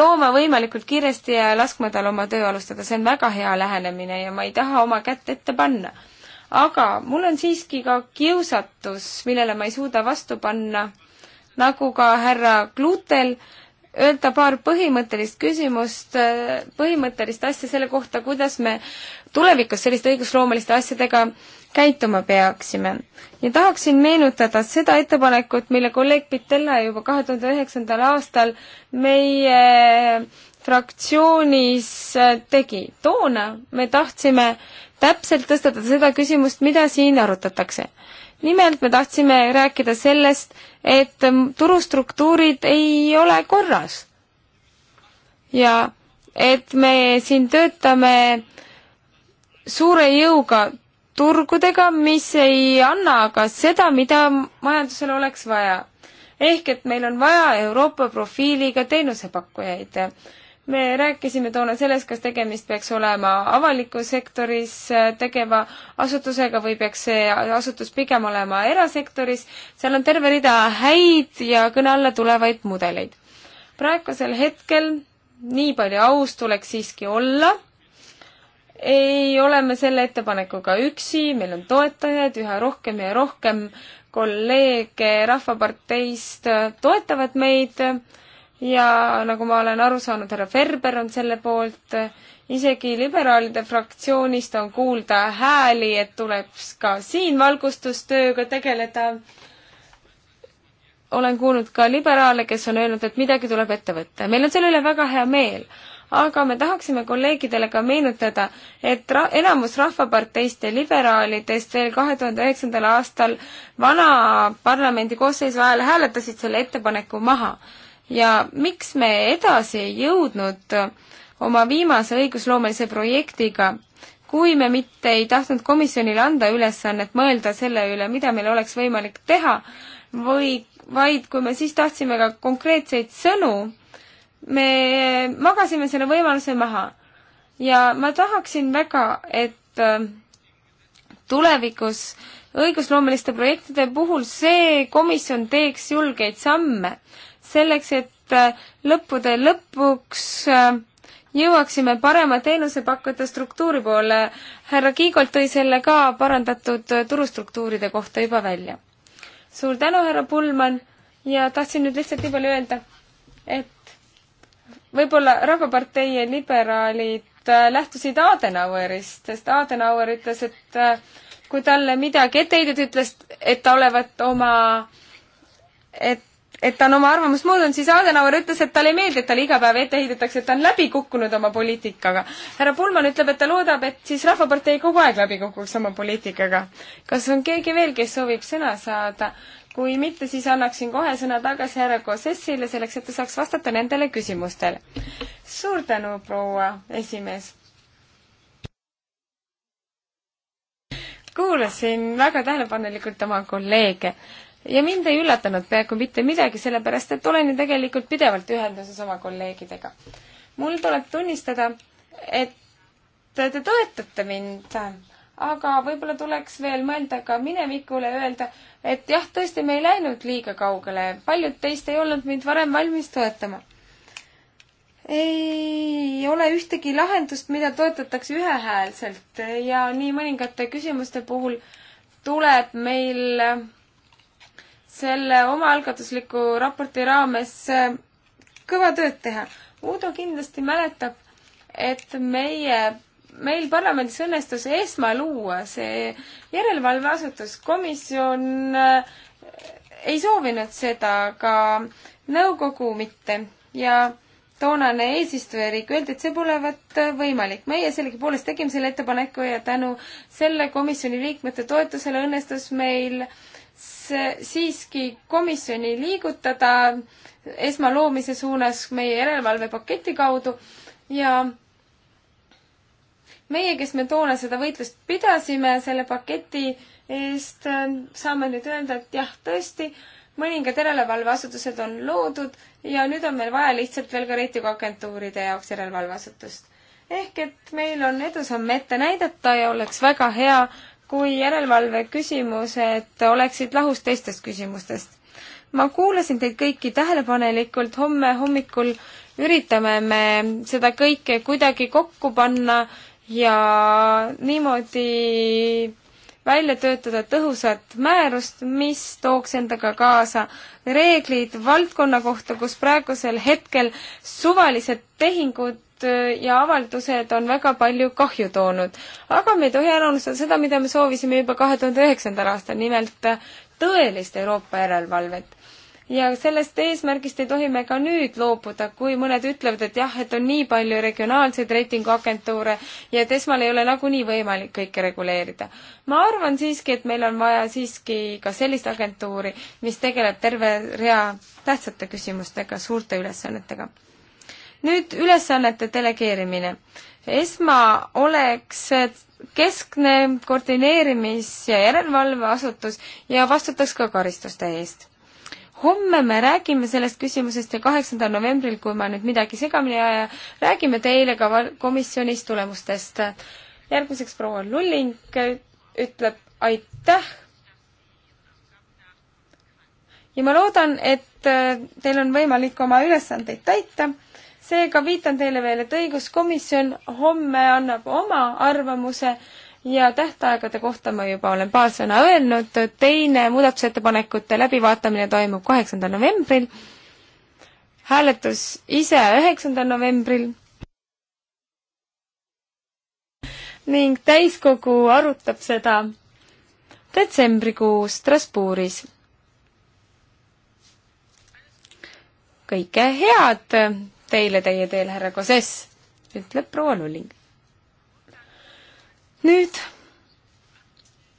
C: looma võimalikult kiiresti ja laskma tal oma töö alustada, see on väga hea lähenemine ja ma ei taha oma kätt ette panna. aga mul on siiski ka kiusatus, millele ma ei suuda vastu panna nagu ka härra Glutel, öelda paar põhimõttelist küsimust, põhimõttelist asja selle kohta, kuidas me tulevikus selliste õigusloomeliste asjadega käituma peaksime. ja tahaksin meenutada seda ettepanekut, mille kolleeg Pitella juba kahe tuhande üheksandal aastal meie fraktsioonis tegi. toona me tahtsime täpselt tõstatada seda küsimust, mida siin arutatakse nimelt me tahtsime rääkida sellest, et turustruktuurid ei ole korras. ja et me siin töötame suure jõuga turgudega, mis ei anna aga seda, mida majandusel oleks vaja. ehk et meil on vaja Euroopa profiiliga teenusepakkujaid me rääkisime toona sellest, kas tegemist peaks olema avalikus sektoris äh, tegeva asutusega või peaks see asutus pigem olema erasektoris. seal on terve rida häid ja kõne alla tulevaid mudeleid. praegusel hetkel nii palju aus tuleks siiski olla ei ole me selle ettepanekuga üksi, meil on toetajaid üha rohkem ja rohkem kolleege Rahvaparteist toetavad meid ja nagu ma olen aru saanud, härra Ferber on selle poolt, isegi liberaalide fraktsioonist on kuulda hääli, et tuleb ka siin valgustustööga tegeleda. olen kuulnud ka liberaale, kes on öelnud, et midagi tuleb ette võtta. meil on selle üle väga hea meel, aga me tahaksime kolleegidele ka meenutada, et ra-, enamus Rahvaparteist ja liberaalidest veel kahe tuhande üheksandal aastal vana parlamendi koosseisu ajal hääletasid selle ettepaneku maha ja miks me edasi ei jõudnud oma viimase õigusloomelise projektiga, kui me mitte ei tahtnud komisjonile anda ülesannet mõelda selle üle, mida meil oleks võimalik teha, või vaid kui me siis tahtsime ka konkreetseid sõnu, me magasime selle võimaluse maha. ja ma tahaksin väga, et äh, tulevikus õigusloomeliste projektide puhul see komisjon teeks julgeid samme selleks, et äh, lõppude lõpuks äh, jõuaksime parema teenusepakkujate struktuuri poole. härra Kiigolt tõi selle ka parandatud äh, turustruktuuride kohta juba välja. suur tänu, härra Pullmann ja tahtsin nüüd lihtsalt nii palju öelda, et võib-olla Rahvapartei ja liberaalid lähtusid Adenauerist, sest Adenauer ütles, et kui talle midagi ette heideti, ütles, et ta olevat oma, et et ta on oma arvamust muutnud, siis Adenauer ütles, et talle ei meeldi, et talle iga päev ette heidetakse, et ta on läbi kukkunud oma poliitikaga. härra Pullmann ütleb, et ta loodab, et siis Rahvapartei kogu aeg läbi kukuks oma poliitikaga. kas on keegi veel, kes soovib sõna saada? kui mitte, siis annaksin kohe sõna tagasi härra Kossessile, selleks et ta saaks vastata nendele küsimustele. suur tänu, proua esimees! kuulasin väga tähelepanelikult oma kolleege ja mind ei üllatanud peaaegu mitte midagi, sellepärast et olen ju tegelikult pidevalt ühenduses oma kolleegidega. mul tuleb tunnistada, et te toetate mind, aga võib-olla tuleks veel mõelda ka minevikule ja öelda, et jah, tõesti, me ei läinud liiga kaugele, paljud teist ei olnud mind varem valmis toetama. ei ole ühtegi lahendust, mida toetatakse ühehäälselt ja nii mõningate küsimuste puhul tuleb meil selle omaalgatusliku raporti raames äh, kõva tööd teha. Uudo kindlasti mäletab, et meie, meil parlamendis õnnestus ESMA luua, see järelevalveasutus, komisjon äh, ei soovinud seda, ka nõukogu mitte ja toonane eesistujariik öeldi, et see polevat äh, võimalik. meie sellegipoolest tegime selle ettepaneku ja tänu selle komisjoni liikmete toetusele õnnestus meil äh, siiski komisjoni liigutada esmaloomise suunas meie järelevalvepaketi kaudu ja meie, kes me toona seda võitlust pidasime selle paketi eest, saame nüüd öelda, et jah, tõesti, mõningad järelevalveasutused on loodud ja nüüd on meil vaja lihtsalt veel ka reitinguagentuuride jaoks järelevalveasutust. ehk et meil on edusamme ette näidata ja oleks väga hea, kui järelevalve küsimused oleksid lahus teistest küsimustest. ma kuulasin teid kõiki tähelepanelikult, homme hommikul üritame me seda kõike kuidagi kokku panna ja niimoodi välja töötada tõhusat määrust, mis tooks endaga kaasa reeglid valdkonna kohta, kus praegusel hetkel suvalised tehingud Äh, ja avaldused on väga palju kahju toonud. aga me ei tohi ära unustada seda, mida me soovisime juba kahe tuhande üheksandal aastal, nimelt äh, tõelist Euroopa järelevalvet. ja sellest eesmärgist ei tohi me ka nüüd loobuda, kui mõned ütlevad, et jah, et on nii palju regionaalseid reitinguagentuure ja et esmal ei ole nagunii võimalik kõike reguleerida. ma arvan siiski, et meil on vaja siiski ka sellist agentuuri, mis tegeleb terve rea tähtsate küsimustega, suurte ülesannetega nüüd ülesannete delegeerimine. ESMA oleks keskne koordineerimis- ja järelevalveasutus ja vastutaks ka karistuste eest. homme me räägime sellest küsimusest ja kaheksandal novembril, kui ma nüüd midagi segamini ei aja, räägime teile ka komisjonis tulemustest. järgmiseks proua Lulling ütleb aitäh ja ma loodan, et äh, teil on võimalik oma ülesandeid täita seega viitan teile veel, et õiguskomisjon homme annab oma arvamuse ja tähtaegade kohta ma juba olen paar sõna öelnud, teine muudatusettepanekute läbivaatamine toimub kaheksandal novembril, hääletus ise üheksandal novembril ning täiskogu arutab seda detsembrikuus Strasbourgis. kõike head teile teie teel, härra Koses, ütleb proua Lulling. nüüd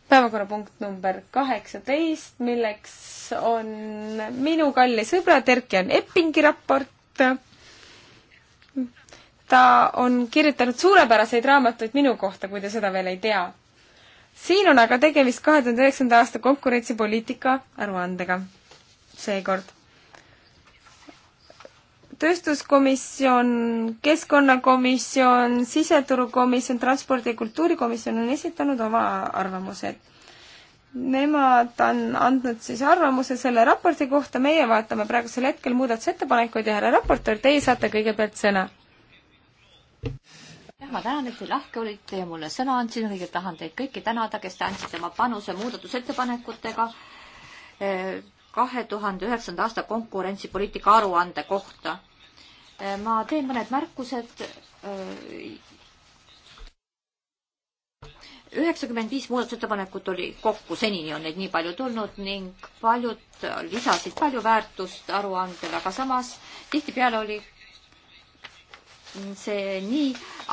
C: päevakorrapunkt number kaheksateist, milleks on minu kalli sõbra Terkian Eppingi raport. ta on kirjutanud suurepäraseid raamatuid minu kohta, kui te seda veel ei tea. siin on aga tegemist kahe tuhande üheksanda aasta konkurentsipoliitika aruandega seekord tööstuskomisjon, keskkonnakomisjon, siseturukomisjon, transpordi- ja kultuurikomisjon on esitanud oma arvamused. Nemad on andnud siis arvamuse selle raporti kohta, meie vaatame praegusel hetkel muudatusettepanekuid ja härra raportöör, teie saate kõigepealt sõna.
A: jah, ma tänan, et te lahke olite ja mulle sõna andsite, kõigepealt tahan teid kõiki tänada, kes te andsite oma panuse muudatusettepanekutega eh, kahe tuhande üheksanda aasta konkurentsipoliitika aruande kohta. Eh, ma teen mõned märkused. Eh, üheksakümmend viis muudatusettepanekut oli kokku, senini on neid nii palju tulnud ning paljud lisasid palju väärtust aruandele, aga samas tihtipeale oli see nii,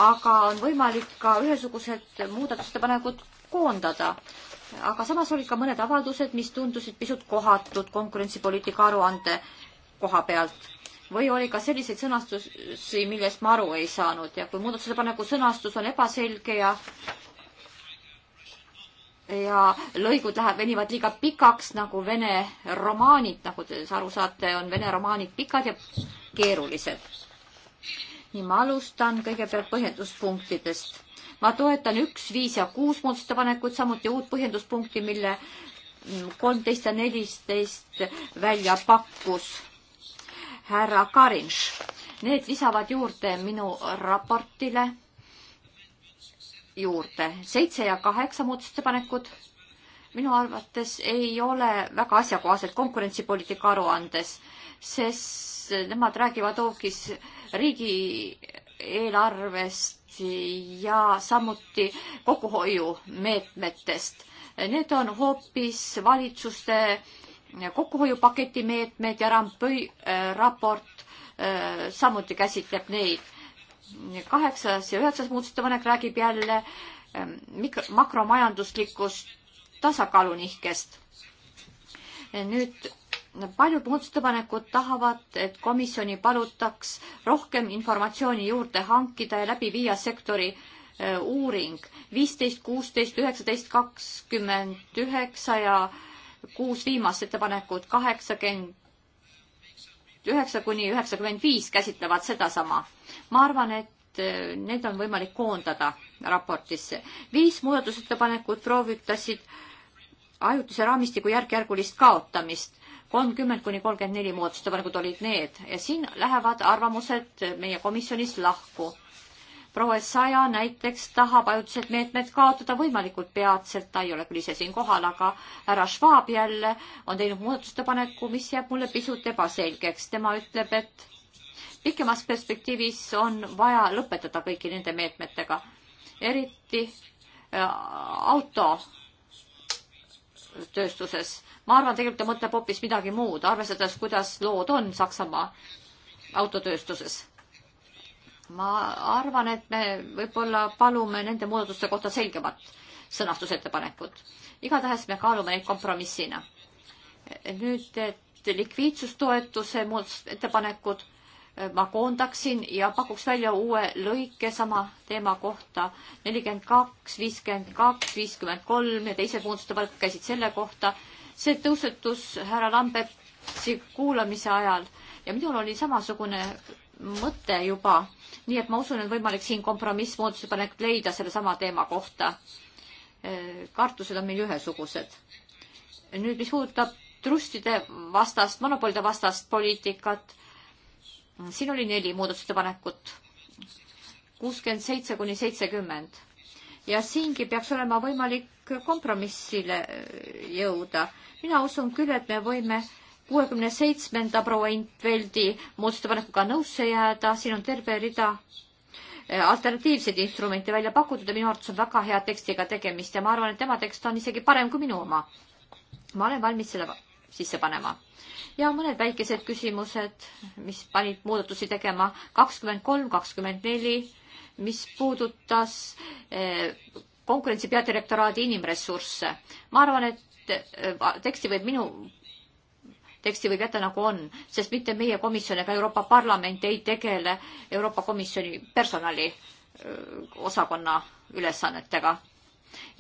A: aga on võimalik ka ühesugused muudatusettepanekud koondada aga samas olid ka mõned avaldused, mis tundusid pisut kohatud konkurentsipoliitika aruande koha pealt või oli ka selliseid sõnastusi, millest ma aru ei saanud ja kui muudatusettepaneku sõnastus on ebaselge ja ja lõigud läheb, venivad liiga pikaks nagu vene romaanid, nagu te aru saate, on vene romaanid pikad ja keerulised. nii, ma alustan kõigepealt põhjenduspunktidest. ma toetan üks, viis ja kuus muudatusettepanekut, samuti uut põhjenduspunkti, mille kolmteist ja neliteist välja pakkus härra Karinš. Need lisavad juurde minu raportile juurde seitse ja kaheksa muudatusettepanekut. minu arvates ei ole väga asjakohased konkurentsipoliitika aruandes, sest nemad räägivad hoopis riigieelarvest ja samuti kokkuhoiumeetmetest. Need on hoopis valitsuste äh, kokkuhoiupaketi meetmed ja Rampöi äh, raport äh, samuti käsitleb neid. kaheksas ja üheksas muudatusettepanek räägib jälle ähm, mikro, makromajanduslikust tasakaalu nihkest. nüüd paljud muudatusettepanekud tahavad, et komisjoni palutaks rohkem informatsiooni juurde hankida ja läbi viia sektori äh, uuring viisteist, kuusteist, üheksateist, kakskümmend üheksa ja kuus viimast ettepanekut, kaheksakümmend üheksa kuni üheksakümmend viis käsitlevad sedasama. ma arvan, et äh, need on võimalik koondada raportisse. viis muudatusettepanekut proovitasid ajutise raamistiku järk-järgulist kaotamist. kolmkümmend kuni kolmkümmend neli muudatusettepanekut olid need ja siin lähevad arvamused meie komisjonis lahku proua Essaja näiteks tahab ajutised meetmed kaotada võimalikult peatselt, ta ei ole küll ise siin kohal, aga härra Schwab jälle on teinud muudatusettepaneku, mis jääb mulle pisut ebaselgeks. tema ütleb, et pikemas perspektiivis on vaja lõpetada kõiki nende meetmetega, eriti äh, autotööstuses. ma arvan, tegelikult ta mõtleb hoopis midagi muud, arvestades, kuidas lood on Saksamaa autotööstuses ma arvan, et me võib-olla palume nende muudatuste kohta selgemat sõnastusettepanekut. igatahes me kaalume neid kompromissina. nüüd, et likviidsustoetuse muudatusettepanekud eh, ma koondaksin ja pakuks välja uue lõike sama teema kohta. nelikümmend kaks, viiskümmend kaks, viiskümmend kolm ja teised muudatusettepanekud käisid selle kohta. see tõusetus härra Lambertsi kuulamise ajal ja minul oli samasugune mõte juba nii et ma usun, et võimalik siin kompromiss, moodustusepanek leida sellesama teema kohta. kartused on meil ühesugused. nüüd, mis puudutab trustide vastast, monopolide vastast poliitikat, siin oli neli muudatusettepanekut, kuuskümmend seitse kuni seitsekümmend. ja siingi peaks olema võimalik kompromissile jõuda. mina usun küll, et me võime äh, kuuekümne seitsmenda proua Intveldi muudatusettepanekuga nõusse jääda, siin on terve rida eh, alternatiivseid instrumente välja pakutud ja minu arvates on väga hea tekstiga tegemist ja ma arvan, et tema tekst on isegi parem kui minu oma. ma olen valmis selle sisse panema. ja mõned väikesed küsimused, mis panid muudatusi tegema kakskümmend kolm, kakskümmend neli, mis puudutas eh, konkurentsi peadirektoraadi inimressursse. ma arvan, et eh, teksti võib minu teksti võib jätta nagu on, sest mitte meie komisjon ega Euroopa Parlament ei tegele Euroopa Komisjoni personali osakonna ülesannetega.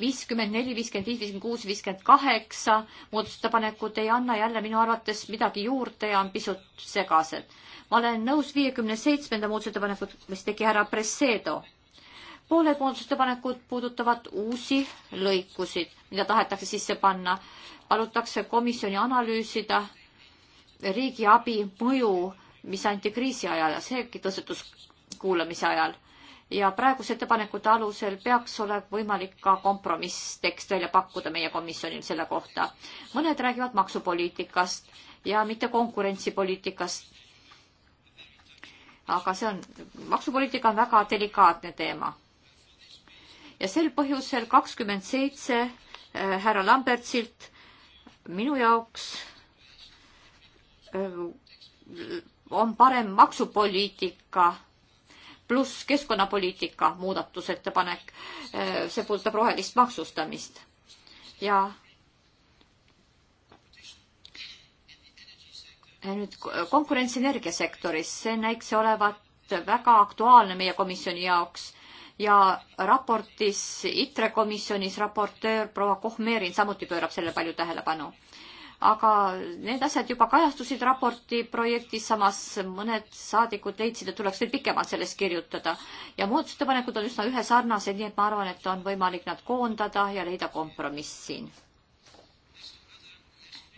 A: viiskümmend neli, viiskümmend viis, viiskümmend kuus, viiskümmend kaheksa muudatusettepanekud ei anna jälle minu arvates midagi juurde ja on pisut segased. ma olen nõus viiekümne seitsmenda muudatusettepanekut, mis tegi härra Presedo pooled moodustustepanekud puudutavad uusi lõikusid, mida tahetakse sisse panna. palutakse komisjoni analüüsida, riigiabi mõju, mis anti kriisi ajal ja seegi tõstetus kuulamise ajal. ja praeguse ettepanekute alusel peaks olema võimalik ka kompromisstekst välja pakkuda meie komisjonil selle kohta. mõned räägivad maksupoliitikast ja mitte konkurentsipoliitikast. aga see on, maksupoliitika on väga delikaatne teema. ja sel põhjusel kakskümmend seitse äh, härra Lambertsilt minu jaoks on parem maksupoliitika pluss keskkonnapoliitika muudatusettepanek, see puudutab rohelist maksustamist ja nüüd konkurents energiasektoris, see näiks olevat väga aktuaalne meie komisjoni jaoks ja raportis, ITRE komisjonis raportöör proua Kohmerin samuti pöörab sellele palju tähelepanu aga need asjad juba kajastusid raporti projektis, samas mõned saadikud leidsid, et tuleks veel pikemalt sellest kirjutada. ja muudatusettepanekud on üsna ühesarnased, nii et ma arvan, et on võimalik nad koondada ja leida kompromiss siin.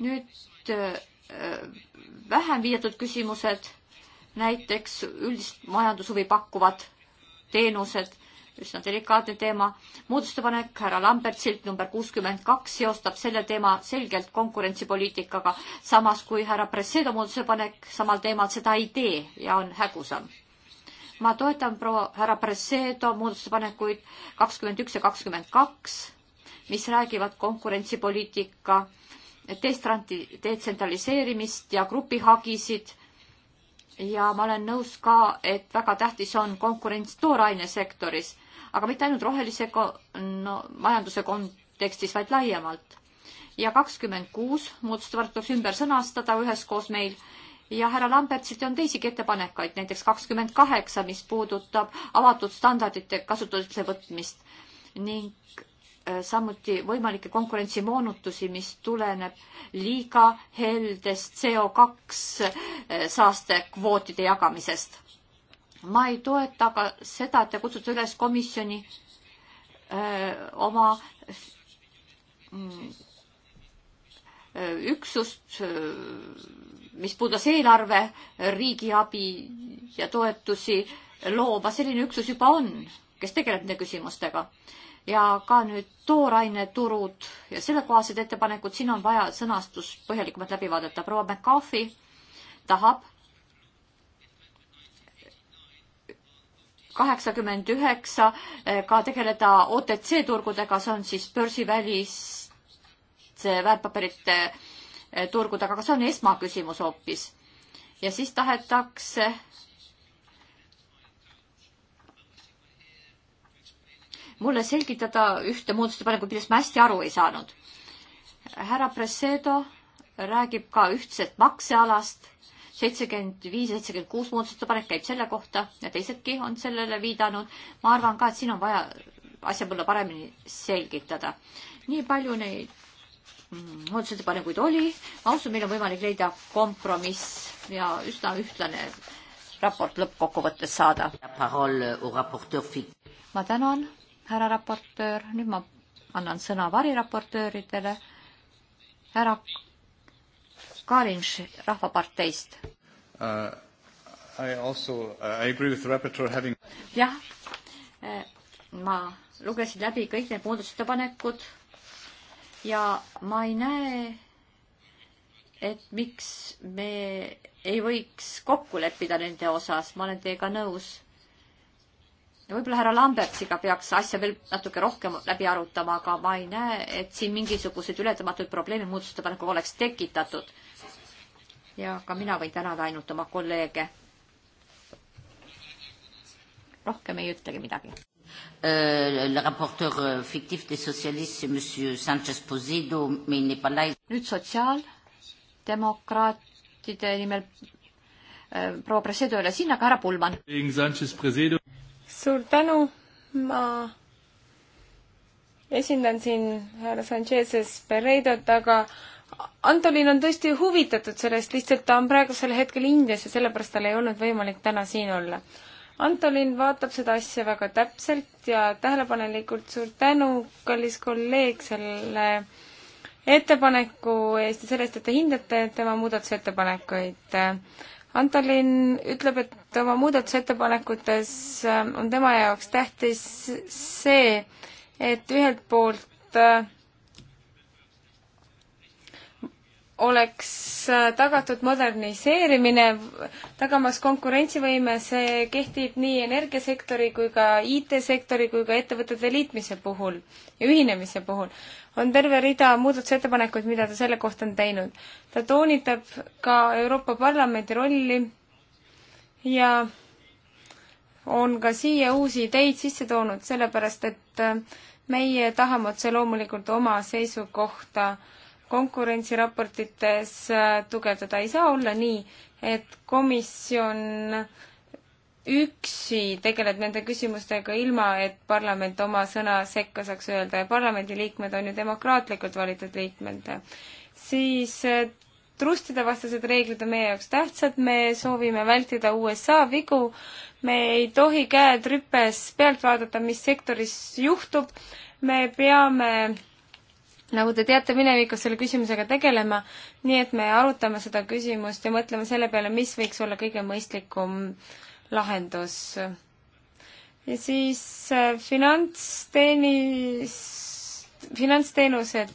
A: nüüd äh, vähem viidatud küsimused, näiteks üldist majandushuvi pakkuvad teenused üsna delikaatne teema. muudatusettepanek härra Lambertsilt number kuuskümmend kaks seostab selle teema selgelt konkurentsipoliitikaga, samas kui härra Presedo muudatusettepanek samal teemal seda ei tee ja on hägusam. ma toetan proua härra Presedo muudatusettepanekuid kakskümmend üks ja kakskümmend kaks, mis räägivad konkurentsipoliitika detsentraliseerimist ja grupihagisid ja ma olen nõus ka, et väga tähtis on konkurents toorainesektoris aga mitte ainult rohelise ko-, no majanduse kontekstis, vaid laiemalt. ja kakskümmend kuus muudatusettepanek tuleks ümber sõnastada üheskoos meil ja härra Lambertsilt on teisigi ettepanekaid, näiteks kakskümmend kaheksa, mis puudutab avatud standardite kasutusele võtmist ning äh, samuti võimalikke konkurentsimoonutusi, mis tuleneb liiga heldest CO2 äh, saastekvootide jagamisest ma ei toeta ka seda, et te kutsute üles komisjoni öö, äh, oma äh, üksust, äh, mis puudutas eelarve, riigiabi ja toetusi looma, selline üksus juba on, kes tegeleb nende küsimustega. ja ka nüüd tooraineturud ja sellekohased ettepanekud, siin on vaja sõnastus põhjalikumalt läbi vaadata. proua McCarthy tahab, kaheksakümmend üheksa eh, ka tegeleda OTC turgudega, see on siis börsiväliste väärtpaberite eh, turgudega, aga see on esmaküsimus hoopis. ja siis tahetakse mulle selgitada ühte muudatusettepanekut, millest ma hästi aru ei saanud. härra Presedo räägib ka ühtset maksealast seitsekümmend viis, seitsekümmend kuus muudatusettepanek käib selle kohta ja teisedki on sellele viidanud. ma arvan ka, et siin on vaja asja mulle paremini selgitada. nii palju neid muudatusettepanekuid oli. ma usun, meil on võimalik leida kompromiss ja üsna ühtlane
B: raport lõppkokkuvõttes saada.
A: ma tänan, härra raportöör, nüüd ma annan sõna variraportööridele. härra Kalinš Rahvaparteist
D: uh,. Uh, having...
A: jah, eh, ma lugesin läbi kõik need muudatusettepanekud ja ma ei näe, et miks me ei võiks kokku leppida nende osas, ma olen teiega nõus ja võib-olla härra Lambertsiga peaks asja veel natuke rohkem läbi arutama, aga ma ei näe, et siin mingisuguseid ületamatuid probleeme muudatusettepanekuga oleks tekitatud ja ka mina võin tänada ainult oma kolleege. rohkem ei ütlegi midagi.
B: Euh, euh, nüüd
A: sotsiaaldemokraatide nimel äh, proua Presedo ei ole siin, aga härra Pullmann. suur tänu, ma
C: esindan siin härra Sanchez'es Pereidot, aga Antonin on tõesti huvitatud sellest, lihtsalt ta on praegusel hetkel Indias ja sellepärast tal ei olnud võimalik täna siin olla. Antonin vaatab seda asja väga täpselt ja tähelepanelikult. suur tänu, kallis kolleeg, selle ettepaneku eest ja selle eest, et te hindate tema muudatusettepanekuid. Antolin ütleb, et oma muudatusettepanekutes äh, on tema jaoks tähtis see, et ühelt poolt äh, oleks äh, tagatud moderniseerimine, tagamas konkurentsivõime, see kehtib nii energiasektori kui ka IT-sektori kui ka ettevõtete liitmise puhul ja ühinemise puhul. on terve rida muudatusettepanekuid, mida ta selle kohta on teinud. ta toonitab ka Euroopa Parlamendi rolli ja on ka siia uusi ideid sisse toonud, sellepärast et äh, meie tahame otse loomulikult oma seisukohta äh, konkurentsiraportites äh, tugevdada. ei saa olla nii, et komisjon üksi tegeleb nende küsimustega, ilma et parlament oma sõna sekka saaks öelda ja parlamendiliikmed on ju demokraatlikult valitud liikmed. siis äh, trustide vastased reeglid on meie jaoks tähtsad, me soovime vältida USA vigu, me ei tohi käed rüpes pealt vaadata, mis sektoris juhtub, me peame nagu te teate, minevikus selle küsimusega tegelema, nii et me arutame seda küsimust ja mõtleme selle peale, mis võiks olla kõige mõistlikum lahendus. ja siis äh, finantsteenis, finantsteenused.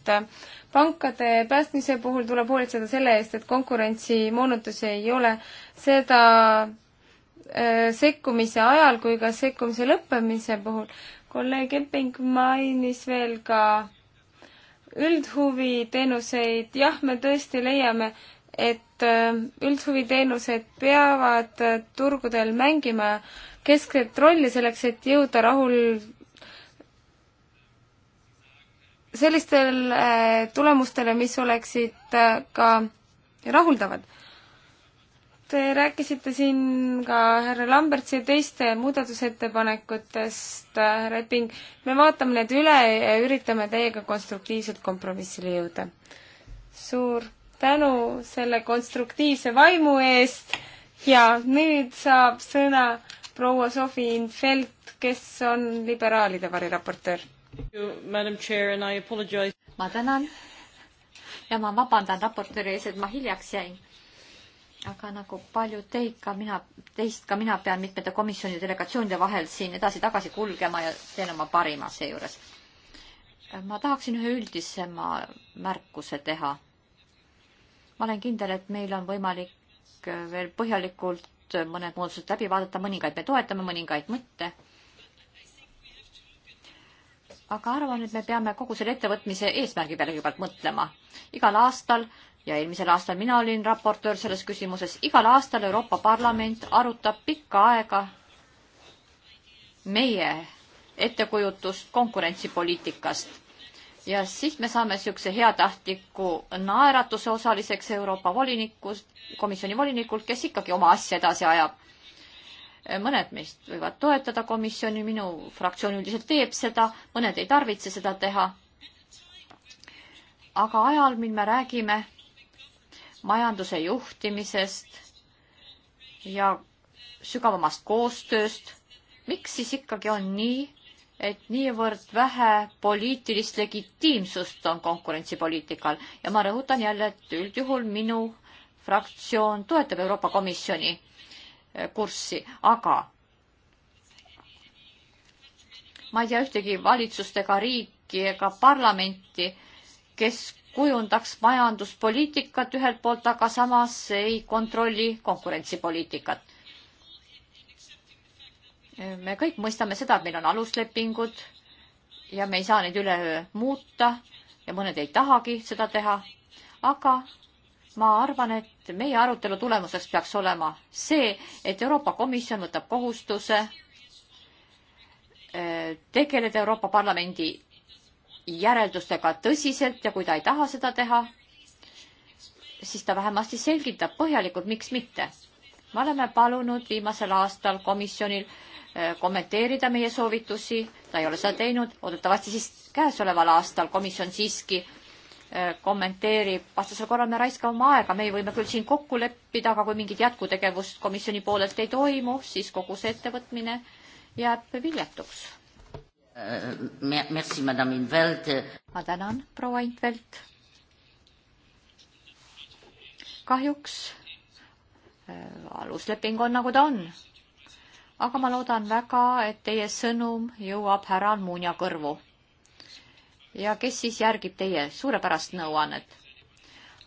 C: pankade päästmise puhul tuleb hoolitseda selle eest, et konkurentsimoonutusi ei ole. seda äh, sekkumise ajal kui ka sekkumise lõppemise puhul. kolleeg Epping mainis veel ka üldhuviteenuseid, jah, me tõesti leiame, et äh, üldhuviteenused peavad äh, turgudel mängima keskset rolli selleks, et jõuda rahul sellistele äh, tulemustele, mis oleksid ka rahuldavad Te rääkisite siin ka härra Lambertsi ja teiste muudatusettepanekutest, härra Epping. me vaatame need üle ja üritame teiega konstruktiivselt kompromissile jõuda. suur tänu selle konstruktiivse vaimu eest ja nüüd saab sõna proua Sofi Infeld, kes on liberaalide variraportöör.
A: ma tänan ja ma vabandan raportööri ees, et ma hiljaks jäin aga nagu paljud teid ka mina, teist ka mina pean mitmete komisjoni delegatsioonide vahel siin edasi-tagasi kulgema ja teen oma parima seejuures. ma tahaksin ühe üldisema märkuse teha. ma olen kindel, et meil on võimalik veel põhjalikult mõned moodused läbi vaadata, mõningaid me toetame, mõningaid mitte. aga arvan, et me peame kogu selle ettevõtmise eesmärgi peale kõigepealt mõtlema. igal aastal ja eelmisel aastal mina olin raportöör selles küsimuses. igal aastal Euroopa Parlament arutab pikka aega meie ettekujutust konkurentsipoliitikast ja siis me saame niisuguse heatahtliku naeratuse osaliseks Euroopa volinikus, komisjoni volinikult, kes ikkagi oma asja edasi ajab. mõned meist võivad toetada komisjoni, minu fraktsioon üldiselt teeb seda, mõned ei tarvitse seda teha. aga ajal, mil me räägime majanduse juhtimisest ja sügavamast koostööst. miks siis ikkagi on nii, et niivõrd vähe poliitilist legitiimsust on konkurentsipoliitikal ja ma rõhutan jälle, et üldjuhul minu fraktsioon toetab Euroopa Komisjoni eh, kurssi, aga ma ei tea ühtegi valitsust ega riiki ega parlamenti, kes kujundaks majanduspoliitikat ühelt poolt, aga samas ei kontrolli konkurentsipoliitikat. me kõik mõistame seda, et meil on aluslepingud ja me ei saa neid üleöö muuta ja mõned ei tahagi seda teha. aga ma arvan, et meie arutelu tulemuseks peaks olema see, et Euroopa Komisjon võtab kohustuse eh, tegeleda Euroopa Parlamendi järeldustega tõsiselt ja kui ta ei taha seda teha, siis ta vähemasti selgitab põhjalikult, miks mitte. me oleme palunud viimasel aastal komisjonil eh, kommenteerida meie soovitusi, ta ei ole seda teinud, oodatavasti siis käesoleval aastal komisjon siiski eh, kommenteerib, vastasel korral me raiskame oma aega, meie võime küll siin kokku leppida, aga kui mingit jätkutegevust komisjoni poolelt ei toimu, siis kogu see ettevõtmine jääb viljatuks
D: Euh,
B: merci, madame Invelt.
A: ma tänan, proua Invelt. kahjuks äh, alusleping on, nagu ta on. aga ma loodan väga, et teie sõnum jõuab härra Almunia kõrvu. ja kes siis järgib teie suurepärast nõuannet?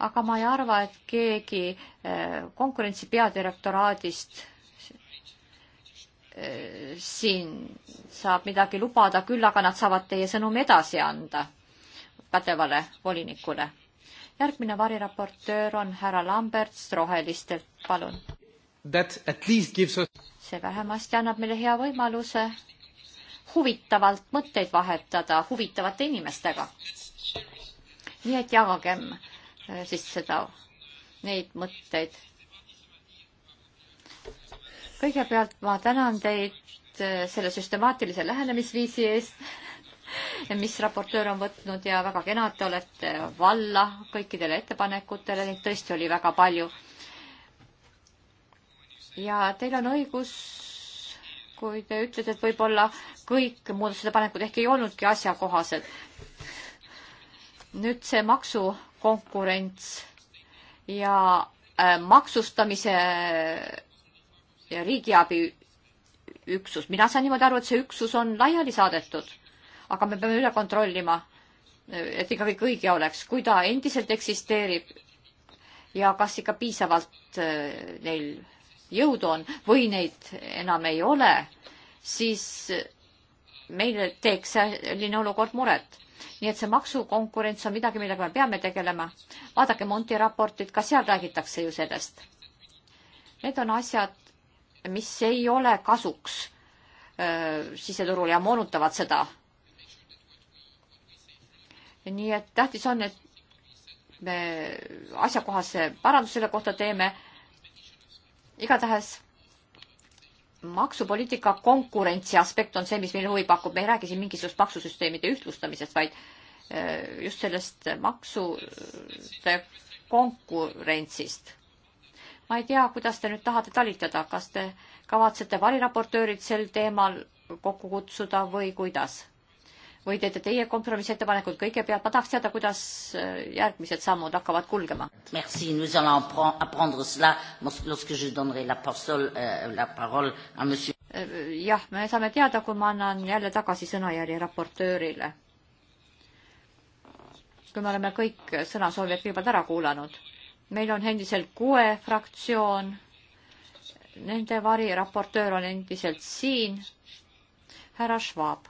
A: aga ma ei arva, et keegi äh, konkurentsi peadirektoraadist Äh, siin saab midagi lubada, küll aga nad saavad teie sõnumi edasi anda pädevale volinikule. järgmine variraportöör on härra Lamberts Rohelistelt, palun. see vähemasti annab meile hea võimaluse huvitavalt mõtteid vahetada huvitavate inimestega. nii et jagagem äh, siis seda, neid mõtteid kõigepealt ma tänan teid äh, selle süstemaatilise lähenemisviisi eest, [LAUGHS] mis raportöör on võtnud ja väga kena, et te olete valla kõikidele ettepanekutele, neid tõesti oli väga palju. ja teil on õigus, kui te ütlete, et võib-olla kõik muudatusettepanekud ehk ei olnudki asjakohased. nüüd see maksukonkurents ja äh, maksustamise riigiabi üksus, mina sain niimoodi aru, et see üksus on laiali saadetud, aga me peame üle kontrollima, et ikka kõik õige oleks, kui ta endiselt eksisteerib ja kas ikka piisavalt äh, neil jõudu on või neid enam ei ole, siis meile teeks selline olukord muret. nii et see maksukonkurents on midagi, millega me peame tegelema. vaadake Monti raportit, ka seal räägitakse ju sellest. Need on asjad, mis ei ole kasuks äh, siseturul ja moonutavad seda. nii et tähtis on, et me asjakohase paranduse selle kohta teeme. igatahes maksupoliitika konkurentsi aspekt on see, mis meile huvi pakub, me ei räägi siin mingisugust maksusüsteemide ühtlustamisest, vaid äh, just sellest maksude konkurentsist ma ei tea, kuidas te nüüd tahate talitada, kas te kavatsete variraportöörid sel teemal kokku kutsuda või kuidas? või teete teie kompromissettepanekud kõigepealt, ma tahaks teada, kuidas äh, järgmised sammud hakkavad kulgema.
B: Merci, nous allons apprendre cela lorsque je donnerai la parole, euh, la parole à monsieur.
A: Äh, jah, me saame teada, kui ma annan jälle tagasi sõnajärje raportöörile. kui me oleme kõik sõnasoovijad kõigepealt ära kuulanud meil on endiselt kuue fraktsioon, nende variraportöör on endiselt siin, härra Schwab.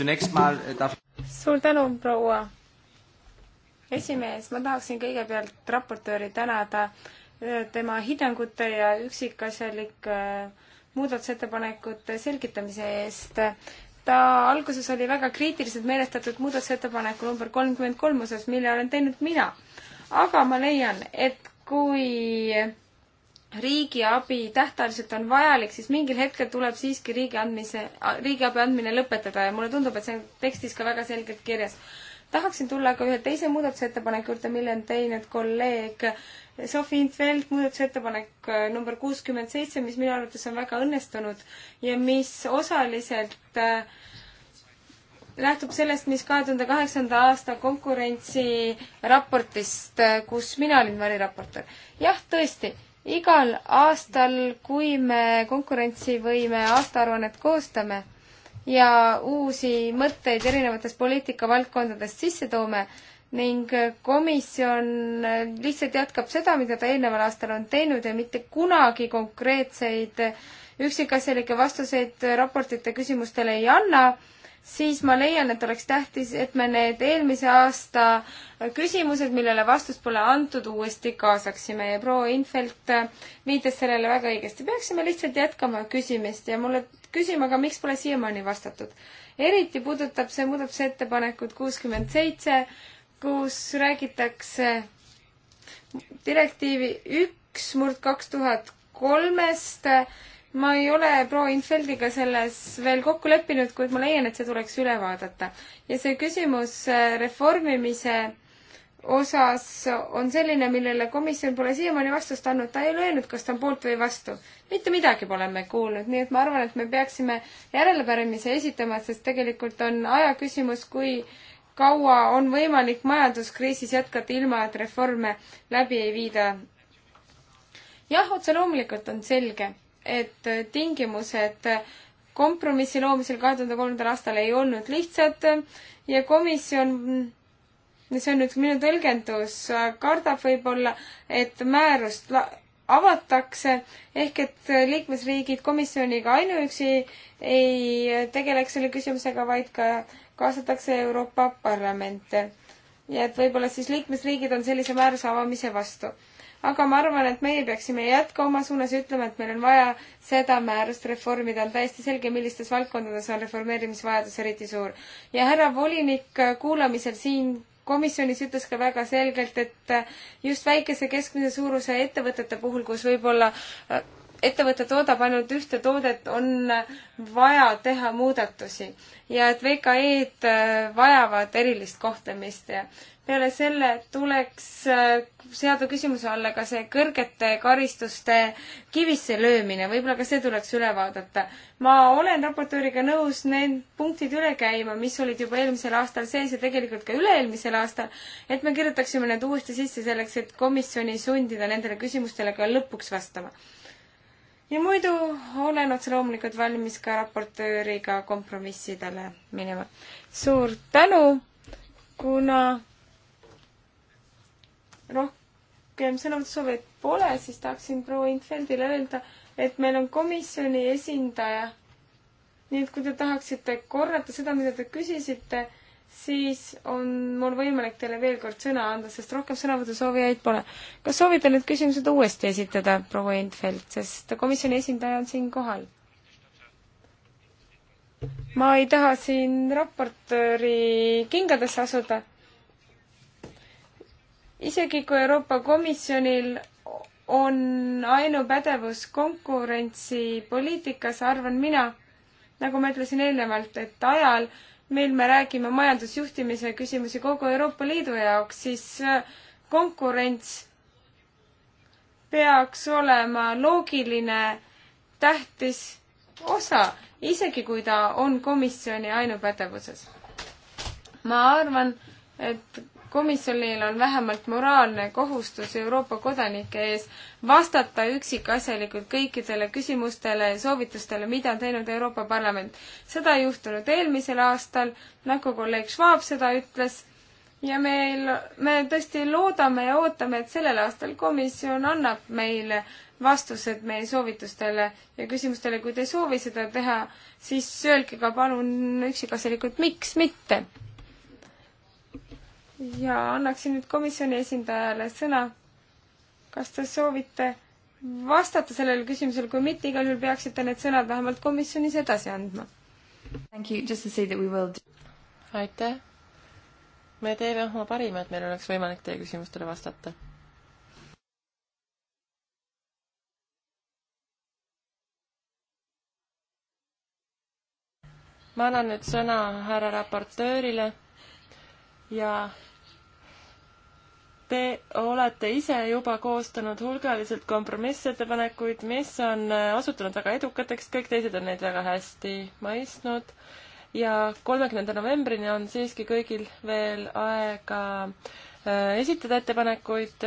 A: Äh, suur tänu, proua esimees, ma tahaksin kõigepealt
C: raportööri tänada äh, tema hinnangute ja üksikasjalike äh, muudatusettepanekute selgitamise eest ta alguses oli väga kriitiliselt meelestatud muudatusettepaneku number kolmkümmend kolm osas, mille olen teinud mina aga ma leian, et kui riigiabi tähtajaliselt on vajalik, siis mingil hetkel tuleb siiski riigi andmise, riigiabi andmine lõpetada ja mulle tundub, et see on tekstis ka väga selgelt kirjas. tahaksin tulla ka ühe teise muudatusettepaneku juurde, mille on teinud kolleeg Sofi Intveld, muudatusettepanek äh, number kuuskümmend seitse, mis minu arvates on väga õnnestunud ja mis osaliselt äh, lähtub sellest, mis kahe tuhande kaheksanda aasta konkurentsiraportist, kus mina olin variraportor. jah, tõesti, igal aastal, kui me konkurentsivõime aastaaruannet koostame ja uusi mõtteid erinevatest poliitikavaldkondadest sisse toome, ning komisjon lihtsalt jätkab seda, mida ta eelneval aastal on teinud ja mitte kunagi konkreetseid üksikasjalikke vastuseid raportite küsimustele ei anna siis ma leian, et oleks tähtis, et me need eelmise aasta küsimused, millele vastust pole antud, uuesti kaasaksime ja proua Infeld viitas sellele väga õigesti. peaksime lihtsalt jätkama küsimist ja mulle küsima ka, miks pole siiamaani vastatud. eriti puudutab see muudatusettepanekut kuuskümmend seitse, kus räägitakse direktiivi üks murd kaks tuhat kolmest ma ei ole proua Infeldiga selles veel kokku leppinud, kuid ma leian, et see tuleks üle vaadata. ja see küsimus äh, reformimise osas on selline, millele komisjon pole siiamaani vastust andnud, ta ei ole öelnud, kas ta on poolt või vastu. mitte midagi pole me kuulnud, nii et ma arvan, et me peaksime järelepärimise esitama, sest tegelikult on aja küsimus, kui kaua on võimalik majanduskriisis jätkata ilma, et reforme läbi ei viida. jah, otse loomulikult on selge et tingimused kompromissi loomisel kahe tuhande kolmandal aastal ei olnud lihtsad ja komisjon, see on nüüd minu tõlgendus, kardab võib-olla, et määrust avatakse ehk et liikmesriigid komisjoniga ainuüksi ei tegeleks selle küsimusega, vaid ka kaasatakse Euroopa Parlamente. ja et võib-olla siis liikmesriigid on sellise määruse avamise vastu aga ma arvan, et meie peaksime jätka oma suunas ja ütlema, et meil on vaja seda määrust reformida, on täiesti selge, millistes valdkondades on reformeerimisvajadus eriti suur. ja härra volinik äh, kuulamisel siin komisjonis ütles ka väga selgelt, et äh, just väikese keskmise suuruse ettevõtete puhul, kus võib-olla äh, ettevõte toodab ainult ühte toodet, on vaja teha muudatusi ja et VKE-d vajavad erilist kohtlemist ja peale selle tuleks äh, seada küsimuse alla ka see kõrgete karistuste kivisse löömine, võib-olla ka see tuleks üle vaadata. ma olen raportööriga nõus need punktid üle käima, mis olid juba eelmisel aastal sees ja tegelikult ka üle-eelmisel aastal, et me kirjutaksime need uuesti sisse selleks, et komisjoni sundida nendele küsimustele ka lõpuks vastama. ja muidu olen otse loomulikult valmis ka raportööriga kompromissidele minema. suur tänu, kuna rohkem sõnavõtusoovijaid pole, siis tahaksin proua Infeldile öelda, et meil on komisjoni esindaja. nii et kui te tahaksite korrata seda, mida te küsisite, siis on mul võimalik teile veel kord sõna anda, sest rohkem sõnavõtusoovijaid pole. kas soovite need küsimused uuesti esitada, proua Infeld, sest komisjoni esindaja on siin kohal? ma ei taha siin raportööri kingadesse asuda isegi kui Euroopa Komisjonil on ainupädevus konkurentsipoliitikas, arvan mina, nagu ma ütlesin eelnevalt, et ajal, mil me räägime majandusjuhtimise küsimusi kogu Euroopa Liidu jaoks, siis äh, konkurents peaks olema loogiline, tähtis osa, isegi kui ta on komisjoni ainupädevuses. ma arvan, et komisjonil on vähemalt moraalne kohustus Euroopa kodanike ees vastata üksikasjalikult kõikidele küsimustele ja soovitustele, mida on teinud Euroopa Parlament. seda ei juhtunud eelmisel aastal, nagu kolleeg Schwab seda ütles, ja meil, me tõesti loodame ja ootame, et sellel aastal komisjon annab meile vastused meie soovitustele ja küsimustele, kui te ei soovi seda teha, siis öelge ka palun üksikasjalikult, miks mitte ja annaksin nüüd komisjoni esindajale sõna. kas te soovite vastata sellele küsimusele, kui mitte, igal juhul peaksite need sõnad vähemalt komisjonis edasi andma.
E: aitäh. me teeme oma parima, et meil oleks võimalik teie küsimustele vastata. ma annan nüüd sõna härra raportöörile ja Te olete ise juba koostanud hulgaliselt kompromissettepanekuid, mis on äh, osutunud väga edukateks, kõik teised on neid väga hästi mõistnud ja kolmekümnenda novembrini on siiski kõigil veel aega äh, esitada ettepanekuid.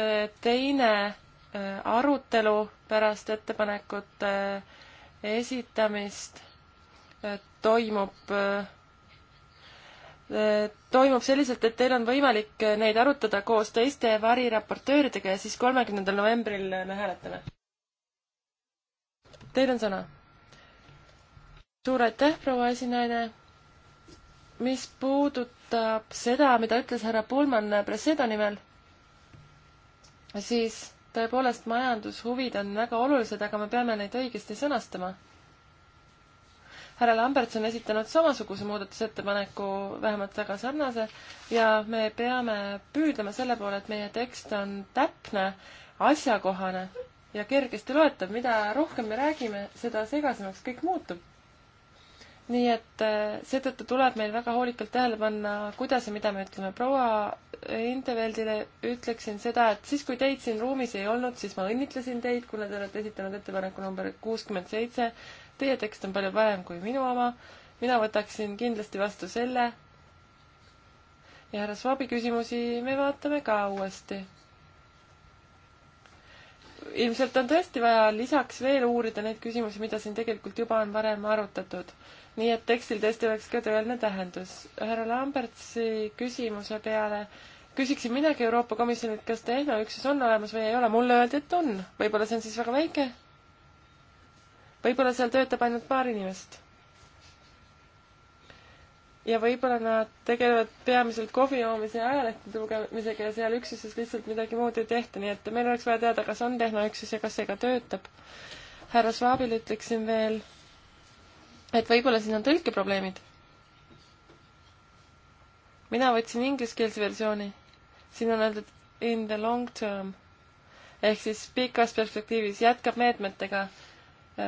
E: teine äh, arutelu pärast ettepanekute esitamist toimub toimub selliselt, et teil on võimalik neid arutada koos teiste variraportööridega ja siis kolmekümnendal novembril me hääletame. Teil on sõna. suur aitäh, proua esinaine. mis puudutab seda, mida ütles härra Pullmann Presedo nimel, siis tõepoolest majandushuvid on väga olulised, aga me peame neid õigesti sõnastama härra Lamberts on esitanud samasuguse muudatusettepaneku, vähemalt väga sarnase, ja me peame püüdlema selle poole, et meie tekst on täpne, asjakohane ja kergesti loetav, mida rohkem me räägime, seda segasemaks kõik muutub. nii et eh, seetõttu tuleb meil väga hoolikalt tähele panna, kuidas ja mida me ütleme. proua Inteveldile ütleksin seda, et siis, kui teid siin ruumis ei olnud, siis ma õnnitlesin teid, kuna te olete esitanud ettepaneku number kuuskümmend seitse Teie tekst on palju parem kui minu oma. mina võtaksin kindlasti vastu selle. ja härra Svabi küsimusi me vaatame ka uuesti. ilmselt on tõesti vaja lisaks veel uurida neid küsimusi, mida siin tegelikult juba on varem arutatud. nii et tekstil tõesti oleks ka tõeline tähendus. härra Lambertsi küsimuse peale küsiksin midagi Euroopa Komisjonilt, kas tehnoüksus on olemas või ei ole, mulle öeldi, et on. võib-olla see on siis väga väike võib-olla seal töötab ainult paar inimest. ja võib-olla nad tegelevad peamiselt kohvi joomise ja ajalehtede lugemisega ja seal üksuses lihtsalt midagi muud ei tehta, nii et meil oleks vaja teada, kas on tehnoüksus ja kas see ka töötab. härra Schwabile ütleksin veel, et võib-olla siin on tõlkeprobleemid. mina võtsin ingliskeelse versiooni. siin on öeldud in the long term ehk siis pikas perspektiivis jätkab meetmetega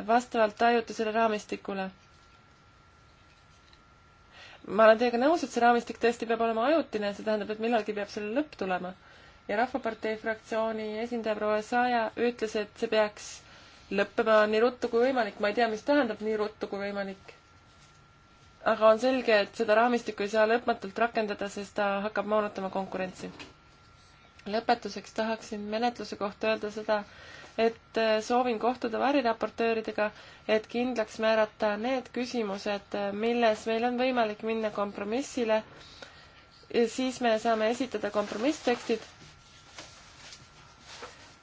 E: vastavalt ajutisele raamistikule. ma olen teiega nõus, et see raamistik tõesti peab olema ajutine, see tähendab, et millalgi peab selle lõpp tulema. ja Rahvapartei fraktsiooni esindaja proua Saja ütles, et see peaks lõppema nii ruttu kui võimalik, ma ei tea, mis tähendab nii ruttu kui võimalik. aga on selge, et seda raamistikku ei saa lõpmatult rakendada, sest ta hakkab moonutama konkurentsi. lõpetuseks tahaksin menetluse kohta öelda seda, et äh, soovin kohtuda variraportööridega, et kindlaks määrata need küsimused, äh, milles meil on võimalik minna kompromissile. siis me saame esitada kompromisstekstid.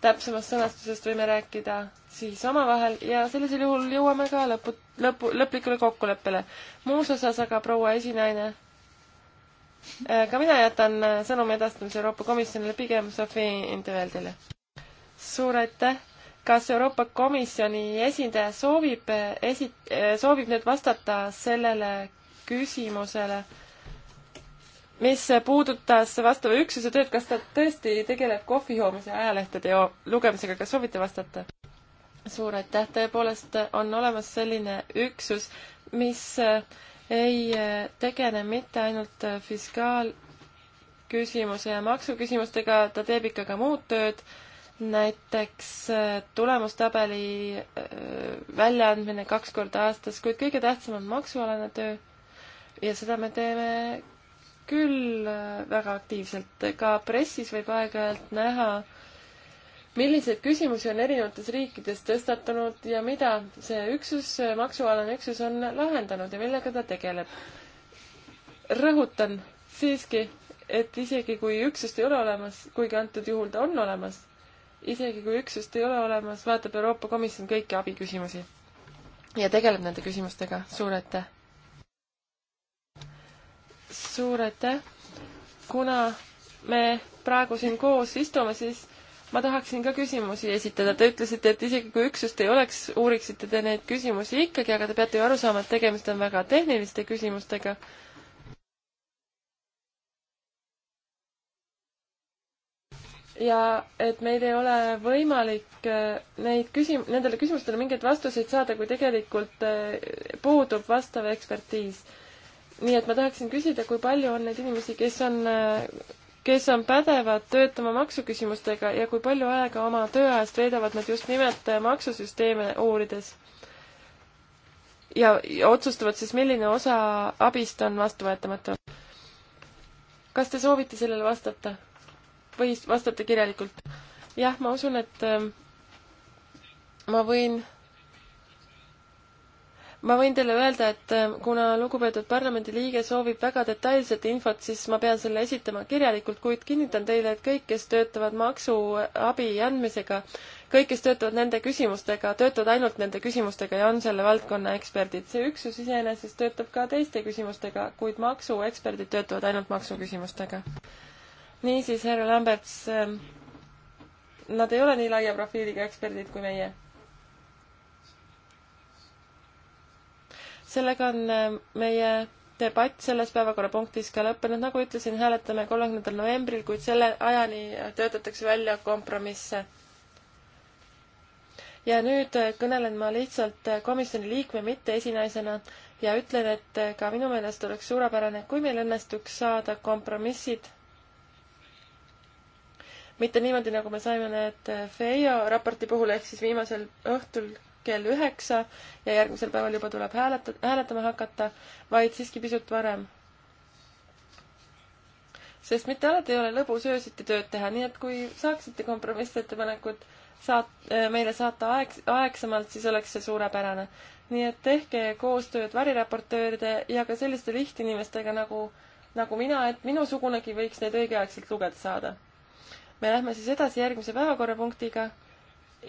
E: täpsemast sõnastusest võime rääkida siis omavahel ja sellisel juhul jõuame ka lõpu, lõpu, lõplikule kokkuleppele. muus osas aga proua esinaine äh, ka mina jätan sõnumi edastamise Euroopa Komisjonile pigem Sofi Inteveldile suur aitäh! kas Euroopa Komisjoni esindaja soovib esi-, soovib nüüd vastata sellele küsimusele, mis puudutas vastava üksuse tööd, kas ta tõesti tegeleb kohvijoomise ja ajalehtede lugemisega, kas soovite vastata? suur aitäh, tõepoolest on olemas selline üksus, mis eh, ei eh, tegele mitte ainult eh, fiskaalküsimuse ja maksuküsimustega, ta teeb ikka ka muud tööd äh,, näiteks äh, tulemustabeli äh, väljaandmine kaks korda aastas, kuid kõige tähtsam on maksualane töö ja seda me teeme küll äh, väga aktiivselt. ka pressis võib aeg-ajalt näha, milliseid küsimusi on erinevates riikides tõstatunud ja mida see üksus, maksualane üksus on lahendanud ja millega ta tegeleb. rõhutan siiski, et isegi kui üksust ei ole olemas, kuigi antud juhul ta on olemas isegi kui üksust ei ole olemas, vaatab Euroopa Komisjon kõiki abiküsimusi ja tegeleb nende küsimustega. suur aitäh! suur aitäh! kuna me praegu siin koos istume, siis ma tahaksin ka küsimusi esitada. Te ütlesite, et isegi kui üksust ei oleks, uuriksite te neid küsimusi ikkagi, aga te peate ju aru saama, et tegemist on väga tehniliste küsimustega ja et meil ei ole võimalik äh, neid küsim-, nendele küsimustele mingeid vastuseid saada, kui tegelikult äh, puudub vastav ekspertiis. nii et ma tahaksin küsida, kui palju on neid inimesi, kes on, äh, kes on pädevad töötama maksuküsimustega ja kui palju aega oma tööajast veedavad nad just nimelt maksusüsteeme uurides? ja, ja otsustavad siis, milline osa abist on vastuvõetamatu. kas te soovite sellele vastata? või vastate kirjalikult? jah, ma usun, et ähm, ma võin, ma võin teile öelda, et ähm, kuna lugupeetud parlamendiliige soovib väga detailset infot, siis ma pean selle esitama kirjalikult, kuid kinnitan teile, et kõik, kes töötavad maksuabi andmisega, kõik, kes töötavad nende küsimustega, töötavad ainult nende küsimustega ja on selle valdkonna eksperdid. see üksus iseenesest töötab ka teiste küsimustega, kuid maksueksperdid töötavad ainult maksuküsimustega niisiis, härra Lamberts, ähm, nad ei ole nii laia profiiliga eksperdid kui meie. sellega on ähm, meie debatt selles päevakorrapunktis ka lõppenud, nagu ütlesin, hääletame kolmekümnendal novembril, kuid selle ajani töötatakse välja kompromisse. ja nüüd äh, kõnelen ma lihtsalt äh, komisjoni liikme, mitte esinaisena ja ütlen, et äh, ka minu meelest oleks suurepärane, kui meil õnnestuks saada kompromissid mitte niimoodi, nagu me saime need FEIO raporti puhul, ehk siis viimasel õhtul kell üheksa ja järgmisel päeval juba tuleb hääleta, hääletama hakata, vaid siiski pisut varem. sest mitte alati ei ole lõbus öösiti tööd teha, nii et kui saaksite kompromissettepanekud saat-, äh, meile saata aeg, aegsemalt, siis oleks see suurepärane. nii et tehke koostööd variraportööride ja ka selliste lihtinimestega nagu, nagu mina, et minusugunegi võiks neid õigeaegselt lugeda saada me lähme siis edasi järgmise päevakorrapunktiga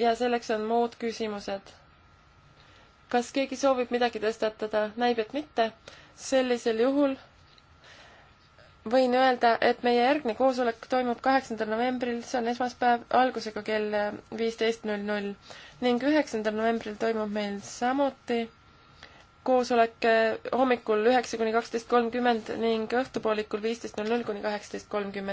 E: ja selleks on muud küsimused. kas keegi soovib midagi tõstatada? näib, et mitte. sellisel juhul võin öelda, et meie järgne koosolek toimub kaheksandal novembril, see on esmaspäev, algusega kell viisteist null null ning üheksandal novembril toimub meil samuti koosolek eh, hommikul üheksa kuni kaksteist kolmkümmend ning õhtupoolikul viisteist null null kuni kaheksateist kolmkümmend.